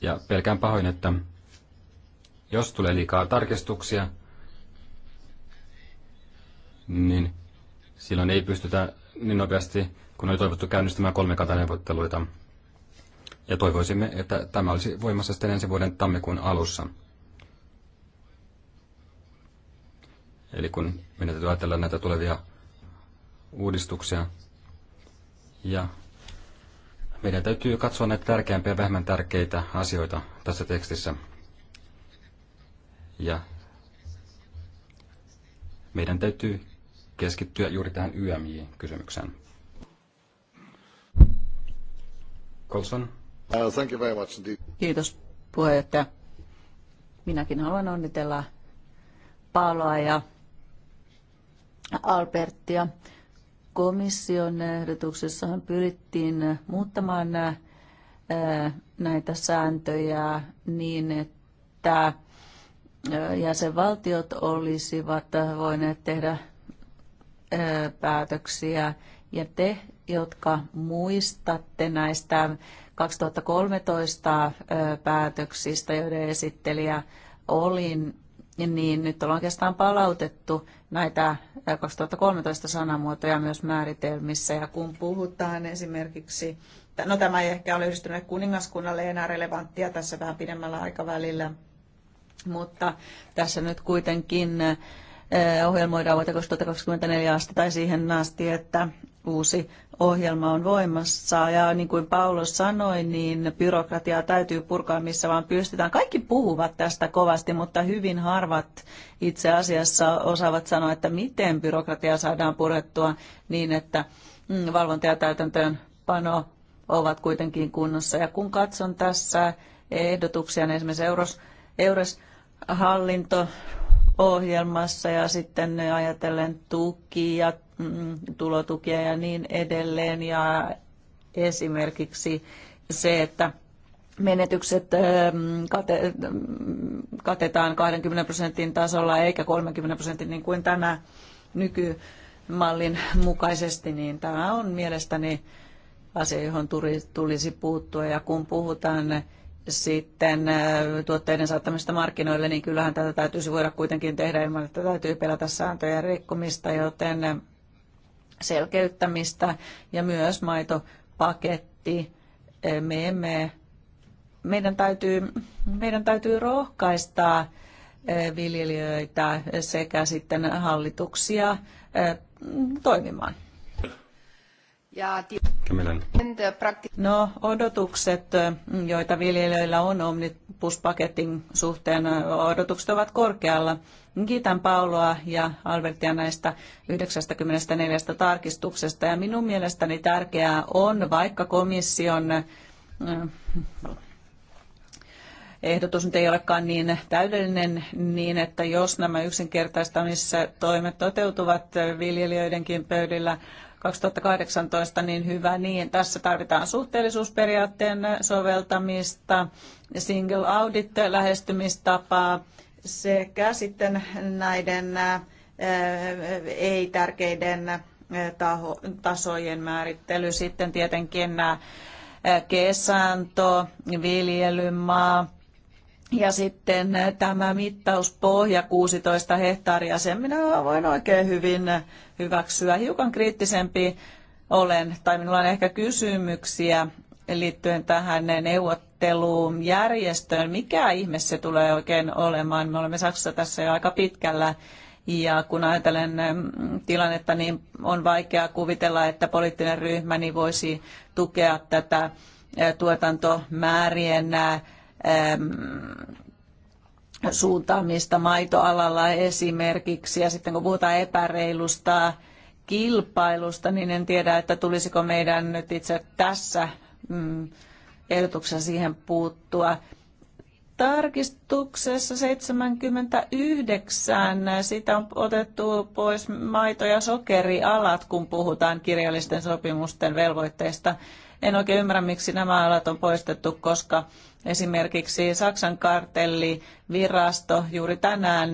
Ja pelkään pahoin, että jos tulee liikaa tarkistuksia, niin silloin ei pystytä niin nopeasti, kun oli toivottu käynnistämään kolmikantaneuvotteluita. Ja toivoisimme, että tämä olisi voimassa sitten ensi vuoden tammikuun alussa. Eli kun meidän täytyy ajatella näitä tulevia uudistuksia. Ja meidän täytyy katsoa näitä tärkeämpiä ja vähemmän tärkeitä asioita tässä tekstissä. Ja meidän täytyy keskittyä juuri tähän YMJ-kysymykseen. Colson. Uh, thank you very much indeed. Kiitos puheenjohtaja. Minäkin haluan onnitella Paaloa ja Albertia. Komission ehdotuksessahan pyrittiin muuttamaan äh, näitä sääntöjä niin, että äh, jäsenvaltiot olisivat voineet tehdä äh, päätöksiä ja te, jotka muistatte näistä 2013 päätöksistä, joiden esittelijä olin, niin nyt on oikeastaan palautettu näitä 2013 äh, sanamuotoja myös määritelmissä. Ja kun puhutaan esimerkiksi, no tämä ei ehkä ole yhdistynyt kuningaskunnalle enää relevanttia tässä vähän pidemmällä aikavälillä, mutta tässä nyt kuitenkin äh, ohjelmoidaan vuoteen 2024 asti tai siihen asti, että uusi ohjelma on voimassa. Ja niin kuin Paulo sanoi, niin byrokratiaa täytyy purkaa missä vaan pystytään. Kaikki puhuvat tästä kovasti, mutta hyvin harvat itse asiassa osaavat sanoa, että miten byrokratiaa saadaan purettua niin, että mm, valvonta ja pano ovat kuitenkin kunnossa. Ja kun katson tässä ehdotuksia, niin esimerkiksi Euros, Eures hallinto ohjelmassa ja sitten ajatellen tukia, mm, tulotukia ja niin edelleen ja esimerkiksi se, että menetykset kate, mm, katetaan 20 prosentin tasolla eikä 30 prosentin niin kuin tänä nykymallin mukaisesti, niin tämä on mielestäni asia, johon tulisi puuttua. Ja kun puhutaan sitten äh, tuotteiden saattamista markkinoille, niin kyllähän tätä täytyisi voida kuitenkin tehdä ilman, että täytyy pelätä sääntöjen rikkomista, joten äh, selkeyttämistä ja myös maitopaketti. Äh, me emme, meidän, täytyy, meidän täytyy rohkaista viljelijöitä sekä sitten hallituksia toimimaan. Ja No odotukset, joita viljelijöillä on Omnibus-paketin suhteen, odotukset ovat korkealla. Kiitän Pauloa ja Albertia näistä 94 tarkistuksesta ja minun mielestäni tärkeää on, vaikka komission eh, ehdotus nyt ei olekaan niin täydellinen, niin että jos nämä yksinkertaistamistoimet toimet toteutuvat viljelijöidenkin pöydillä, 2018, niin hyvä niin. Tässä tarvitaan suhteellisuusperiaatteen soveltamista, single audit lähestymistapaa sekä sitten näiden eh, ei-tärkeiden eh, taho, tasojen määrittely. Sitten tietenkin nämä eh, kesanto, viljelymaa ja sitten tämä mittauspohja 16 hehtaaria. Sen minä voin oikein hyvin hyväksyä. Hiukan kriittisempi olen, tai minulla on ehkä kysymyksiä liittyen tähän neuvotteluun järjestöön. Mikä ihme se tulee oikein olemaan? Me olemme Saksassa tässä jo aika pitkällä. Ja kun ajatellen mm, tilannetta, niin on vaikea kuvitella, että poliittinen niin voisi tukea tätä eh, tuotantomäärien eh, mm, suuntaamista maitoalalla esimerkiksi. Ja sitten kun puhutaan epäreilusta kilpailusta, niin en tiedä, että tulisiko meidän nyt itse tässä mm, ehdotuksessa siihen puuttua. Tarkistuksessa 79 sitä on otettu pois maito- ja sokerialat, kun puhutaan kirjallisten sopimusten velvoitteista. En oikein ymmärrä, miksi nämä alat on poistettu, koska Esimerkiksi Saksan kartellivirasto juuri tänään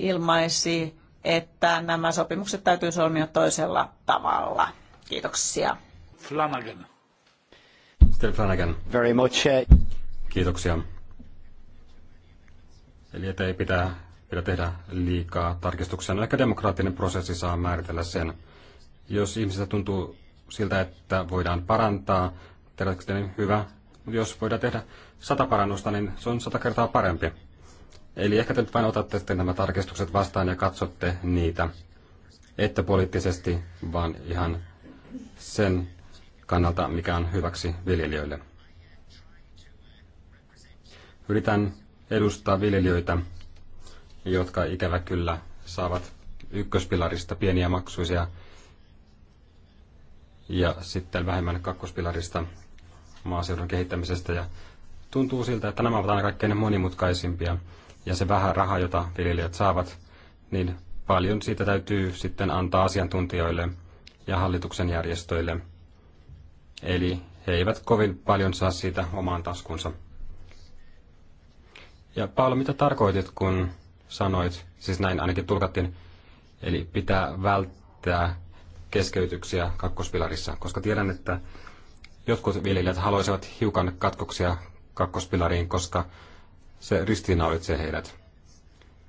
ilmaisi, että nämä sopimukset täytyy solmia toisella tavalla. Kiitoksia. Flanagan. Mr. Flanagan. Very much. Eh. Kiitoksia. Eli että ei pidä, pidä tehdä liikaa tarkistuksia. No ehkä demokraattinen prosessi saa määritellä sen. Jos ihmisistä tuntuu siltä, että voidaan parantaa teräksestä, hyvä, jos voidaan tehdä sata parannusta, niin se on sata kertaa parempi. Eli ehkä te nyt vain otatte sitten nämä tarkistukset vastaan ja katsotte niitä, että poliittisesti, vaan ihan sen kannalta, mikä on hyväksi viljelijöille. Yritän edustaa viljelijöitä, jotka ikävä kyllä saavat ykköspilarista pieniä maksuisia ja sitten vähemmän kakkospilarista maaseudun kehittämisestä ja tuntuu siltä, että nämä ovat aina kaikkein monimutkaisimpia ja se vähän raha, jota viljelijät saavat, niin paljon siitä täytyy sitten antaa asiantuntijoille ja hallituksen järjestöille. Eli he eivät kovin paljon saa siitä omaan taskunsa. Ja Paolo, mitä tarkoitit, kun sanoit, siis näin ainakin tulkattiin, eli pitää välttää keskeytyksiä kakkospilarissa, koska tiedän, että jotkut viljelijät haluaisivat hiukan katkoksia kakkospilariin, koska se ristiinnaulitsee heidät.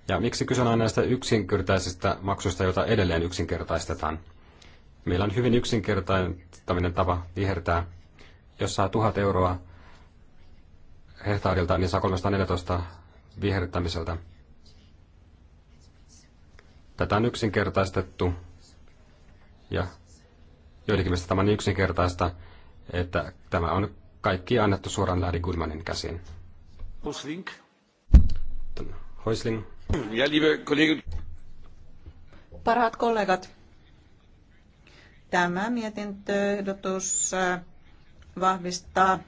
Ja miksi kyse on näistä yksinkertaisista maksuista, joita edelleen yksinkertaistetaan? Meillä on hyvin yksinkertaistaminen tapa vihertää. Jos saa 1000 euroa hehtaarilta, niin saa 314 vihertämiseltä. Tätä on yksinkertaistettu ja joidenkin mielestä tämä on niin yksinkertaista, että tämä on kaikki annettu suoraan Larry Goodmanin käsiin. Hoisling. Hoisling. Ja, liebe Kollegen. Parhaat kollegat, tämä mietintöehdotus äh, vahvistaa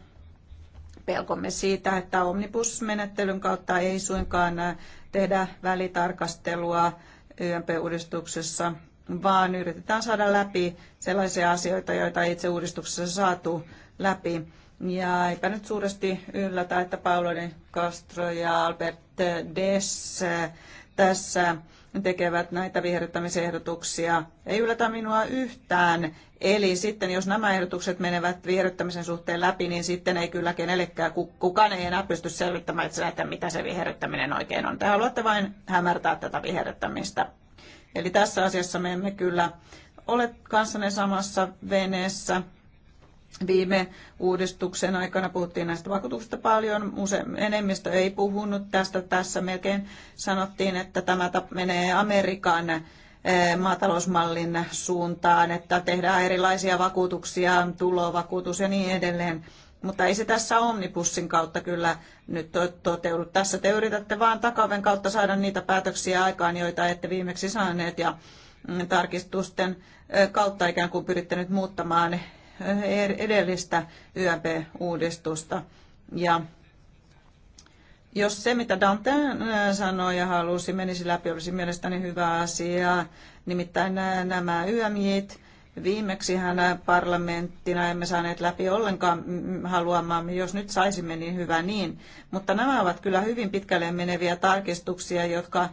pelkomme siitä, että omnibusmenettelyn kautta ei suinkaan äh, tehdä välitarkastelua YMP-uudistuksessa vaan yritetään saada läpi sellaisia asioita, joita itse uudistuksessa saatu läpi. Ja eipä nyt suuresti yllätä, että Paolo de Castro ja Albert Dess tässä tekevät näitä viherryttämisehdotuksia. Ei yllätä minua yhtään. Eli sitten jos nämä ehdotukset menevät viherryttämisen suhteen läpi, niin sitten ei kyllä kenellekään, kukaan ei enää pysty selvittämään että mitä se viherryttäminen oikein on. Te haluatte vain hämärtää tätä viherryttämistä. Eli tässä asiassa me emme kyllä ole kanssanne samassa veneessä. Viime uudistuksen aikana puhuttiin näistä vakuutuksista paljon. Usein enemmistö ei puhunut tästä. Tässä melkein sanottiin, että tämä menee Amerikan eh, maatalousmallin suuntaan, että tehdään erilaisia vakuutuksia, tulovakuutus ja niin edelleen. Mutta ei se tässä omnipussin kautta kyllä nyt toteudu. Tässä te yritätte vain takaven kautta saada niitä päätöksiä aikaan, joita ette viimeksi saaneet ja mm, tarkistusten kautta ikään kuin pyritte nyt muuttamaan edellistä YMP-uudistusta. Ja jos se, mitä Dante sanoi ja halusi, menisi läpi, olisi mielestäni hyvä asia. Nimittäin nämä YMJit hän parlamenttina emme saaneet läpi ollenkaan haluamaan, jos nyt saisimme, niin hyvä niin. Mutta nämä ovat kyllä hyvin pitkälle meneviä tarkistuksia, jotka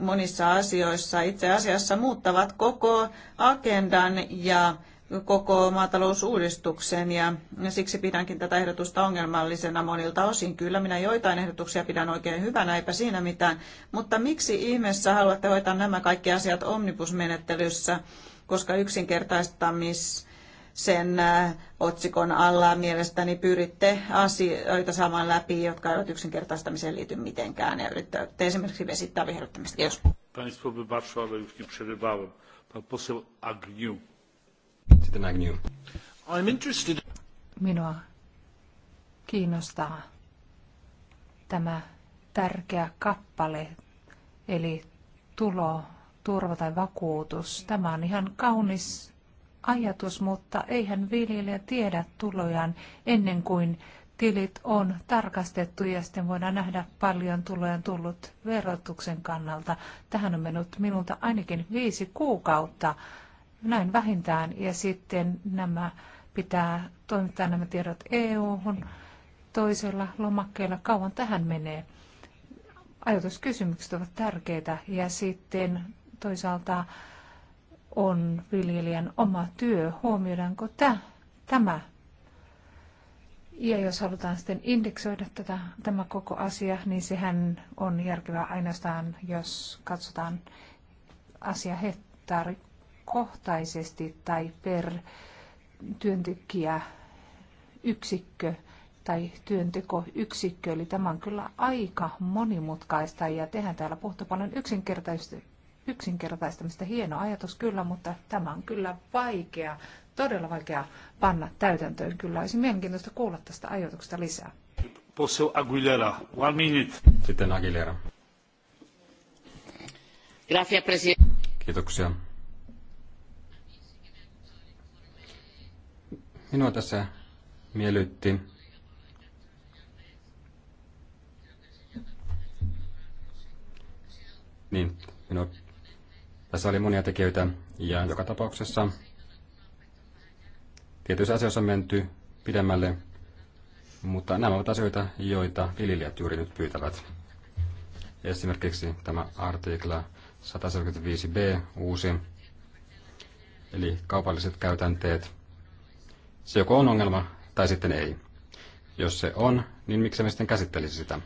monissa asioissa itse asiassa muuttavat koko agendan ja koko maatalousuudistuksen ja siksi pidänkin tätä ehdotusta ongelmallisena monilta osin. Kyllä minä joitain ehdotuksia pidän oikein hyvänä, eipä siinä mitään, mutta miksi ihmeessä haluatte hoitaa nämä kaikki asiat omnibusmenettelyssä? menettelyssä koska yksinkertaistamis sen äh, otsikon alla mielestäni pyritte asioita saamaan läpi, jotka eivät yksinkertaistamiseen liity mitenkään ja yrittävät esimerkiksi vesittää viherryttämistä. Kiitos. Państwo wybaczą, ale już nie przerywałem. Pan poseł Agnew. Sitten Agnew. I'm interested. Minua kiinnostaa tämä tärkeä kappale, eli tulo turva tai vakuutus. Tämä on ihan kaunis ajatus, mutta eihän viljelijä tiedä tulojaan ennen kuin tilit on tarkastettu ja sitten voidaan nähdä paljon tuloja tullut verotuksen kannalta. Tähän on mennyt minulta ainakin viisi kuukautta, näin vähintään, ja sitten nämä pitää toimittaa nämä tiedot EU-hun toisella lomakkeella. Kauan tähän menee. Ajatuskysymykset ovat tärkeitä ja sitten toisaalta on viljelijän oma työ. Huomioidaanko tämä? Ja jos halutaan sitten indeksoida tätä, tämä koko asia, niin sehän on järkevää ainoastaan, jos katsotaan asia hehtaarikohtaisesti tai per työntekijä yksikkö tai työntekoyksikkö. Eli tämä on kyllä aika monimutkaista ja tehän täällä puhutte paljon yksinkertaistamista. Hieno ajatus kyllä, mutta tämä on kyllä vaikea, todella vaikea panna täytäntöön. Kyllä olisi mielenkiintoista kuulla tästä ajatuksesta lisää. Posso Aguilera, one minute. Sitten Aguilera. Gracias, presidente. Kiitoksia. Minua tässä miellytti Niin, minua tässä oli monia tekijöitä ja joka tapauksessa tietyissä asioissa on menty pidemmälle, mutta nämä ovat asioita, joita viljelijät juuri nyt pyytävät. Esimerkiksi tämä artikla 175b uusi, eli kaupalliset käytänteet. Se joko on ongelma tai sitten ei. Jos se on, niin miksi me sitten käsittelisi sitä?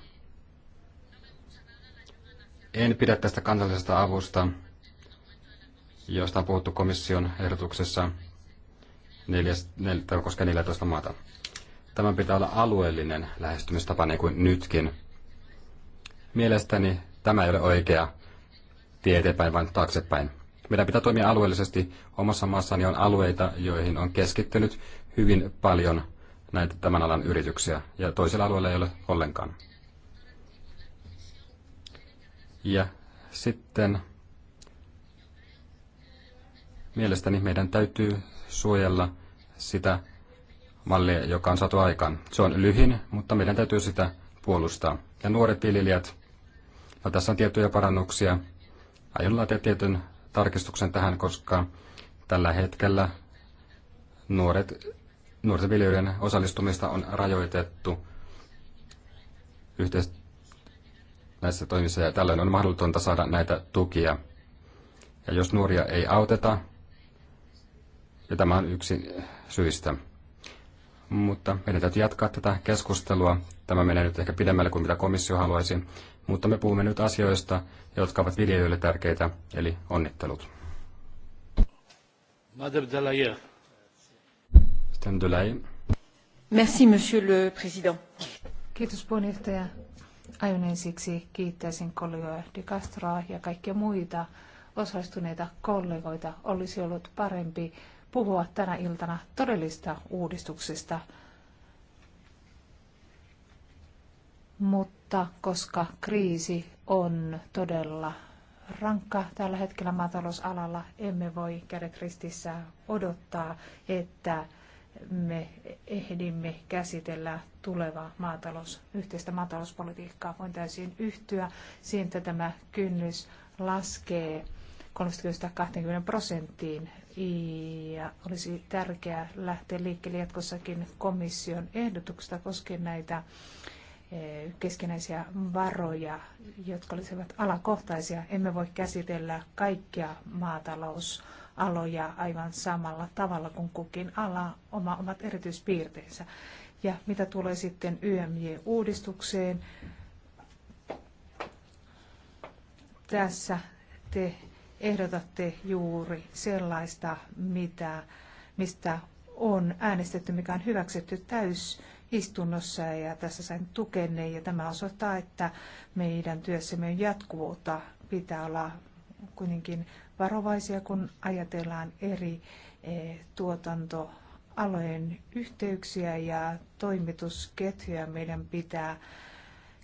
En pidä tästä kansallisesta avusta, josta on puhuttu komission ehdotuksessa, neljäs, nel, tämä koskee 14 maata. Tämän pitää olla alueellinen lähestymistapa niin kuin nytkin. Mielestäni tämä ei ole oikea tie eteenpäin, vaan taaksepäin. Meidän pitää toimia alueellisesti. Omassa maassani on alueita, joihin on keskittynyt hyvin paljon näitä tämän alan yrityksiä, ja toisella alueella ei ole ollenkaan. Ja sitten Mielestäni meidän täytyy suojella sitä mallia, joka on saatu aikaan. Se on lyhin, mutta meidän täytyy sitä puolustaa. Ja nuoret viljelijät, no tässä on tiettyjä parannuksia. Aion laatia tietyn tarkistuksen tähän, koska tällä hetkellä nuoret, nuorten viljelijöiden osallistumista on rajoitettu yhteistyössä näissä toimissa ja tällöin on mahdotonta saada näitä tukia. Ja jos nuoria ei auteta, ja tämä on yksi syistä. Mutta meidän täytyy jatkaa tätä keskustelua. Tämä menee nyt ehkä pidemmälle kuin mitä komissio haluaisi, mutta me puhumme nyt asioista, jotka ovat videoille tärkeitä, eli onnittelut. Madame Delayer. Madame Delayer. Merci, monsieur le président. Kiitos puheenjohtaja. Aion ensiksi kiittäisin kollegoja De Castroa ja kaikkia muita osallistuneita kollegoita. Olisi ollut parempi puhua tänä iltana todellista uudistuksista. Mutta koska kriisi on todella rankka tällä hetkellä maatalousalalla, emme voi kädet ristissä odottaa, että me ehdimme käsitellä tulevaa maatalous, yhteistä maatalouspolitiikkaa. Voin täysin yhtyä siihen, että tämä kynnys laskee 30-20 prosenttiin. Ja olisi tärkeää lähteä liikkeelle jatkossakin komission ehdotuksesta koskien näitä eh, keskinäisiä varoja, jotka olisivat alakohtaisia. Emme voi käsitellä kaikkia maatalousaloja aivan samalla tavalla kuin kukin ala oma, omat erityispiirteensä. Ja mitä tulee sitten YMJ-uudistukseen, tässä te ehdotatte juuri sellaista, mitä, mistä on äänestetty, mikä on hyväksytty täysistunnossa ja tässä sain tukenne ja tämä osoittaa, että meidän työssämme on jatkuvuutta. Pitää olla kuitenkin varovaisia, kun ajatellaan eri eh, tuotantoalojen yhteyksiä ja toimitusketjuja. Meidän pitää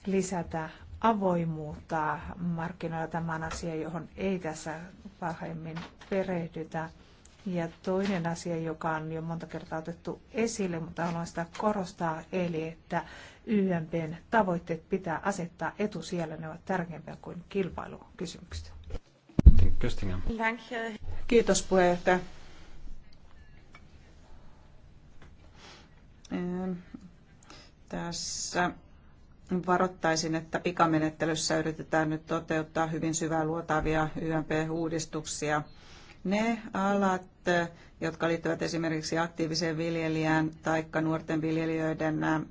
lisätä avoimuutta markkinoilla. Tämä on asia, johon ei tässä pahemmin perehdytä. Ja toinen asia, joka on jo monta kertaa otettu esille, mutta haluan sitä korostaa, eli että YMPn tavoitteet pitää asettaa etu siellä, ne ovat tärkeämpiä kuin kilpailukysymykset. Kiitos puheenjohtaja. Tässä varoittaisin, että pikamenettelyssä yritetään nyt toteuttaa hyvin syvää luotaavia YMP-uudistuksia. Ne alat, jotka liittyvät esimerkiksi aktiiviseen viljelijään tai nuorten viljelijöiden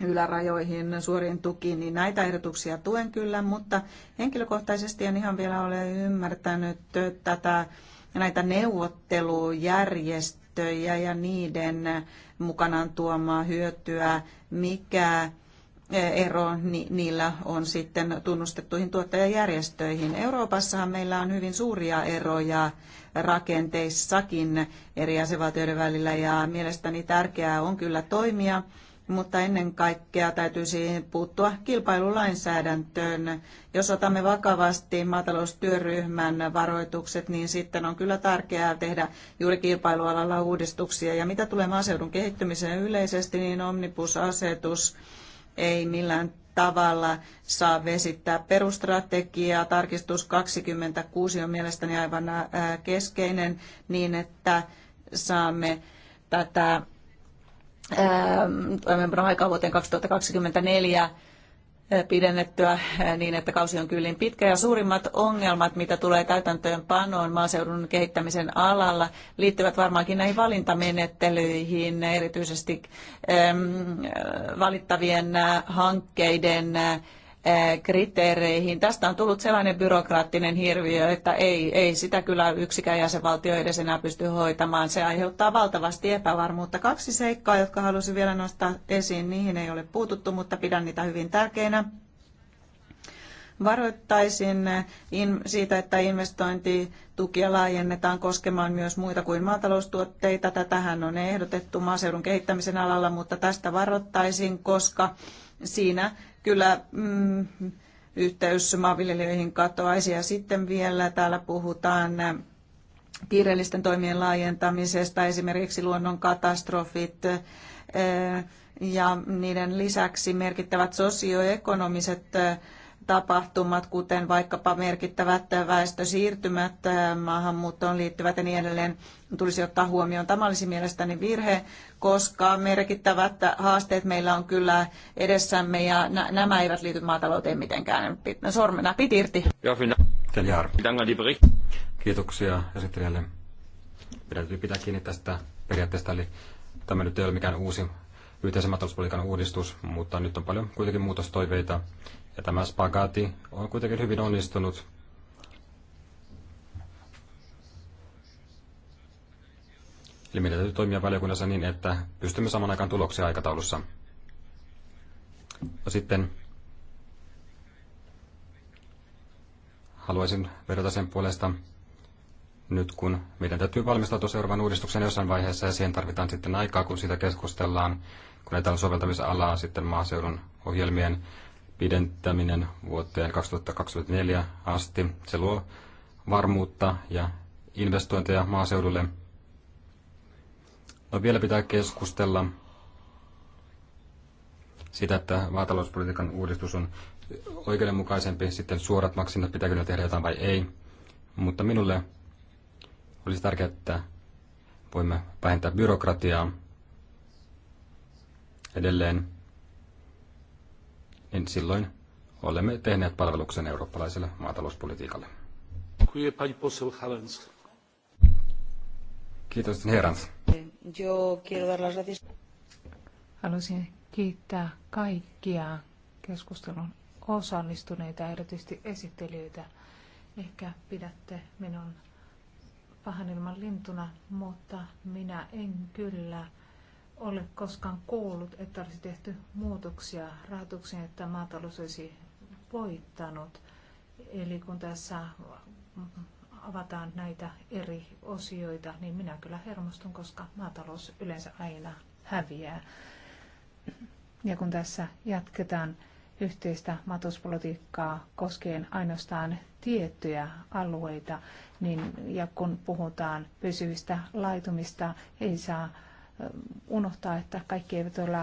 ylärajoihin, suoriin tukiin, niin näitä ehdotuksia tuen kyllä, mutta henkilökohtaisesti en ihan vielä ole ymmärtänyt tätä, näitä neuvottelujärjestöjä ja niiden mukanaan tuomaa hyötyä, mikä ero ni, niillä on sitten tunnustettuihin tuottajajärjestöihin. Euroopassahan meillä on hyvin suuria eroja rakenteissakin eri jäsenvaltioiden välillä ja mielestäni tärkeää on kyllä toimia mutta ennen kaikkea täytyisi puuttua kilpailulainsäädäntöön. Jos otamme vakavasti maataloustyöryhmän varoitukset, niin sitten on kyllä tärkeää tehdä juuri kilpailualalla uudistuksia. Ja mitä tulee maaseudun kehittymiseen yleisesti, niin omnibusasetus asetus ei millään tavalla saa vesittää perustrategiaa. Tarkistus 26 on mielestäni aivan äh, keskeinen niin, että saamme tätä ähm, toimeenpanoaikaa vuoteen 2024 pidennettyä niin, että kausi on kyllin pitkä. Ja suurimmat ongelmat, mitä tulee täytäntöönpanoon maaseudun kehittämisen alalla, liittyvät varmaankin näihin valintamenettelyihin, erityisesti valittavien hankkeiden Eh, kriteereihin. Tästä on tullut sellainen byrokraattinen hirviö, että ei, ei sitä kyllä yksikään jäsenvaltio edes enää pysty hoitamaan. Se aiheuttaa valtavasti epävarmuutta. Kaksi seikkaa, jotka halusin vielä nostaa esiin, niihin ei ole puututtu, mutta pidän niitä hyvin tärkeinä. Varoittaisin eh, siitä, että investointitukia laajennetaan koskemaan myös muita kuin maataloustuotteita. Tätähän on ehdotettu maaseudun kehittämisen alalla, mutta tästä varoittaisin, koska siinä kyllä mm, yhteys maanviljelijöihin katoaisi. Ja sitten vielä täällä puhutaan äh, kiireellisten toimien laajentamisesta, esimerkiksi luonnon katastrofit äh, ja niiden lisäksi merkittävät sosioekonomiset äh, tapahtumat, kuten vaikkapa merkittävät väestösiirtymät, maahanmuuttoon liittyvät ja niin edelleen, tulisi ottaa huomioon. Tämä olisi mielestäni virhe, koska merkittävät haasteet meillä on kyllä edessämme ja nämä eivät liity maatalouteen mitenkään. Sormena pit irti. Kiitoksia esittelijälle. Täytyy pitää kiinni tästä periaatteesta, eli tämä nyt ei ole mikään uusi yhteisen uudistus, mutta nyt on paljon kuitenkin muutostoiveita ja tämä spagaati on kuitenkin hyvin onnistunut. Eli meidän täytyy toimia valiokunnassa niin, että pystymme saman aikaan tuloksia aikataulussa. No sitten haluaisin vedota sen puolesta nyt, kun meidän täytyy valmistautua seuraavan uudistuksen jossain vaiheessa ja siihen tarvitaan sitten aikaa, kun siitä keskustellaan, kun näitä on soveltamisalaa sitten maaseudun ohjelmien pidentäminen vuoteen 2024 asti. Se luo varmuutta ja investointeja maaseudulle. No vielä pitää keskustella sitä, että maatalouspolitiikan uudistus on oikeudenmukaisempi, sitten suorat maksinnat, pitääkö ne tehdä jotain vai ei. Mutta minulle olisi tärkeää, että voimme vähentää byrokratiaa edelleen niin silloin olemme tehneet palveluksen eurooppalaiselle maatalouspolitiikalle. Kiitos, herrans. Haluaisin kiittää kaikkia keskustelun osallistuneita, erityisesti esittelijöitä. Ehkä pidätte minun pahan ilman lintuna, mutta minä en kyllä ole koskaan kuullut, että olisi tehty muutoksia rahoituksiin, että maatalous olisi voittanut. Eli kun tässä avataan näitä eri osioita, niin minä kyllä hermostun, koska maatalous yleensä aina häviää. Ja kun tässä jatketaan yhteistä maatalouspolitiikkaa koskien ainoastaan tiettyjä alueita, niin, ja kun puhutaan pysyvistä laitumista, ei saa unohtaa, että kaikki eivät ole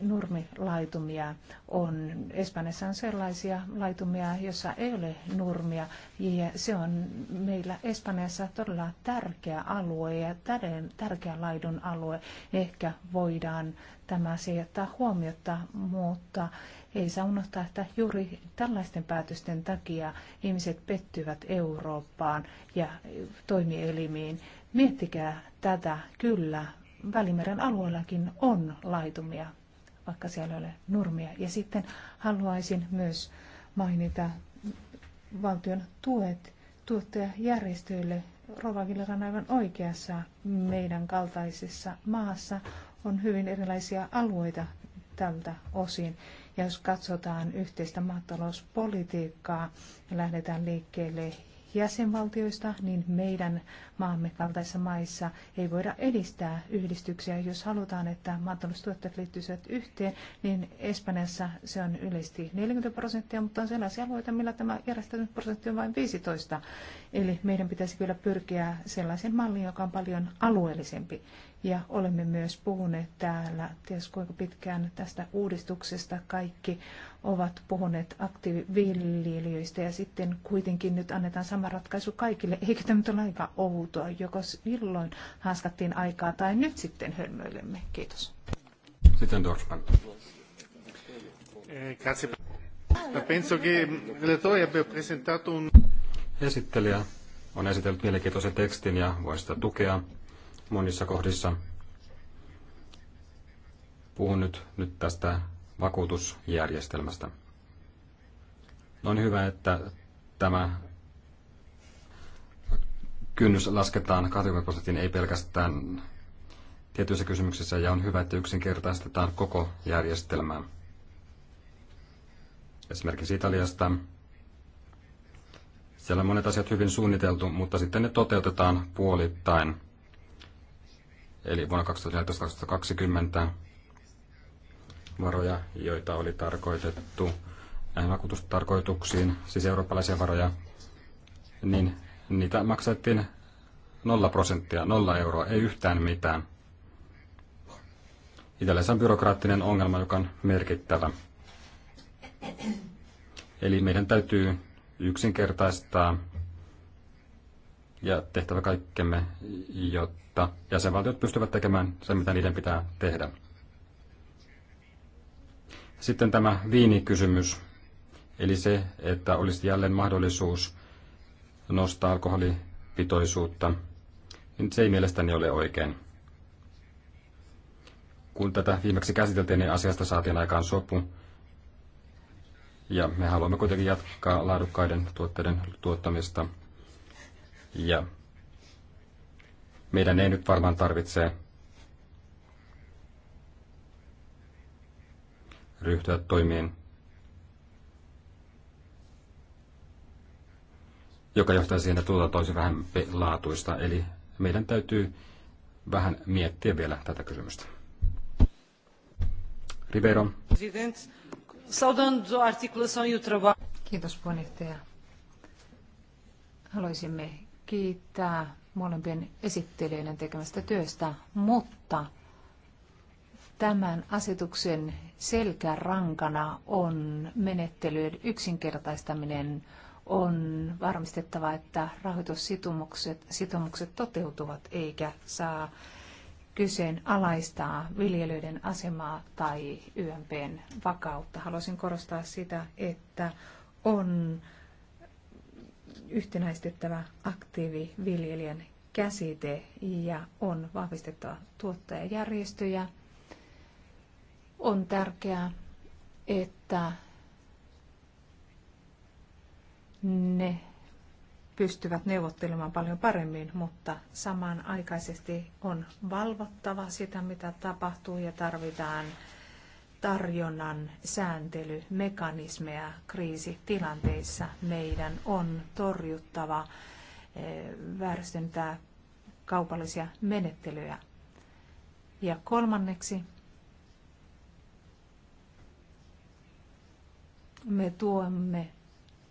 nurmilaitumia on. Espanjassa on sellaisia laitumia, joissa ei ole nurmia. Ja se on meillä Espanjassa todella tärkeä alue ja tärkeä laidun alue. Ehkä voidaan tämä asia jättää huomiota, mutta ei saa unohtaa, että juuri tällaisten päätösten takia ihmiset pettyvät Eurooppaan ja toimielimiin. Miettikää tätä kyllä Välimeren alueellakin on laitumia, vaikka siellä ei ole nurmia. Ja sitten haluaisin myös mainita valtion tuet tuottajajärjestöille. Rovaviller on aivan oikeassa. Meidän kaltaisessa maassa on hyvin erilaisia alueita tältä osin. Ja jos katsotaan yhteistä maatalouspolitiikkaa ja lähdetään liikkeelle jäsenvaltioista, niin meidän maamme kaltaisissa maissa ei voida edistää yhdistyksiä. Jos halutaan, että maataloustuotteet liittyisivät yhteen, niin Espanjassa se on yleisesti 40 prosenttia, mutta on sellaisia alueita, millä tämä järjestäytynyt prosentti on vain 15. Eli meidän pitäisi kyllä pyrkiä sellaisen malliin, joka on paljon alueellisempi. Ja olemme myös puhuneet täällä, ties kuinka pitkään tästä uudistuksesta kaikki ovat puhuneet aktiiviviljelijöistä ja sitten kuitenkin nyt annetaan sama ratkaisu kaikille. Eikö tämä ole aika outoa, joko silloin hanskattiin aikaa tai nyt sitten hölmöilemme? Kiitos. Sitten Dorfman. Eh, penso che abbia presentato un... Esittelijä on esitellyt mielenkiintoisen tekstin ja voi sitä tukea monissa kohdissa. Puhun nyt, nyt tästä vakuutusjärjestelmästä. On no niin, hyvä, että tämä kynnys lasketaan 20 prosenttiin, ei pelkästään tietyissä kysymyksissä, ja on hyvä, että yksinkertaistetaan koko järjestelmää. Esimerkiksi Italiasta. Siellä on monet asiat hyvin suunniteltu, mutta sitten ne toteutetaan puolittain – eli vuonna 2014-2020 varoja, joita oli tarkoitettu näihin vakuutustarkoituksiin, siis eurooppalaisia varoja, niin niitä maksettiin nolla prosenttia, nolla euroa, ei yhtään mitään. Italiassa on byrokraattinen ongelma, joka on merkittävä. Eli meidän täytyy yksinkertaistaa ja tehtävä kaikkemme, jotta jäsenvaltiot pystyvät tekemään sen, mitä niiden pitää tehdä. Sitten tämä viinikysymys, eli se, että olisi jälleen mahdollisuus nostaa alkoholipitoisuutta, niin se ei mielestäni ole oikein. Kun tätä viimeksi käsiteltiin, niin asiasta saatiin aikaan sopu, ja me haluamme kuitenkin jatkaa laadukkaiden tuotteiden tuottamista – ja meidän ei nyt varmaan tarvitse ryhtyä toimiin, joka johtaa siihen, että tuota toisi vähän laatuista. Eli meidän täytyy vähän miettiä vielä tätä kysymystä. Ribeiro. Kiitos puheenjohtaja. Haluaisimme kiittää molempien esittelijöiden tekemästä työstä, mutta tämän asetuksen selkärankana on menettelyjen yksinkertaistaminen. On varmistettava, että rahoitussitumukset situmukset toteutuvat eikä saa kyseenalaistaa viljelyiden asemaa tai YMPn vakautta. Haluaisin korostaa sitä, että on yhtenäistettävä aktiiviviljelijän käsite ja on vahvistettava tuottajajärjestöjä. On tärkeää, että ne pystyvät neuvottelemaan paljon paremmin, mutta samanaikaisesti on valvottava sitä, mitä tapahtuu ja tarvitaan tarjonnan sääntelymekanismeja kriisitilanteissa. Meidän on torjuttava eh, vääristyntää kaupallisia menettelyjä. Ja kolmanneksi me tuomme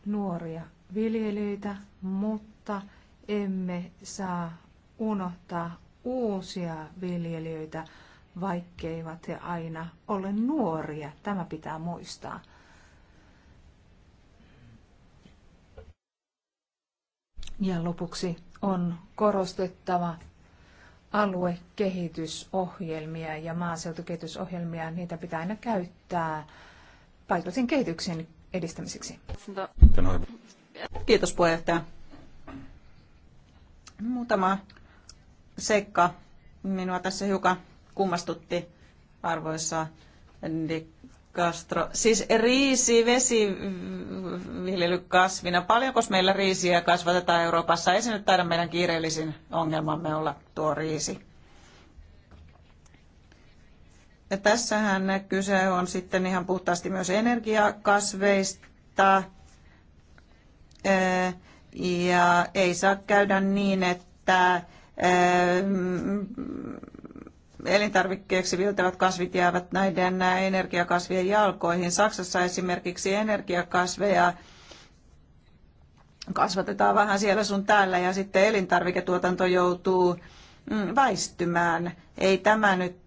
nuoria viljelijöitä, mutta emme saa unohtaa uusia viljelijöitä, vaikkeivat he aina ole nuoria. Tämä pitää muistaa. Ja lopuksi on korostettava aluekehitysohjelmia ja maaseutukehitysohjelmia. Niitä pitää aina käyttää paikallisen kehityksen edistämiseksi. Kiitos puheenjohtaja. Muutama seikka minua tässä hiukan kummastutti arvoissa De Castro. Siis riisi vesiviljelykasvina. Paljonko meillä riisiä kasvatetaan Euroopassa? Ei se nyt taida meidän kiireellisin ongelmamme olla tuo riisi. Ja tässähän kyse on sitten ihan puhtaasti myös energiakasveista. Ja ei saa käydä niin, että elintarvikkeeksi viljeltävät kasvit jäävät näiden energiakasvien jalkoihin. Saksassa esimerkiksi energiakasveja kasvatetaan vähän siellä sun täällä ja sitten elintarviketuotanto joutuu mm, väistymään. Ei tämä nyt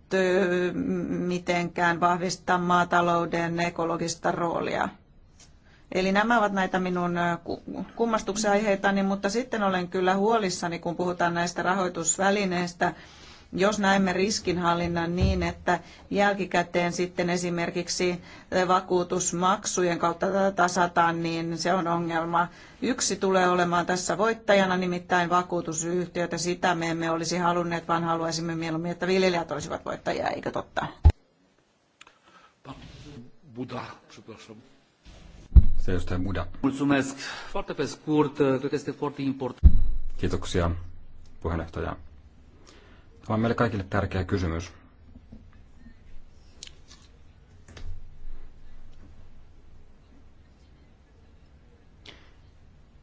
mitenkään vahvista maatalouden ekologista roolia. Eli nämä ovat näitä minun kummastuksen aiheitani, mutta sitten olen kyllä huolissani, kun puhutaan näistä rahoitusvälineistä, jos näemme riskinhallinnan niin, että jälkikäteen sitten esimerkiksi vakuutusmaksujen kautta tasataan, niin se on ongelma. Yksi tulee olemaan tässä voittajana, nimittäin vakuutusyhtiötä. Sitä me emme olisi halunneet, vaan haluaisimme mieluummin, että viljelijät olisivat voittajia, eikö totta? Buda, przepraszam. Edustaja Buda. Kiitoksia, puheenjohtaja. Tämä on meille kaikille tärkeä kysymys.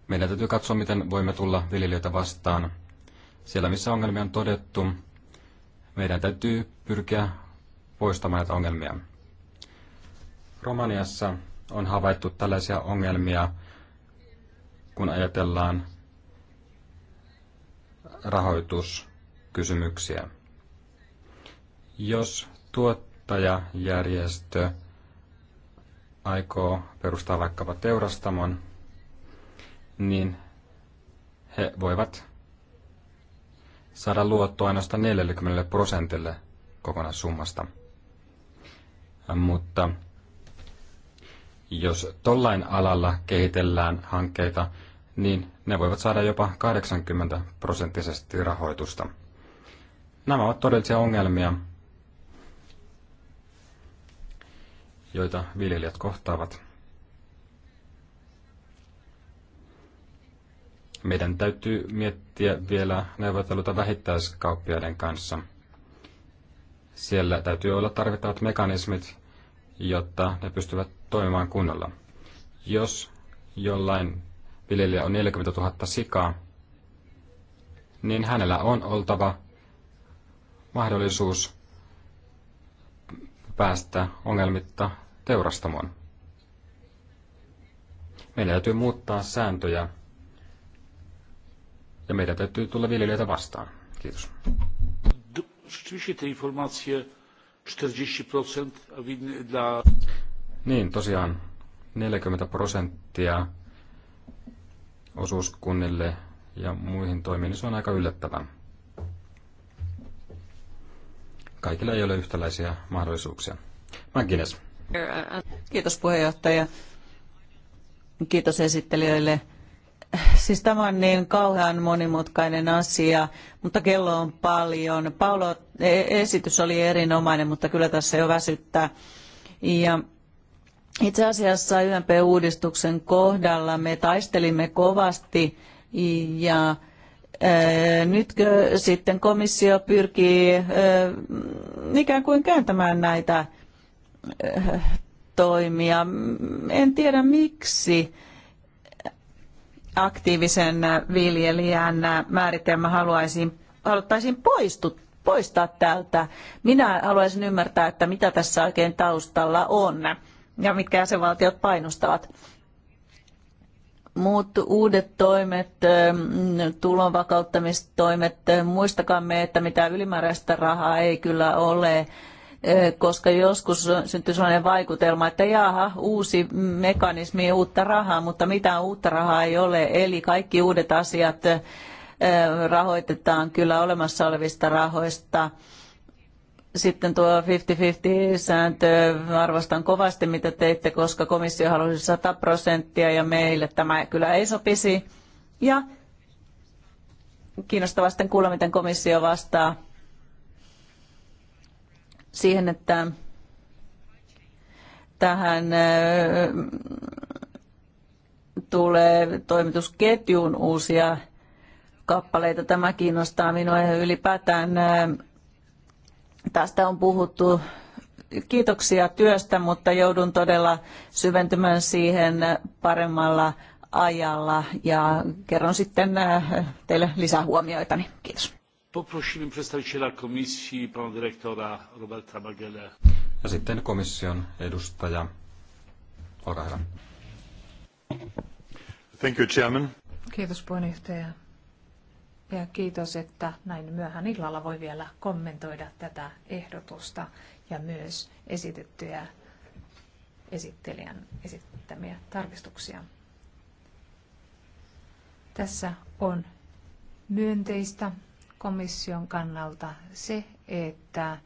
Meidän täytyy katsoa, miten voimme tulla viljelijöitä vastaan. Siellä, missä ongelmia on todettu, meidän täytyy pyrkiä poistamaan näitä ongelmia. Romaniassa on havaittu tällaisia ongelmia, kun ajatellaan rahoitus kysymyksiä. Jos tuottajajärjestö aikoo perustaa vaikkapa teurastamon, niin he voivat saada luottoa ainoastaan 40 prosentille kokonaissummasta. Mutta jos tollain alalla kehitellään hankkeita, niin ne voivat saada jopa 80 prosenttisesti rahoitusta. Nämä ovat todellisia ongelmia, joita viljelijät kohtaavat. Meidän täytyy miettiä vielä neuvotteluta vähittäiskauppiaiden kanssa. Siellä täytyy olla tarvittavat mekanismit, jotta ne pystyvät toimimaan kunnolla. Jos jollain viljelijä on 40 000 sikaa, niin hänellä on oltava mahdollisuus päästä ongelmitta teurastamaan. Meidän täytyy muuttaa sääntöjä ja meidän täytyy tulla viljelijöitä vastaan. Kiitos. Niin, tosiaan 40 prosenttia osuuskunnille ja muihin toimiin, niin se on aika yllättävää kaikilla ei ole yhtäläisiä mahdollisuuksia. Mäkines. Kiitos puheenjohtaja. Kiitos esittelijöille. Siis tämä on niin kauhean monimutkainen asia, mutta kello on paljon. Paulo, e, esitys oli erinomainen, mutta kyllä tässä jo väsyttää. Ja itse asiassa YMP-uudistuksen kohdalla me taistelimme kovasti ja Nytkö sitten komissio pyrkii ikään kuin kääntämään näitä toimia? En tiedä miksi aktiivisen viljelijän määritelmä haluaisin, haluttaisiin poistuttaa poistaa täältä. Minä haluaisin ymmärtää, että mitä tässä oikein taustalla on ja mitkä jäsenvaltiot painostavat muut uudet toimet, ähm, tulon vakauttamistoimet, äh, muistakaamme, että mitä ylimääräistä rahaa ei kyllä ole, äh, koska joskus syntyy sellainen vaikutelma, että jaha, uusi mekanismi, uutta rahaa, mutta mitään uutta rahaa ei ole, eli kaikki uudet asiat äh, rahoitetaan kyllä olemassa olevista rahoista sitten tuo 50-50-sääntö, arvostan kovasti mitä teitte, koska komissio halusi 100 prosenttia ja meille tämä kyllä ei sopisi. Ja kiinnostavasti sitten kuulla, miten komissio vastaa siihen, että tähän tulee toimitusketjuun uusia kappaleita. Tämä kiinnostaa minua ylipäätään Tästä on puhuttu kiitoksia työstä, mutta joudun todella syventymään siihen paremmalla ajalla ja kerron sitten äh, teille lisää huomioitani. Kiitos. Poprosimy przedstawiciela komisji, pana dyrektora Roberta Magele. Ja sitten komission edustaja. Olkaa hyvä. Thank you, Chairman. Kiitos puheenjohtaja. Ja kiitos, että näin myöhään illalla voi vielä kommentoida tätä ehdotusta ja myös esitettyjä esittelijän esittämiä tarkistuksia. Tässä on myönteistä komission kannalta se, että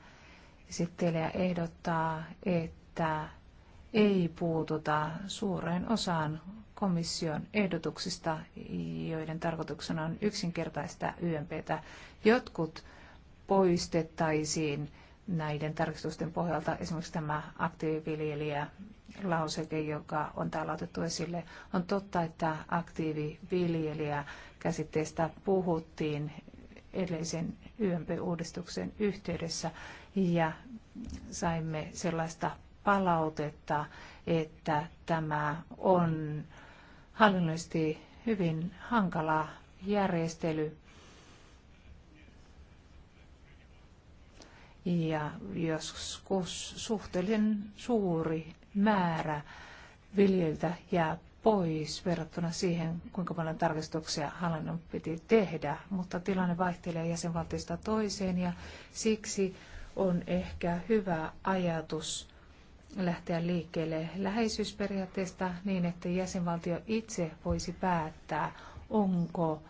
esittelijä ehdottaa, että ei puututa suureen osaan komission ehdotuksista, joiden tarkoituksena on yksinkertaistaa YMPtä. Jotkut poistettaisiin näiden tarkistusten pohjalta, esimerkiksi tämä aktiiviviljelijä lauseke, joka on täällä otettu esille. On totta, että aktiiviviljelijä käsitteestä puhuttiin edellisen YMP-uudistuksen yhteydessä ja saimme sellaista palautetta, että tämä on hallinnollisesti hyvin hankala järjestely. Ja joskus suhteellisen suuri määrä viljeltä jää pois verrattuna siihen, kuinka paljon tarkistuksia hallinnon piti tehdä, mutta tilanne vaihtelee jäsenvaltiosta toiseen ja siksi on ehkä hyvä ajatus lähteä liikkeelle läheisyysperiaatteesta niin, että jäsenvaltio itse voisi päättää, onko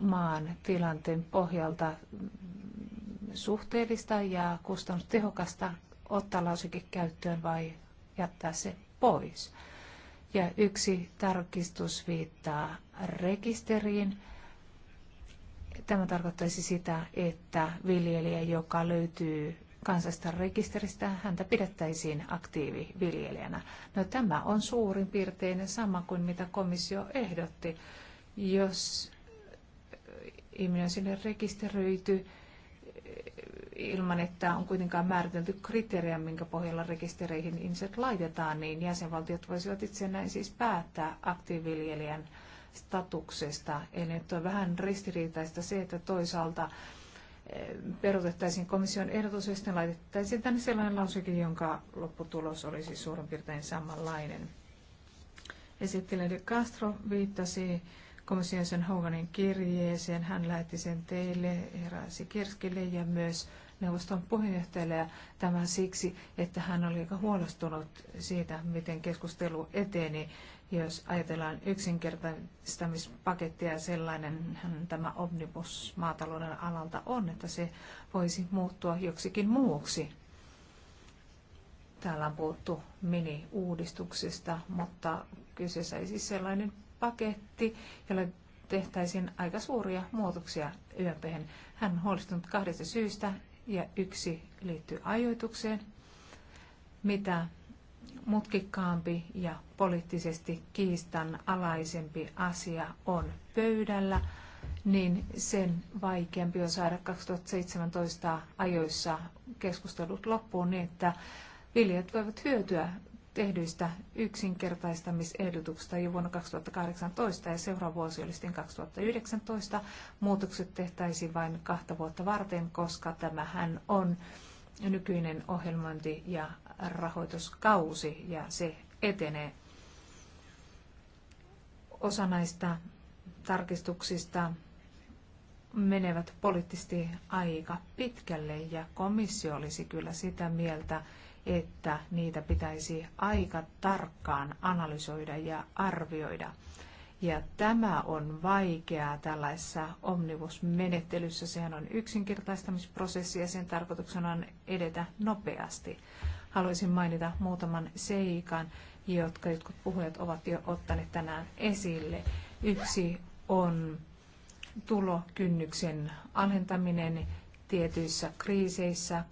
maan tilanteen pohjalta suhteellista ja kustannustehokasta ottaa lauseke käyttöön vai jättää se pois. Ja yksi tarkistus viittaa rekisteriin. Tämä tarkoittaisi sitä, että viljelijä, joka löytyy kansallisesta rekisteristä, häntä pidettäisiin aktiiviviljelijänä. No, tämä on suurin piirtein sama kuin mitä komissio ehdotti. Jos ihminen on sinne rekisteröity ilman, että on kuitenkaan määritelty kriteeriä, minkä pohjalla rekistereihin ihmiset laitetaan, niin jäsenvaltiot voisivat itse näin siis päättää aktiiviviljelijän statuksesta. Eli nyt on vähän ristiriitaista se, että toisaalta peruutettaisiin komission ehdotus ja sitten laitettaisiin tänne sellainen lauseke, jonka lopputulos olisi suurin piirtein samanlainen. Esittelijä De Castro viittasi komission sen Hoganin kirjeeseen. Hän lähetti sen teille, herra Sikerskille ja myös neuvoston puheenjohtajalle. Ja tämä siksi, että hän oli aika huolestunut siitä, miten keskustelu eteni jos ajatellaan yksinkertaistamispakettia sellainen tämä omnibus maatalouden alalta on, että se voisi muuttua joksikin muuksi. Täällä on puhuttu mini-uudistuksista, mutta kyseessä ei siis sellainen paketti, jolla tehtäisiin aika suuria muutoksia YMP. Hän on huolestunut kahdesta syystä ja yksi liittyy ajoitukseen. Mitä mutkikkaampi ja poliittisesti kiistanalaisempi asia on pöydällä, niin sen vaikeampi on saada 2017 ajoissa keskustelut loppuun niin, että viljelijät voivat hyötyä tehdyistä yksinkertaistamisehdotuksista jo vuonna 2018 ja seuraava vuosi olisi 2019. Muutokset tehtäisiin vain kahta vuotta varten, koska tämähän on nykyinen ohjelmointi ja rahoituskausi ja se etenee. Osa näistä tarkistuksista menevät poliittisesti aika pitkälle ja komissio olisi kyllä sitä mieltä, että niitä pitäisi aika tarkkaan analysoida ja arvioida – ja tämä on vaikeaa tällaisessa omnibusmenettelyssä. Sehän on yksinkertaistamisprosessi ja sen tarkoituksena on edetä nopeasti. Haluaisin mainita muutaman seikan, jotka jotkut puhujat ovat jo ottaneet tänään esille. Yksi on tulokynnyksen alentaminen tietyissä kriiseissä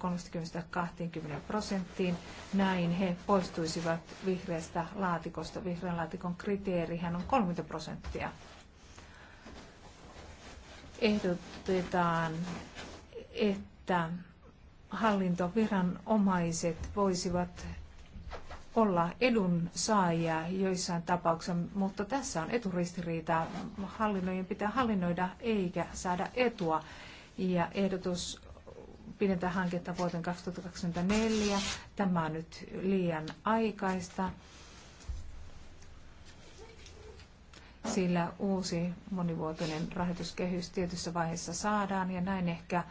30-20 prosenttiin. Näin he poistuisivat vihreästä laatikosta. Vihreän laatikon kriteerihän on 30 prosenttia. Ehdotetaan, että hallintoviranomaiset voisivat olla edunsaajia joissain tapauksissa, mutta tässä on eturistiriita. Hallinnojen pitää hallinnoida eikä saada etua ja ehdotus pidentää hanketta vuoteen 2024. Tämä on nyt liian aikaista, sillä uusi monivuotinen rahoituskehys tietyssä vaiheessa saadaan ja näin ehkä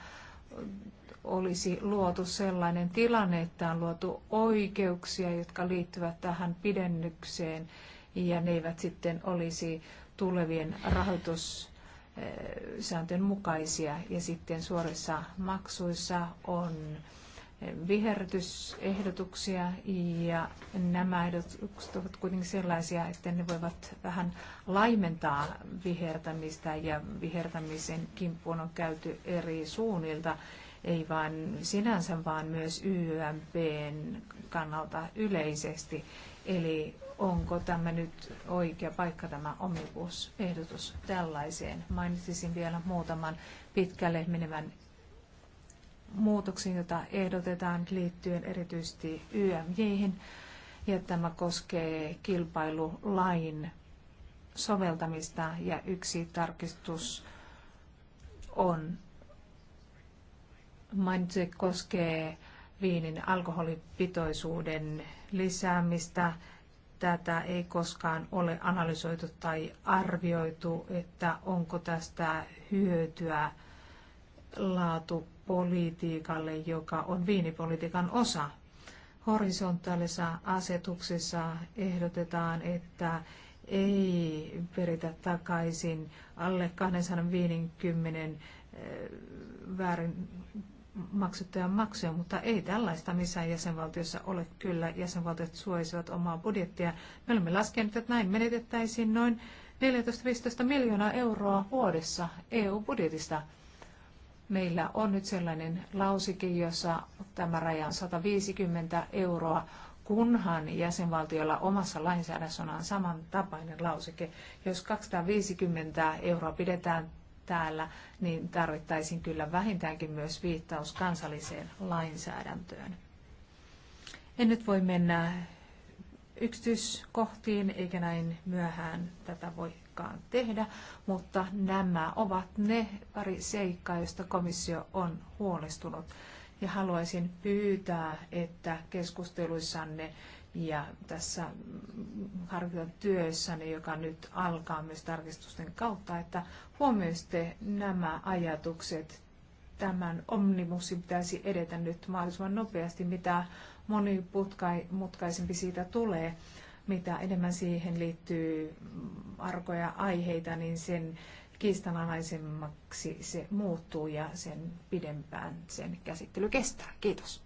olisi luotu sellainen tilanne, että on luotu oikeuksia, jotka liittyvät tähän pidennykseen ja ne eivät sitten olisi tulevien rahoitus Eh, sääntöjen mukaisia. Ja sitten suorissa maksuissa on eh, viherrytysehdotuksia ja nämä ehdotukset ovat kuitenkin sellaisia, että ne voivat vähän laimentaa vihertämistä ja vihertämisen kimppuun on käyty eri suunnilta ei vain sinänsä, vaan myös YMPn kannalta yleisesti. Eli onko tämä nyt oikea paikka, tämä omnibus-ehdotus tällaiseen? Mainitsisin vielä muutaman pitkälle menevän muutoksen, jota ehdotetaan liittyen erityisesti YMJihin. Ja tämä koskee kilpailulain soveltamista ja yksi tarkistus on mainitsi, koskee viinin alkoholipitoisuuden lisäämistä. Tätä ei koskaan ole analysoitu tai arvioitu, että onko tästä hyötyä laatupolitiikalle, joka on viinipolitiikan osa. Horisontaalisessa asetuksessa ehdotetaan, että ei peritä takaisin alle 250 eh, väärin maksettuja maksuja, mutta ei tällaista missään jäsenvaltiossa ole. Kyllä jäsenvaltiot suojaisivat omaa budjettia. Me olemme laskeneet, että näin menetettäisiin noin 14-15 miljoonaa euroa vuodessa EU-budjetista. Meillä on nyt sellainen lausike, jossa tämä raja on 150 euroa, kunhan jäsenvaltiolla omassa lainsäädännössä on samantapainen lausike, Jos 250 euroa pidetään täällä, niin tarvittaisiin kyllä vähintäänkin myös viittaus kansalliseen lainsäädäntöön. En nyt voi mennä yksityiskohtiin, eikä näin myöhään tätä voikaan tehdä, mutta nämä ovat ne pari seikkaa, joista komissio on huolestunut. Ja haluaisin pyytää, että keskusteluissanne ja tässä harkintatyössäni, joka nyt alkaa myös tarkistusten kautta, että huomioisitte nämä ajatukset. Tämän omnibussin pitäisi edetä nyt mahdollisimman nopeasti, mitä monimutkaisempi siitä tulee. Mitä enemmän siihen liittyy arkoja aiheita, niin sen kiistanalaisemmaksi se muuttuu ja sen pidempään sen käsittely kestää. Kiitos.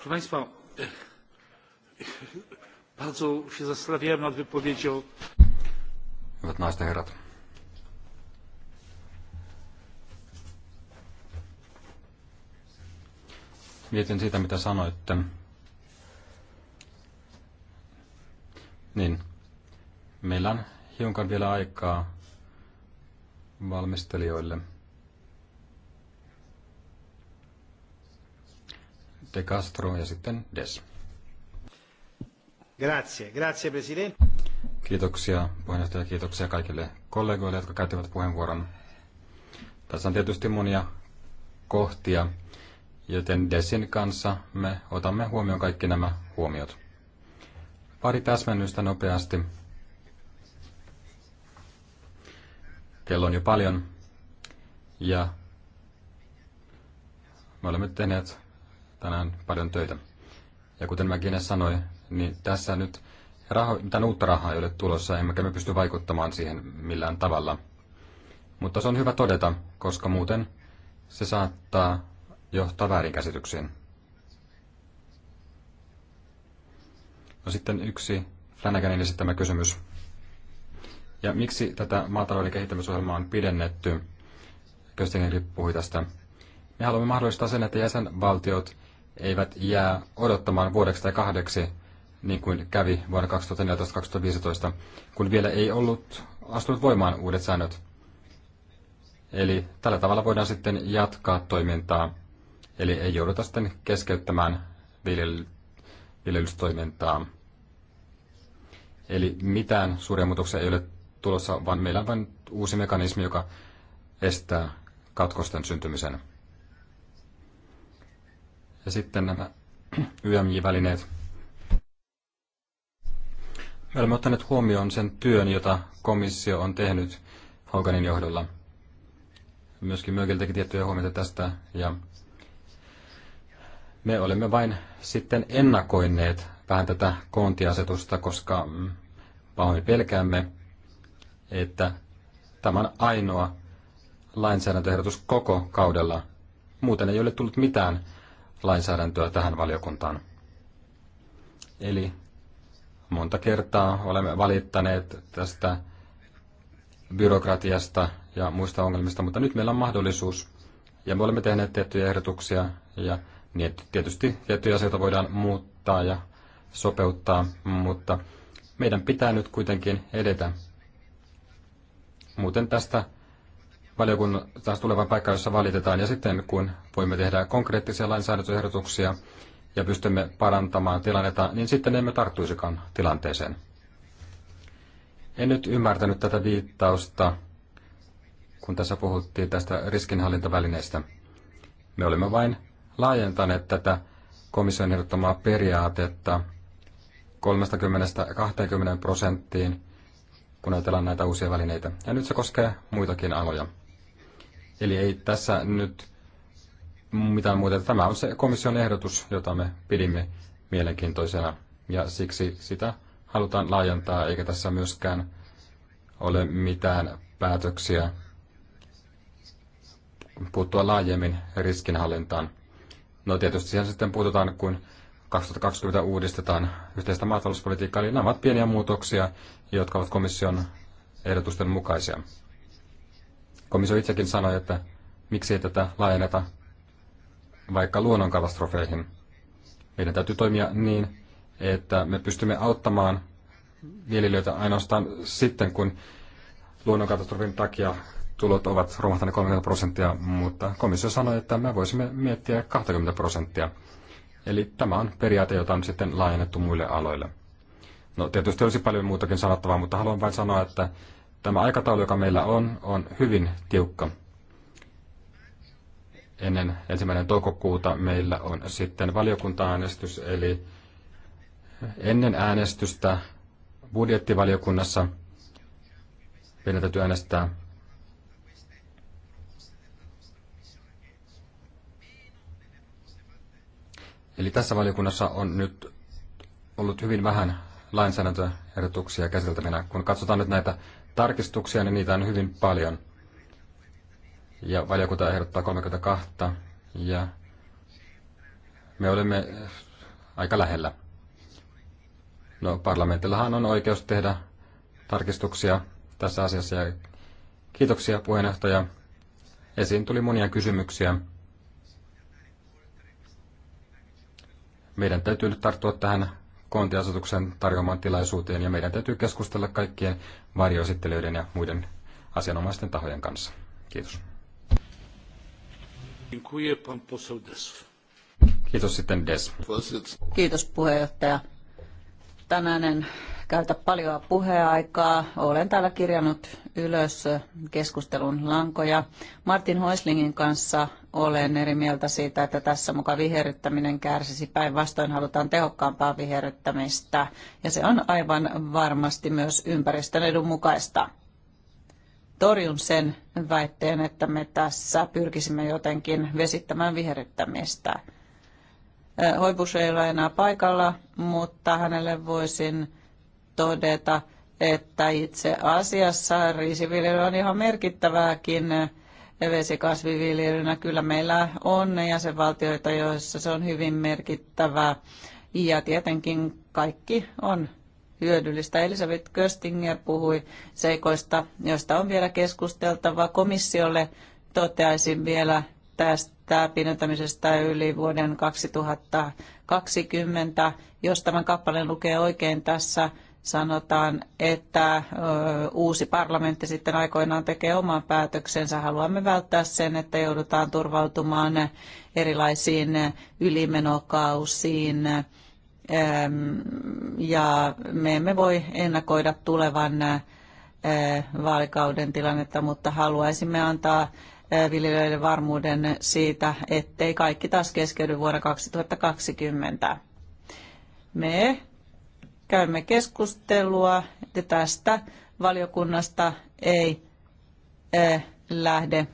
Proszę Państwa, bardzo się zastanawiałem nad wypowiedzią. Hyvät naiset Mietin siitä, mitä sanoitte. Niin, meillä on hiukan vielä aikaa valmistelijoille. De Castro ja sitten Des. Grazie, grazie presidente. Kiitoksia puheenjohtaja, kiitoksia kaikille kollegoille, jotka käyttivät puheenvuoron. Tässä on tietysti monia kohtia, joten Desin kanssa me otamme huomioon kaikki nämä huomiot. Pari täsmennystä nopeasti. Kello on jo paljon ja me olemme tehneet tänään paljon töitä. Ja kuten Mäkinen sanoi, niin tässä nyt raho, mitään uutta rahaa ei ole tulossa, emmekä me pysty vaikuttamaan siihen millään tavalla. Mutta se on hyvä todeta, koska muuten se saattaa johtaa väärinkäsityksiin. No sitten yksi Flanaganin esittämä kysymys. Ja miksi tätä maatalouden kehittämisohjelmaa on pidennetty? Köstingenkin puhui tästä. Me haluamme mahdollistaa sen, että jäsenvaltiot eivät jää odottamaan vuodeksi tai kahdeksi, niin kuin kävi vuonna 2014-2015, kun vielä ei ollut astunut voimaan uudet säännöt. Eli tällä tavalla voidaan sitten jatkaa toimintaa, eli ei jouduta sitten keskeyttämään viljel- viljelystoimintaa. Eli mitään suuria muutoksia ei ole tulossa, vaan meillä on vain uusi mekanismi, joka estää katkosten syntymisen. Ja sitten nämä YMJ-välineet. Me olemme ottaneet huomioon sen työn, jota komissio on tehnyt Hoganin johdolla. Myöskin Mögel teki tiettyjä huomioita tästä ja me olemme vain sitten ennakoineet vähän tätä koontiasetusta, koska mm, pahoin pelkäämme, että tämän ainoa lainsäädäntöehdotus koko kaudella. Muuten ei ole tullut mitään lainsäädäntöä tähän valiokuntaan. Eli monta kertaa olemme valittaneet tästä byrokratiasta ja muista ongelmista, mutta nyt meillä on mahdollisuus ja me olemme tehneet tiettyjä ehdotuksia ja tietysti tiettyjä asioita voidaan muuttaa ja sopeuttaa, mutta meidän pitää nyt kuitenkin edetä. Muuten tästä valiokunnasta tulevan paikkaan, jossa valitetaan, ja sitten kun voimme tehdä konkreettisia lainsäädäntöehdotuksia ja pystymme parantamaan tilannetta, niin sitten emme tarttuisikaan tilanteeseen. En nyt ymmärtänyt tätä viittausta, kun tässä puhuttiin tästä riskinhallintavälineestä. Me olemme vain laajentaneet tätä komission ehdottamaa periaatetta 30-20 prosenttiin, kun ajatellaan näitä uusia välineitä. Ja nyt se koskee muitakin aloja. Eli ei tässä nyt mitään muuta. Tämä on se komission ehdotus, jota me pidimme mielenkiintoisena ja siksi sitä halutaan laajentaa, eikä tässä myöskään ole mitään päätöksiä puuttua laajemmin riskinhallintaan. No tietysti siihen sitten puututaan, kun 2020 uudistetaan yhteistä maatalouspolitiikkaa, eli nämä ovat pieniä muutoksia, jotka ovat komission ehdotusten mukaisia. Komissio itsekin sanoi, että miksi ei tätä laajenneta vaikka luonnonkatastrofeihin. Meidän täytyy toimia niin, että me pystymme auttamaan viljelijöitä ainoastaan sitten, kun luonnonkatastrofin takia tulot ovat romahtaneet 30 prosenttia, mutta komissio sanoi, että me voisimme miettiä 20 prosenttia. Eli tämä on periaate, jota on sitten laajennettu muille aloille. No tietysti olisi paljon muutakin sanottavaa, mutta haluan vain sanoa, että Tämä aikataulu, joka meillä on, on hyvin tiukka. Ennen ensimmäinen toukokuuta meillä on sitten valiokuntaäänestys, eli ennen äänestystä budjettivaliokunnassa meidän täytyy äänestää Eli tässä valiokunnassa on nyt ollut hyvin vähän lainsäädäntöehdotuksia käsiteltävänä. Kun katsotaan nyt näitä tarkistuksia, niin niitä on hyvin paljon. Ja valiokunta ehdottaa 32 ja me olemme aika lähellä. No parlamentillahan on oikeus tehdä tarkistuksia tässä asiassa ja kiitoksia puheenjohtaja. Esiin tuli monia kysymyksiä. Meidän täytyy nyt tarttua tähän koontiasetuksen tarjoamaan tilaisuuteen ja meidän täytyy keskustella kaikkien varjoesittelijöiden ja muiden asianomaisten tahojen kanssa. Kiitos. Kiitos sitten Des. Kiitos puheenjohtaja. Tänäinen käytä paljon puheaikaa. Olen täällä kirjannut ylös keskustelun lankoja. Martin Hoislingin kanssa olen eri mieltä siitä, että tässä mukaan viherryttäminen kärsisi. Päinvastoin halutaan tehokkaampaa viherryttämistä ja se on aivan varmasti myös ympäristön edun mukaista. Torjun sen väitteen, että me tässä pyrkisimme jotenkin vesittämään viherryttämistä. Hoibus ei ole enää paikalla, mutta hänelle voisin todeta, että itse asiassa riisiviljely on ihan merkittävääkin vesikasviviljelynä. Kyllä meillä on jäsenvaltioita, joissa se on hyvin merkittävää. Ja tietenkin kaikki on hyödyllistä. Elisabeth Köstinger puhui seikoista, joista on vielä keskusteltava. Komissiolle toteaisin vielä tästä pidentämisestä yli vuoden 2020. Jos tämän kappaleen lukee oikein tässä sanotaan, että uusi parlamentti sitten aikoinaan tekee oman päätöksensä. Haluamme välttää sen, että joudutaan turvautumaan erilaisiin ylimenokausiin ähm, ja me emme voi ennakoida tulevan äh, vaalikauden tilannetta, mutta haluaisimme antaa äh, viljelijöiden varmuuden siitä, ettei kaikki taas keskeydy vuonna 2020. Me käymme keskustelua, ja tästä valiokunnasta ei lähde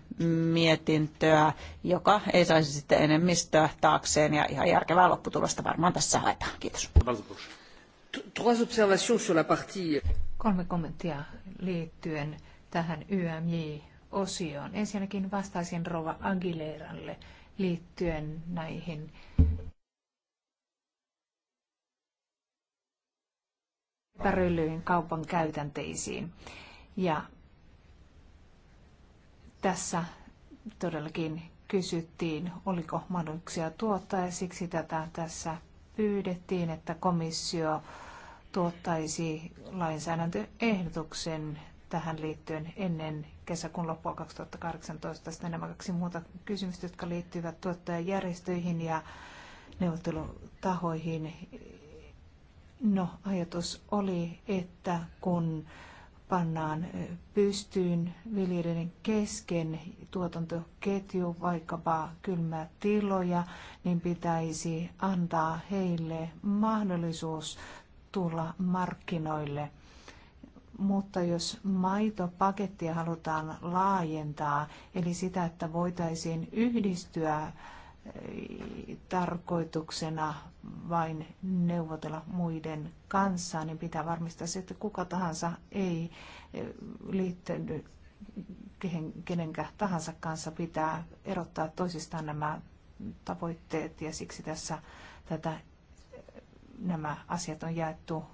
mietintöä, joka ei saisi sitten enemmistöä taakseen ja ihan järkevää lopputulosta varmaan tässä haetaan. Kiitos. Kolme kommenttia liittyen tähän YMJ-osioon. Ensinnäkin vastaisin Rova Aguileralle liittyen näihin epäröilyihin kaupan käytänteisiin. Ja tässä todellakin kysyttiin, oliko mahdollisuuksia tuottaa ja siksi tätä tässä pyydettiin, että komissio tuottaisi lainsäädäntöehdotuksen tähän liittyen ennen kesäkuun loppua 2018. Sitten nämä kaksi muuta kysymystä, jotka liittyvät tuottajajärjestöihin ja neuvottelutahoihin, No, ajatus oli, että kun pannaan pystyyn viljelijöiden kesken tuotantoketju, vaikkapa kylmää tiloja, niin pitäisi antaa heille mahdollisuus tulla markkinoille. Mutta jos maitopakettia halutaan laajentaa, eli sitä, että voitaisiin yhdistyä tarkoituksena vain neuvotella muiden kanssa, niin pitää varmistaa se, että kuka tahansa ei eh, liittynyt kenenkä tahansa kanssa pitää erottaa toisistaan nämä tavoitteet ja siksi tässä tätä, eh, nämä asiat on jaettu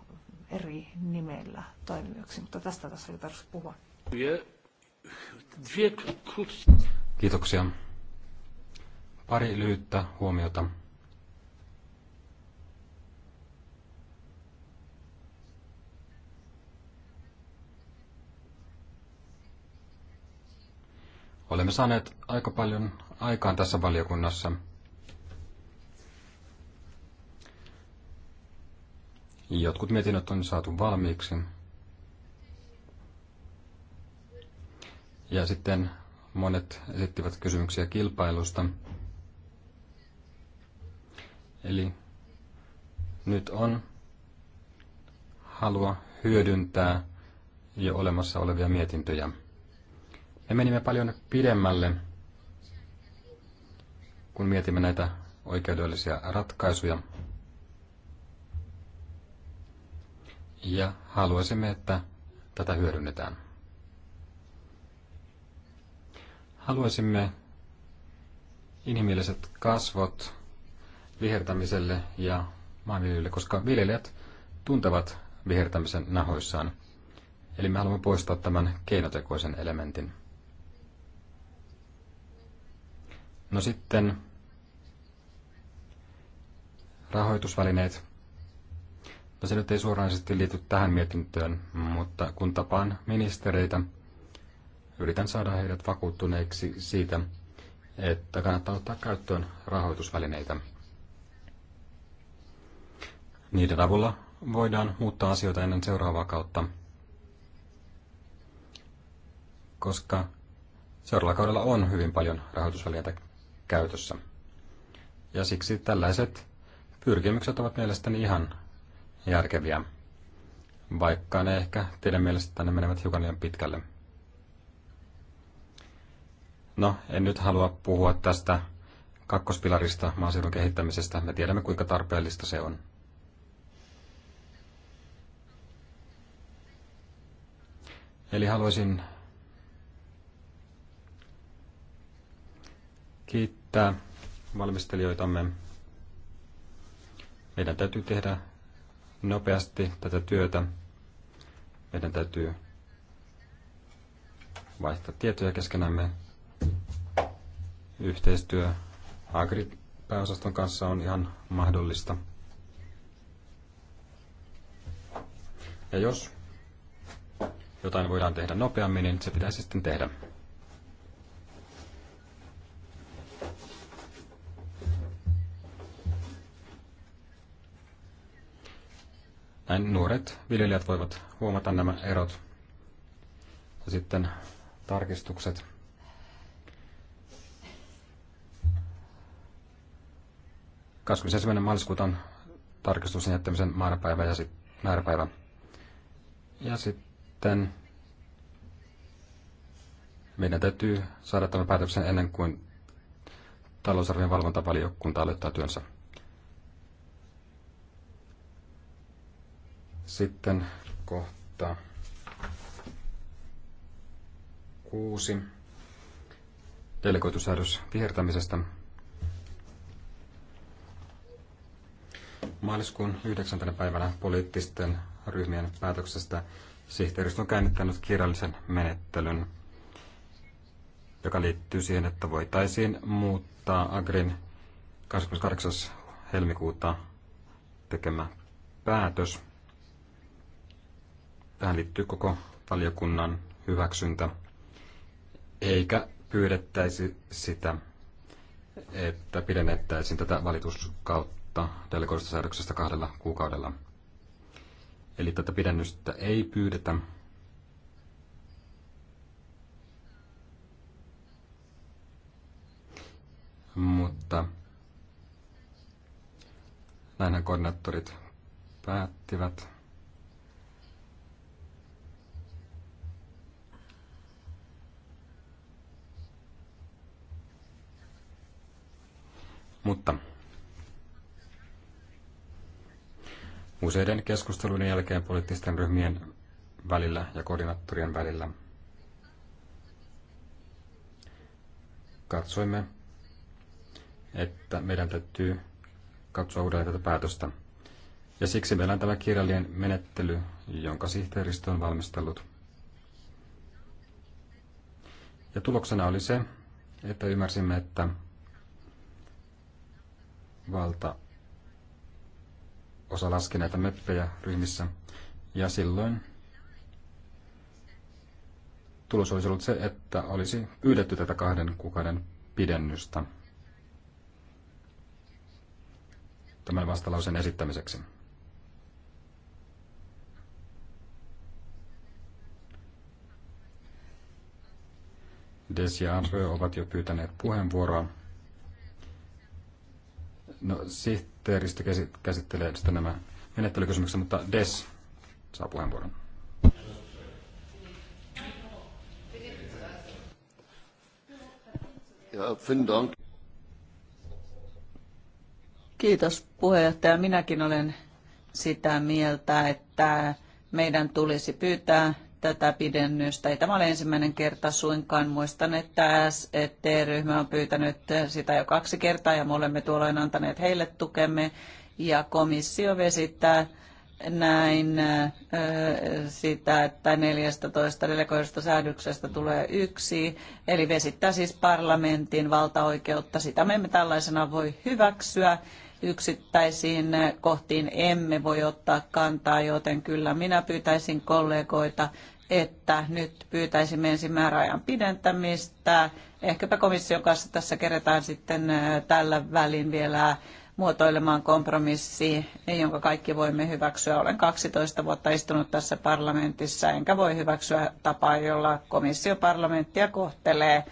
eri nimellä toimijoiksi, mutta tästä tässä oli tarkoitus puhua. Kiitoksia. Pari lyhyttä huomiota. Olemme saaneet aika paljon aikaan tässä valiokunnassa. Jotkut mietinnöt on saatu valmiiksi. Ja sitten monet esittivät kysymyksiä kilpailusta. Eli nyt on halua hyödyntää jo olemassa olevia mietintöjä. Me menimme paljon pidemmälle, kun mietimme näitä oikeudellisia ratkaisuja. Ja haluaisimme, että tätä hyödynnetään. Haluaisimme inhimilliset kasvot vihertämiselle ja maanviljelijöille, koska viljelijät tuntevat vihertämisen nahoissaan. Eli me haluamme poistaa tämän keinotekoisen elementin. No sitten rahoitusvälineet. No se nyt ei suoranaisesti liity tähän mietintöön, mutta kun tapaan ministereitä, yritän saada heidät vakuuttuneiksi siitä, että kannattaa ottaa käyttöön rahoitusvälineitä. Niiden avulla voidaan muuttaa asioita ennen seuraavaa kautta, koska seuraavalla kaudella on hyvin paljon rahoitusvälineitä käytössä. Ja siksi tällaiset pyrkimykset ovat mielestäni ihan järkeviä, vaikka ne ehkä teidän mielestänne menevät hiukan liian pitkälle. No, en nyt halua puhua tästä kakkospilarista maaseudun kehittämisestä. Me tiedämme, kuinka tarpeellista se on. Eli haluaisin kiittää valmistelijoitamme. Meidän täytyy tehdä nopeasti tätä työtä. Meidän täytyy vaihtaa tietoja keskenämme. Yhteistyö Agri-pääosaston kanssa on ihan mahdollista. Ja jos jotain voidaan tehdä nopeammin, niin se pitäisi sitten tehdä. Näin nuoret viljelijät voivat huomata nämä erot. Ja sitten tarkistukset. ensimmäinen maaliskuuta on tarkistuksen jättämisen määräpäivä ja sit, määräpäivä. Ja sitten sitten meidän täytyy saada tämän päätöksen ennen kuin talousarvion valvontavaliokunta aloittaa työnsä. Sitten kohta kuusi. Delegoitusäädös vihertämisestä. Maaliskuun 9. päivänä poliittisten ryhmien päätöksestä Sihteeristö on käynnittänyt kirjallisen menettelyn, joka liittyy siihen, että voitaisiin muuttaa Agrin 28. helmikuuta tekemä päätös. Tähän liittyy koko valiokunnan hyväksyntä, eikä pyydettäisi sitä, että pidennettäisiin tätä valituskautta delegoidusta säädöksestä kahdella kuukaudella. Eli tätä pidennystä ei pyydetä. Mutta näinhän koordinaattorit päättivät. Mutta useiden keskustelujen jälkeen poliittisten ryhmien välillä ja koordinaattorien välillä. Katsoimme, että meidän täytyy katsoa uudelleen tätä päätöstä. Ja siksi meillä on tämä kirjallinen menettely, jonka sihteeristö on valmistellut. Ja tuloksena oli se, että ymmärsimme, että valta osa laski näitä meppejä ryhmissä. Ja silloin tulos olisi ollut se, että olisi pyydetty tätä kahden kuukauden pidennystä tämän vastalauseen esittämiseksi. Des ja Arve ovat jo pyytäneet puheenvuoroa. No, sihteeri teeristä käsittelee sitten nämä menettelykysymykset, mutta Des saa puheenvuoron. Kiitos puheenjohtaja. Minäkin olen sitä mieltä, että meidän tulisi pyytää tätä pidennystä. Ei tämä ole ensimmäinen kerta suinkaan. Muistan, että SET-ryhmä on pyytänyt sitä jo kaksi kertaa ja me olemme tuolloin antaneet heille tukemme. Ja komissio vesittää näin sitä, että 14 delegoidusta säädöksestä tulee yksi, eli vesittää siis parlamentin valtaoikeutta. Sitä me emme tällaisena voi hyväksyä. Yksittäisiin kohtiin emme voi ottaa kantaa, joten kyllä minä pyytäisin kollegoita että nyt pyytäisimme ensin määräajan pidentämistä. Ehkäpä komission kanssa tässä keretään sitten tällä välin vielä muotoilemaan kompromissi, jonka kaikki voimme hyväksyä. Olen 12 vuotta istunut tässä parlamentissa, enkä voi hyväksyä tapaa, jolla komissio parlamenttia kohtelee.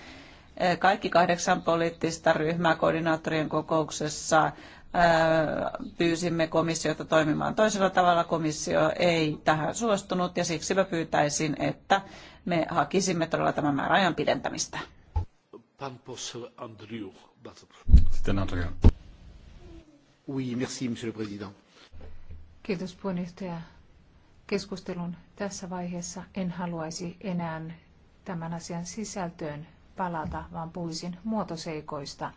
Kaikki kahdeksan poliittista ryhmää koordinaattorien kokouksessa pyysimme komissiota toimimaan toisella tavalla. Komissio ei tähän suostunut ja siksi mä pyytäisin, että me hakisimme todella tämän määräajan pidentämistä. Sitten Andrew. Oui, merci, monsieur le président. Kiitos puheenjohtaja. Keskustelun tässä vaiheessa en haluaisi enää tämän asian sisältöön palata, vaan puhuisin muotoseikoista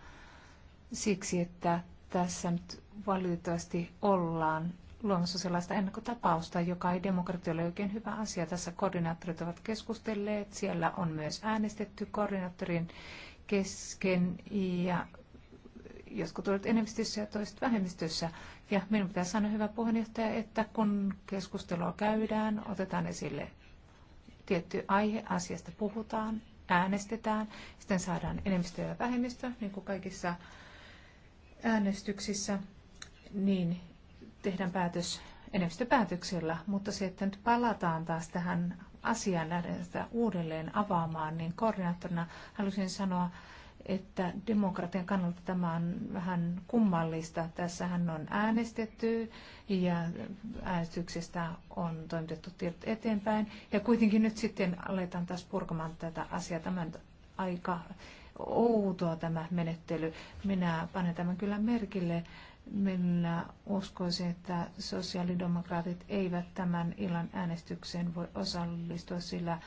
siksi, että tässä nyt valitettavasti ollaan luomassa sellaista ennakkotapausta, joka ei demokratialle oikein hyvä asia. Tässä koordinaattorit ovat keskustelleet, siellä on myös äänestetty koordinaattorin kesken ja jotkut olivat enemmistössä ja toiset vähemmistössä. Ja minun pitää sanoa, hyvä puheenjohtaja, että kun keskustelua käydään, otetaan esille tietty aihe, asiasta puhutaan, äänestetään, sitten saadaan enemmistö ja vähemmistö, niin kuin kaikissa äänestyksissä, niin tehdään päätös enemmistöpäätöksellä, mutta se, että nyt palataan taas tähän asiaan, lähdetään sitä uudelleen avaamaan, niin koordinaattorina halusin sanoa, että demokratian kannalta tämä on vähän kummallista. Tässähän on äänestetty ja äänestyksestä on toimitettu tiedot eteenpäin. Ja kuitenkin nyt sitten aletaan taas purkamaan tätä asiaa. Tämä aika outoa tämä menettely. Minä panen tämän kyllä merkille. Minä uskoisin, että sosiaalidemokraatit eivät tämän illan äänestykseen voi osallistua, sillä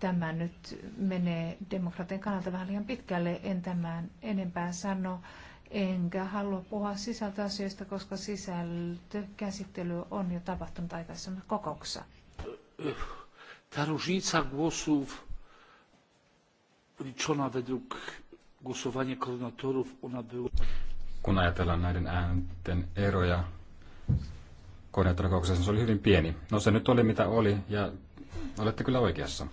tämä nyt menee demokratian kannalta vähän liian pitkälle. En tämän enempää sano, enkä halua puhua sisältöasioista, koska sisältökäsittely on jo tapahtunut aikaisemmassa kokouksessa. Ta głosów liczona według głosowania koordynatorów, ona była... Kun ajatellaan näiden äänten eroja koordinaattorikouksessa, se oli hyvin pieni. No se nyt oli mitä oli ja olette kyllä oikeassa.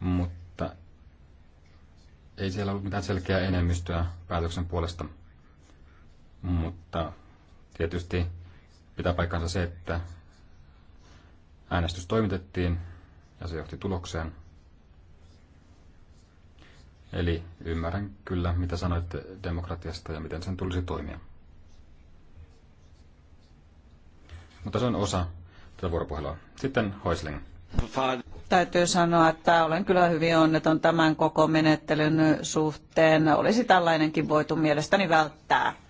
Mutta ei siellä ollut mitään selkeää enemmistöä päätöksen puolesta. Mutta tietysti pitää paikkansa se, että Äänestys toimitettiin ja se johti tulokseen. Eli ymmärrän kyllä, mitä sanoitte demokratiasta ja miten sen tulisi toimia. Mutta se on osa tätä vuoropuhelua. Sitten Hoisling. Täytyy sanoa, että olen kyllä hyvin onneton tämän koko menettelyn suhteen. Olisi tällainenkin voitu mielestäni välttää.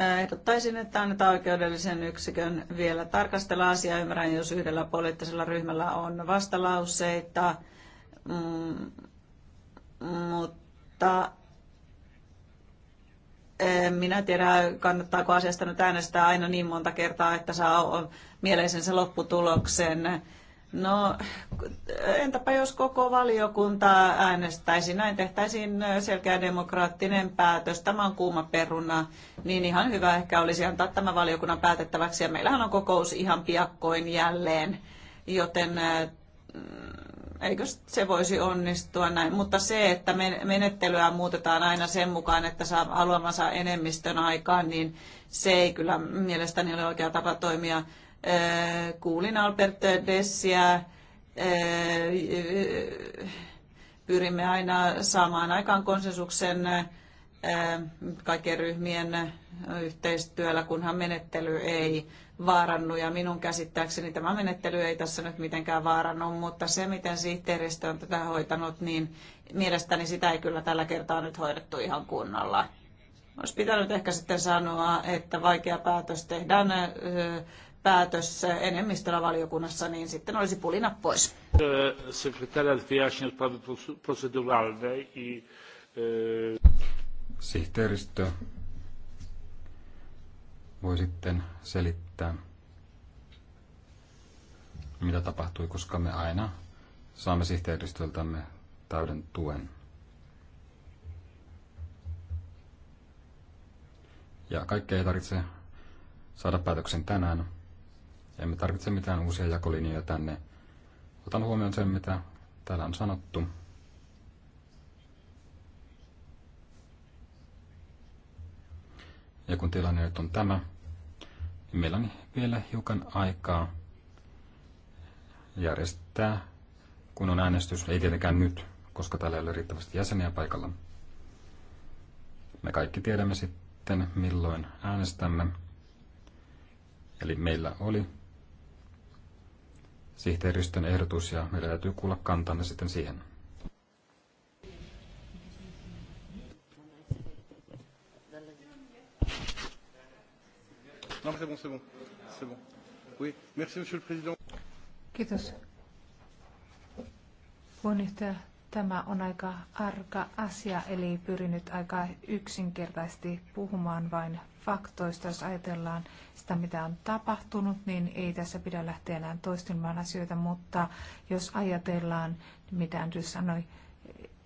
Ehdottaisin, että annetaan oikeudellisen yksikön vielä tarkastella asiaa. Ymmärrän, jos yhdellä poliittisella ryhmällä on vastalauseita, mm, mutta minä tiedä, kannattaako asiasta nyt äänestää aina niin monta kertaa, että saa mieleisensä lopputuloksen. No, entäpä jos koko valiokunta äänestäisi, näin tehtäisiin selkeä demokraattinen päätös, tämä on kuuma peruna, niin ihan hyvä ehkä olisi antaa tämä valiokunnan päätettäväksi. Ja meillähän on kokous ihan piakkoin jälleen, joten äh, eikö se voisi onnistua näin. Mutta se, että menettelyä muutetaan aina sen mukaan, että saa haluamansa enemmistön aikaan, niin se ei kyllä mielestäni ole oikea tapa toimia Äh, kuulin Albert Dessiä. Äh, pyrimme aina saamaan aikaan konsensuksen äh, kaikkien ryhmien yhteistyöllä, kunhan menettely ei vaarannu. Ja minun käsittääkseni tämä menettely ei tässä nyt mitenkään vaarannu, mutta se, miten sihteeristö on tätä hoitanut, niin mielestäni sitä ei kyllä tällä kertaa nyt hoidettu ihan kunnolla. Olisi pitänyt ehkä sitten sanoa, että vaikea päätös tehdään päätös enemmistöllä valiokunnassa, niin sitten olisi pulinat pois. Sekretariat wyjaśnia sprawy proceduralne i... E, Sihteeristö voi sitten selittää, mitä tapahtui, koska me aina saamme sihteeristöltämme täyden tuen. Ja kaikkea ei tarvitse saada päätöksen tänään. Emme tarvitse mitään uusia jakolinjoja tänne. Otan huomioon sen, mitä täällä on sanottu. Ja kun tilanne nyt on tämä, niin meillä on vielä hiukan aikaa järjestää, kun on äänestys. Ei tietenkään nyt, koska täällä ei ole riittävästi jäseniä paikalla. Me kaikki tiedämme sitten, milloin äänestämme. Eli meillä oli sihteeristön ehdotus ja meidän täytyy kuulla kantanne sitten siihen. Non, c'est bon, c'est bon. C'est bon. Oui, merci monsieur le président. Kiitos. Puheenjohtaja, tämä on aika arka asia, eli pyrin nyt aika yksinkertaisesti puhumaan vain faktoista, jos ajatellaan sitä, mitä on tapahtunut, niin ei tässä pidä lähteä enää toistelmaan asioita, mutta jos ajatellaan, mitä Andrew sanoi,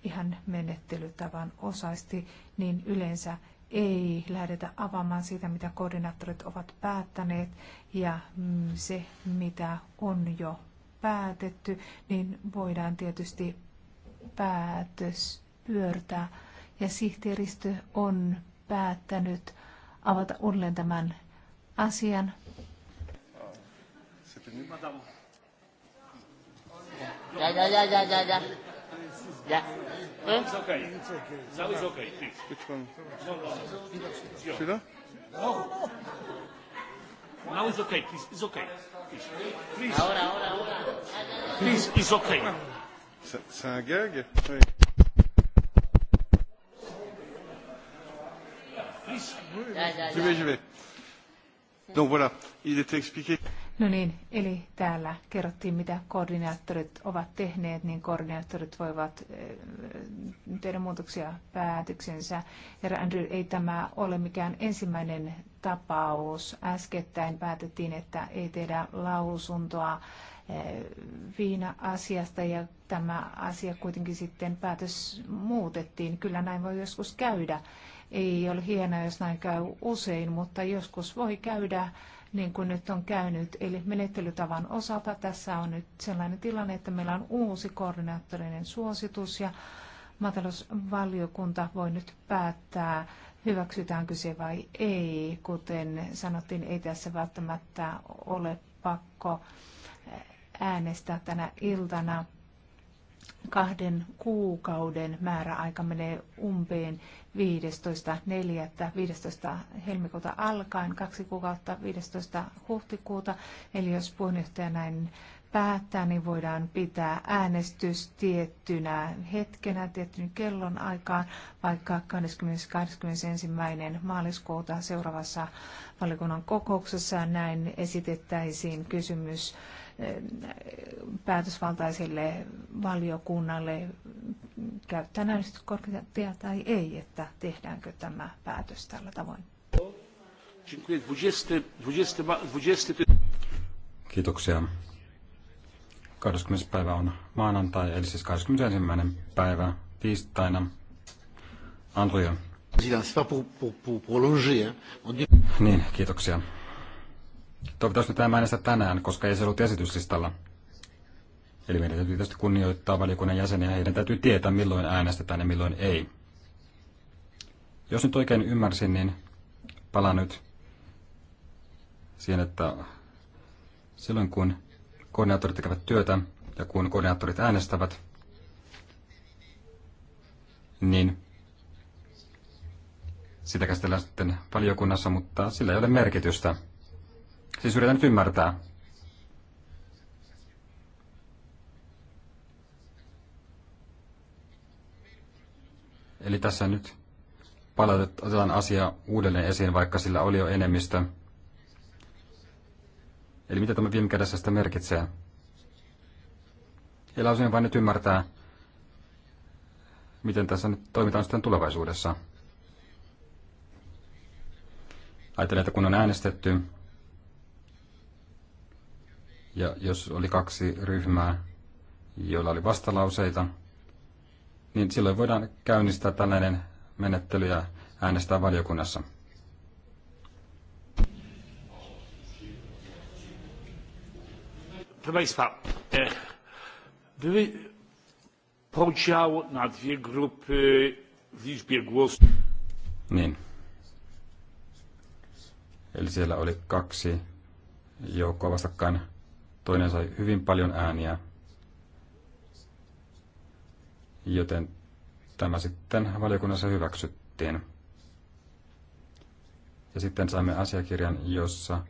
ihan menettelytavan osaisesti, niin yleensä ei lähdetä avaamaan sitä, mitä koordinaattorit ovat päättäneet ja mm, se, mitä on jo päätetty, niin voidaan tietysti päätös pyörtää. Ja sihteeristö on päättänyt avata uudelleen tämän asian. Ja, ja, ja, ja, ja, ja. Ja. Huh? It's okay. Now it's okay. Please. Which one? No, no, no. Should No. Now it's okay. Please, it's okay. Please. Please. Ahora, ahora, ahora. Please, it's okay. C'est un gag? Oui. No niin, eli täällä kerrottiin, mitä koordinaattorit ovat tehneet, niin koordinaattorit voivat eh, tehdä muutoksia päätöksensä. Herra Andrew, ei tämä ole mikään ensimmäinen tapaus. Äskettäin päätettiin, että ei tehdä lausuntoa eh, viina-asiasta ja tämä asia kuitenkin sitten päätös muutettiin. Kyllä näin voi joskus käydä. Ei ole hienoa, jos näin käy usein, mutta joskus voi käydä niin kuin nyt on käynyt. Eli menettelytavan osalta tässä on nyt sellainen tilanne, että meillä on uusi koordinaattorinen suositus ja maatalousvaliokunta voi nyt päättää, hyväksytäänkö se vai ei. Kuten sanottiin, ei tässä välttämättä ole pakko äänestää tänä iltana kahden kuukauden määräaika menee umpeen 15.4. 15. helmikuuta alkaen, kaksi kuukautta 15. huhtikuuta. Eli jos puheenjohtaja näin päättää, niin voidaan pitää äänestys tiettynä hetkenä, tiettynä kellon aikaan, vaikka 20.21. maaliskuuta seuraavassa valiokunnan kokouksessa näin esitettäisiin kysymys Eh, päätösvaltaiselle valiokunnalle käyttää äänestyskorttia tai ei, että tehdäänkö tämä päätös tällä tavoin. Kiitoksia. 20. päivä on maanantai, eli siis 21. päivä tiistaina. Andrea. Niin, kiitoksia. Toivottavasti tämä äänestä tänään, koska ei se ollut esityslistalla. Eli meidän täytyy tietysti kunnioittaa valiokunnan jäseniä, heidän täytyy tietää milloin äänestetään ja milloin ei. Jos nyt oikein ymmärsin, niin palaan nyt siihen, että silloin kun koordinaattorit tekevät työtä ja kun koordinaattorit äänestävät, niin sitä käsitellään sitten valiokunnassa, mutta sillä ei ole merkitystä. Siis yritän nyt ymmärtää. Eli tässä nyt palautetaan asia uudelleen esiin, vaikka sillä oli jo enemmistö. Eli mitä tämä viime kädessä sitä merkitsee? Eli osin vain nyt ymmärtää, miten tässä nyt toimitaan sitten tulevaisuudessa. Ajattelen, että kun on äänestetty, ja jos oli kaksi ryhmää, joilla oli vastalauseita, niin silloin voidaan käynnistää tällainen menettely ja äänestää valiokunnassa. Proszę Państwa, e, były podział na dwie grupy w liczbie głosów. Niin. Eli siellä oli kaksi joukkoa vastakkain toinen sai hyvin paljon ääniä, joten tämä sitten valiokunnassa hyväksyttiin. Ja sitten saimme asiakirjan, jossa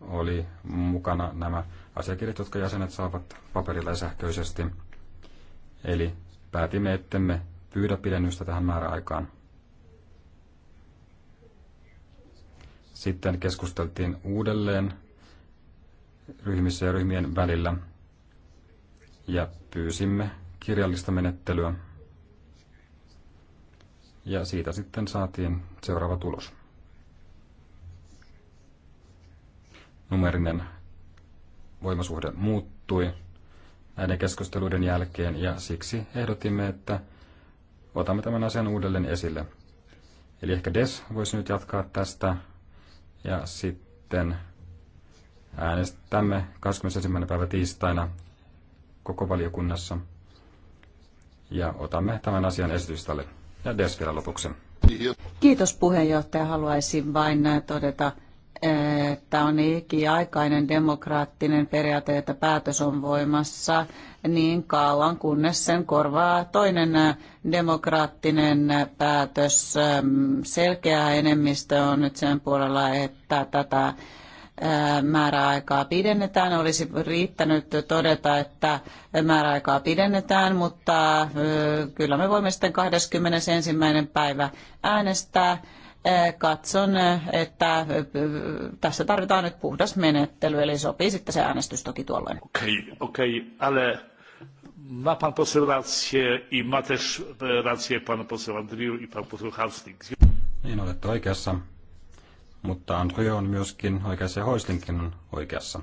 oli mukana nämä asiakirjat, jotka jäsenet saavat paperilla ja sähköisesti. Eli päätimme, ettemme pyydä pidennystä tähän määräaikaan. Sitten keskusteltiin uudelleen ryhmissä ja ryhmien välillä. Ja pyysimme kirjallista menettelyä. Ja siitä sitten saatiin seuraava tulos. Numerinen voimasuhde muuttui näiden keskusteluiden jälkeen ja siksi ehdotimme, että otamme tämän asian uudelleen esille. Eli ehkä Des voisi nyt jatkaa tästä ja sitten Äänestämme 21. päivä tiistaina koko valiokunnassa ja otamme tämän asian esitystalle. Ja Des vielä lopuksi. Kiitos puheenjohtaja. Haluaisin vain todeta, että on ikiaikainen demokraattinen periaate, että päätös on voimassa niin kauan, kunnes sen korvaa toinen demokraattinen päätös. Selkeä enemmistö on nyt sen puolella, että tätä määräaikaa pidennetään. Olisi riittänyt todeta, että määräaikaa pidennetään, mutta kyllä me voimme sitten 21. päivä äänestää. Katson, että tässä tarvitaan nyt puhdas menettely, eli sopii sitten se äänestys toki tuolloin. Okei, okay, okei, okay, ale ma pan poseł rację i ma też e, rację pan poseł Andriu i pan poseł Hausling. Niin olette oikeassa mutta Andrew on myöskin oikeassa ja Hoislinkin on oikeassa.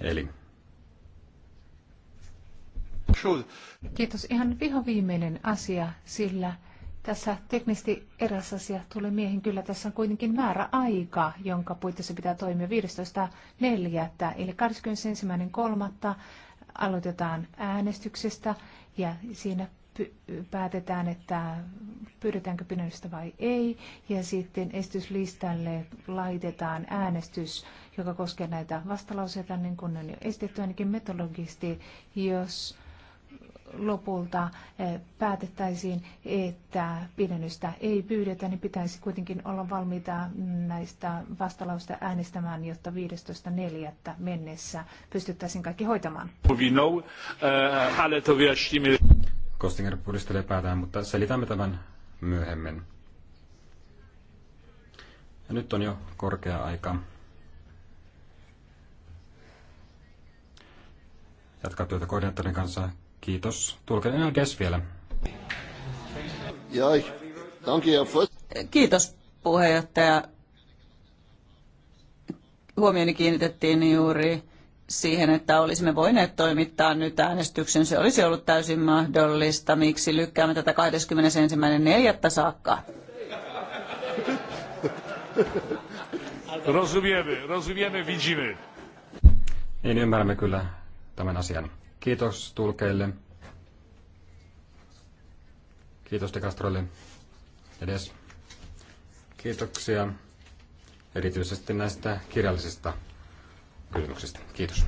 Eli. Kiitos. Ihan vihoviimeinen asia, sillä tässä teknisesti eräs asia tulee miehen. Kyllä tässä on kuitenkin määrä aika, jonka puitteissa pitää toimia 15.4. Eli 21.3. aloitetaan äänestyksestä ja siinä päätetään, että pyydetäänkö pyynnöstä vai ei. Ja sitten esityslistalle laitetaan äänestys, joka koskee näitä vastalauseita, niin kuin on jo estetty ainakin metodologisesti, jos lopulta eh, päätettäisiin, että pidennystä ei pyydetä, niin pitäisi kuitenkin olla valmiita näistä vastalausta äänestämään, jotta 15.4. mennessä pystyttäisiin kaikki hoitamaan. Eh, Kostinger puristelee päätään, mutta selitämme tämän myöhemmin. Ja nyt on jo korkea aika jatkaa työtä koordinaattorin kanssa. Kiitos. Tulkeen enää kes vielä. Kiitos puheenjohtaja. Huomioni kiinnitettiin juuri siihen, että olisimme voineet toimittaa nyt äänestyksen. Se olisi ollut täysin mahdollista. Miksi lykkäämme tätä 21.4. saakka? Rozumiemy, rozumiemy, widzimy. Niin ymmärrämme kyllä tämän asian. Kiitos tulkeille. Kiitos Te Castrolle edes. Kiitoksia erityisesti näistä kirjallisista kysymyksestä. Kiitos.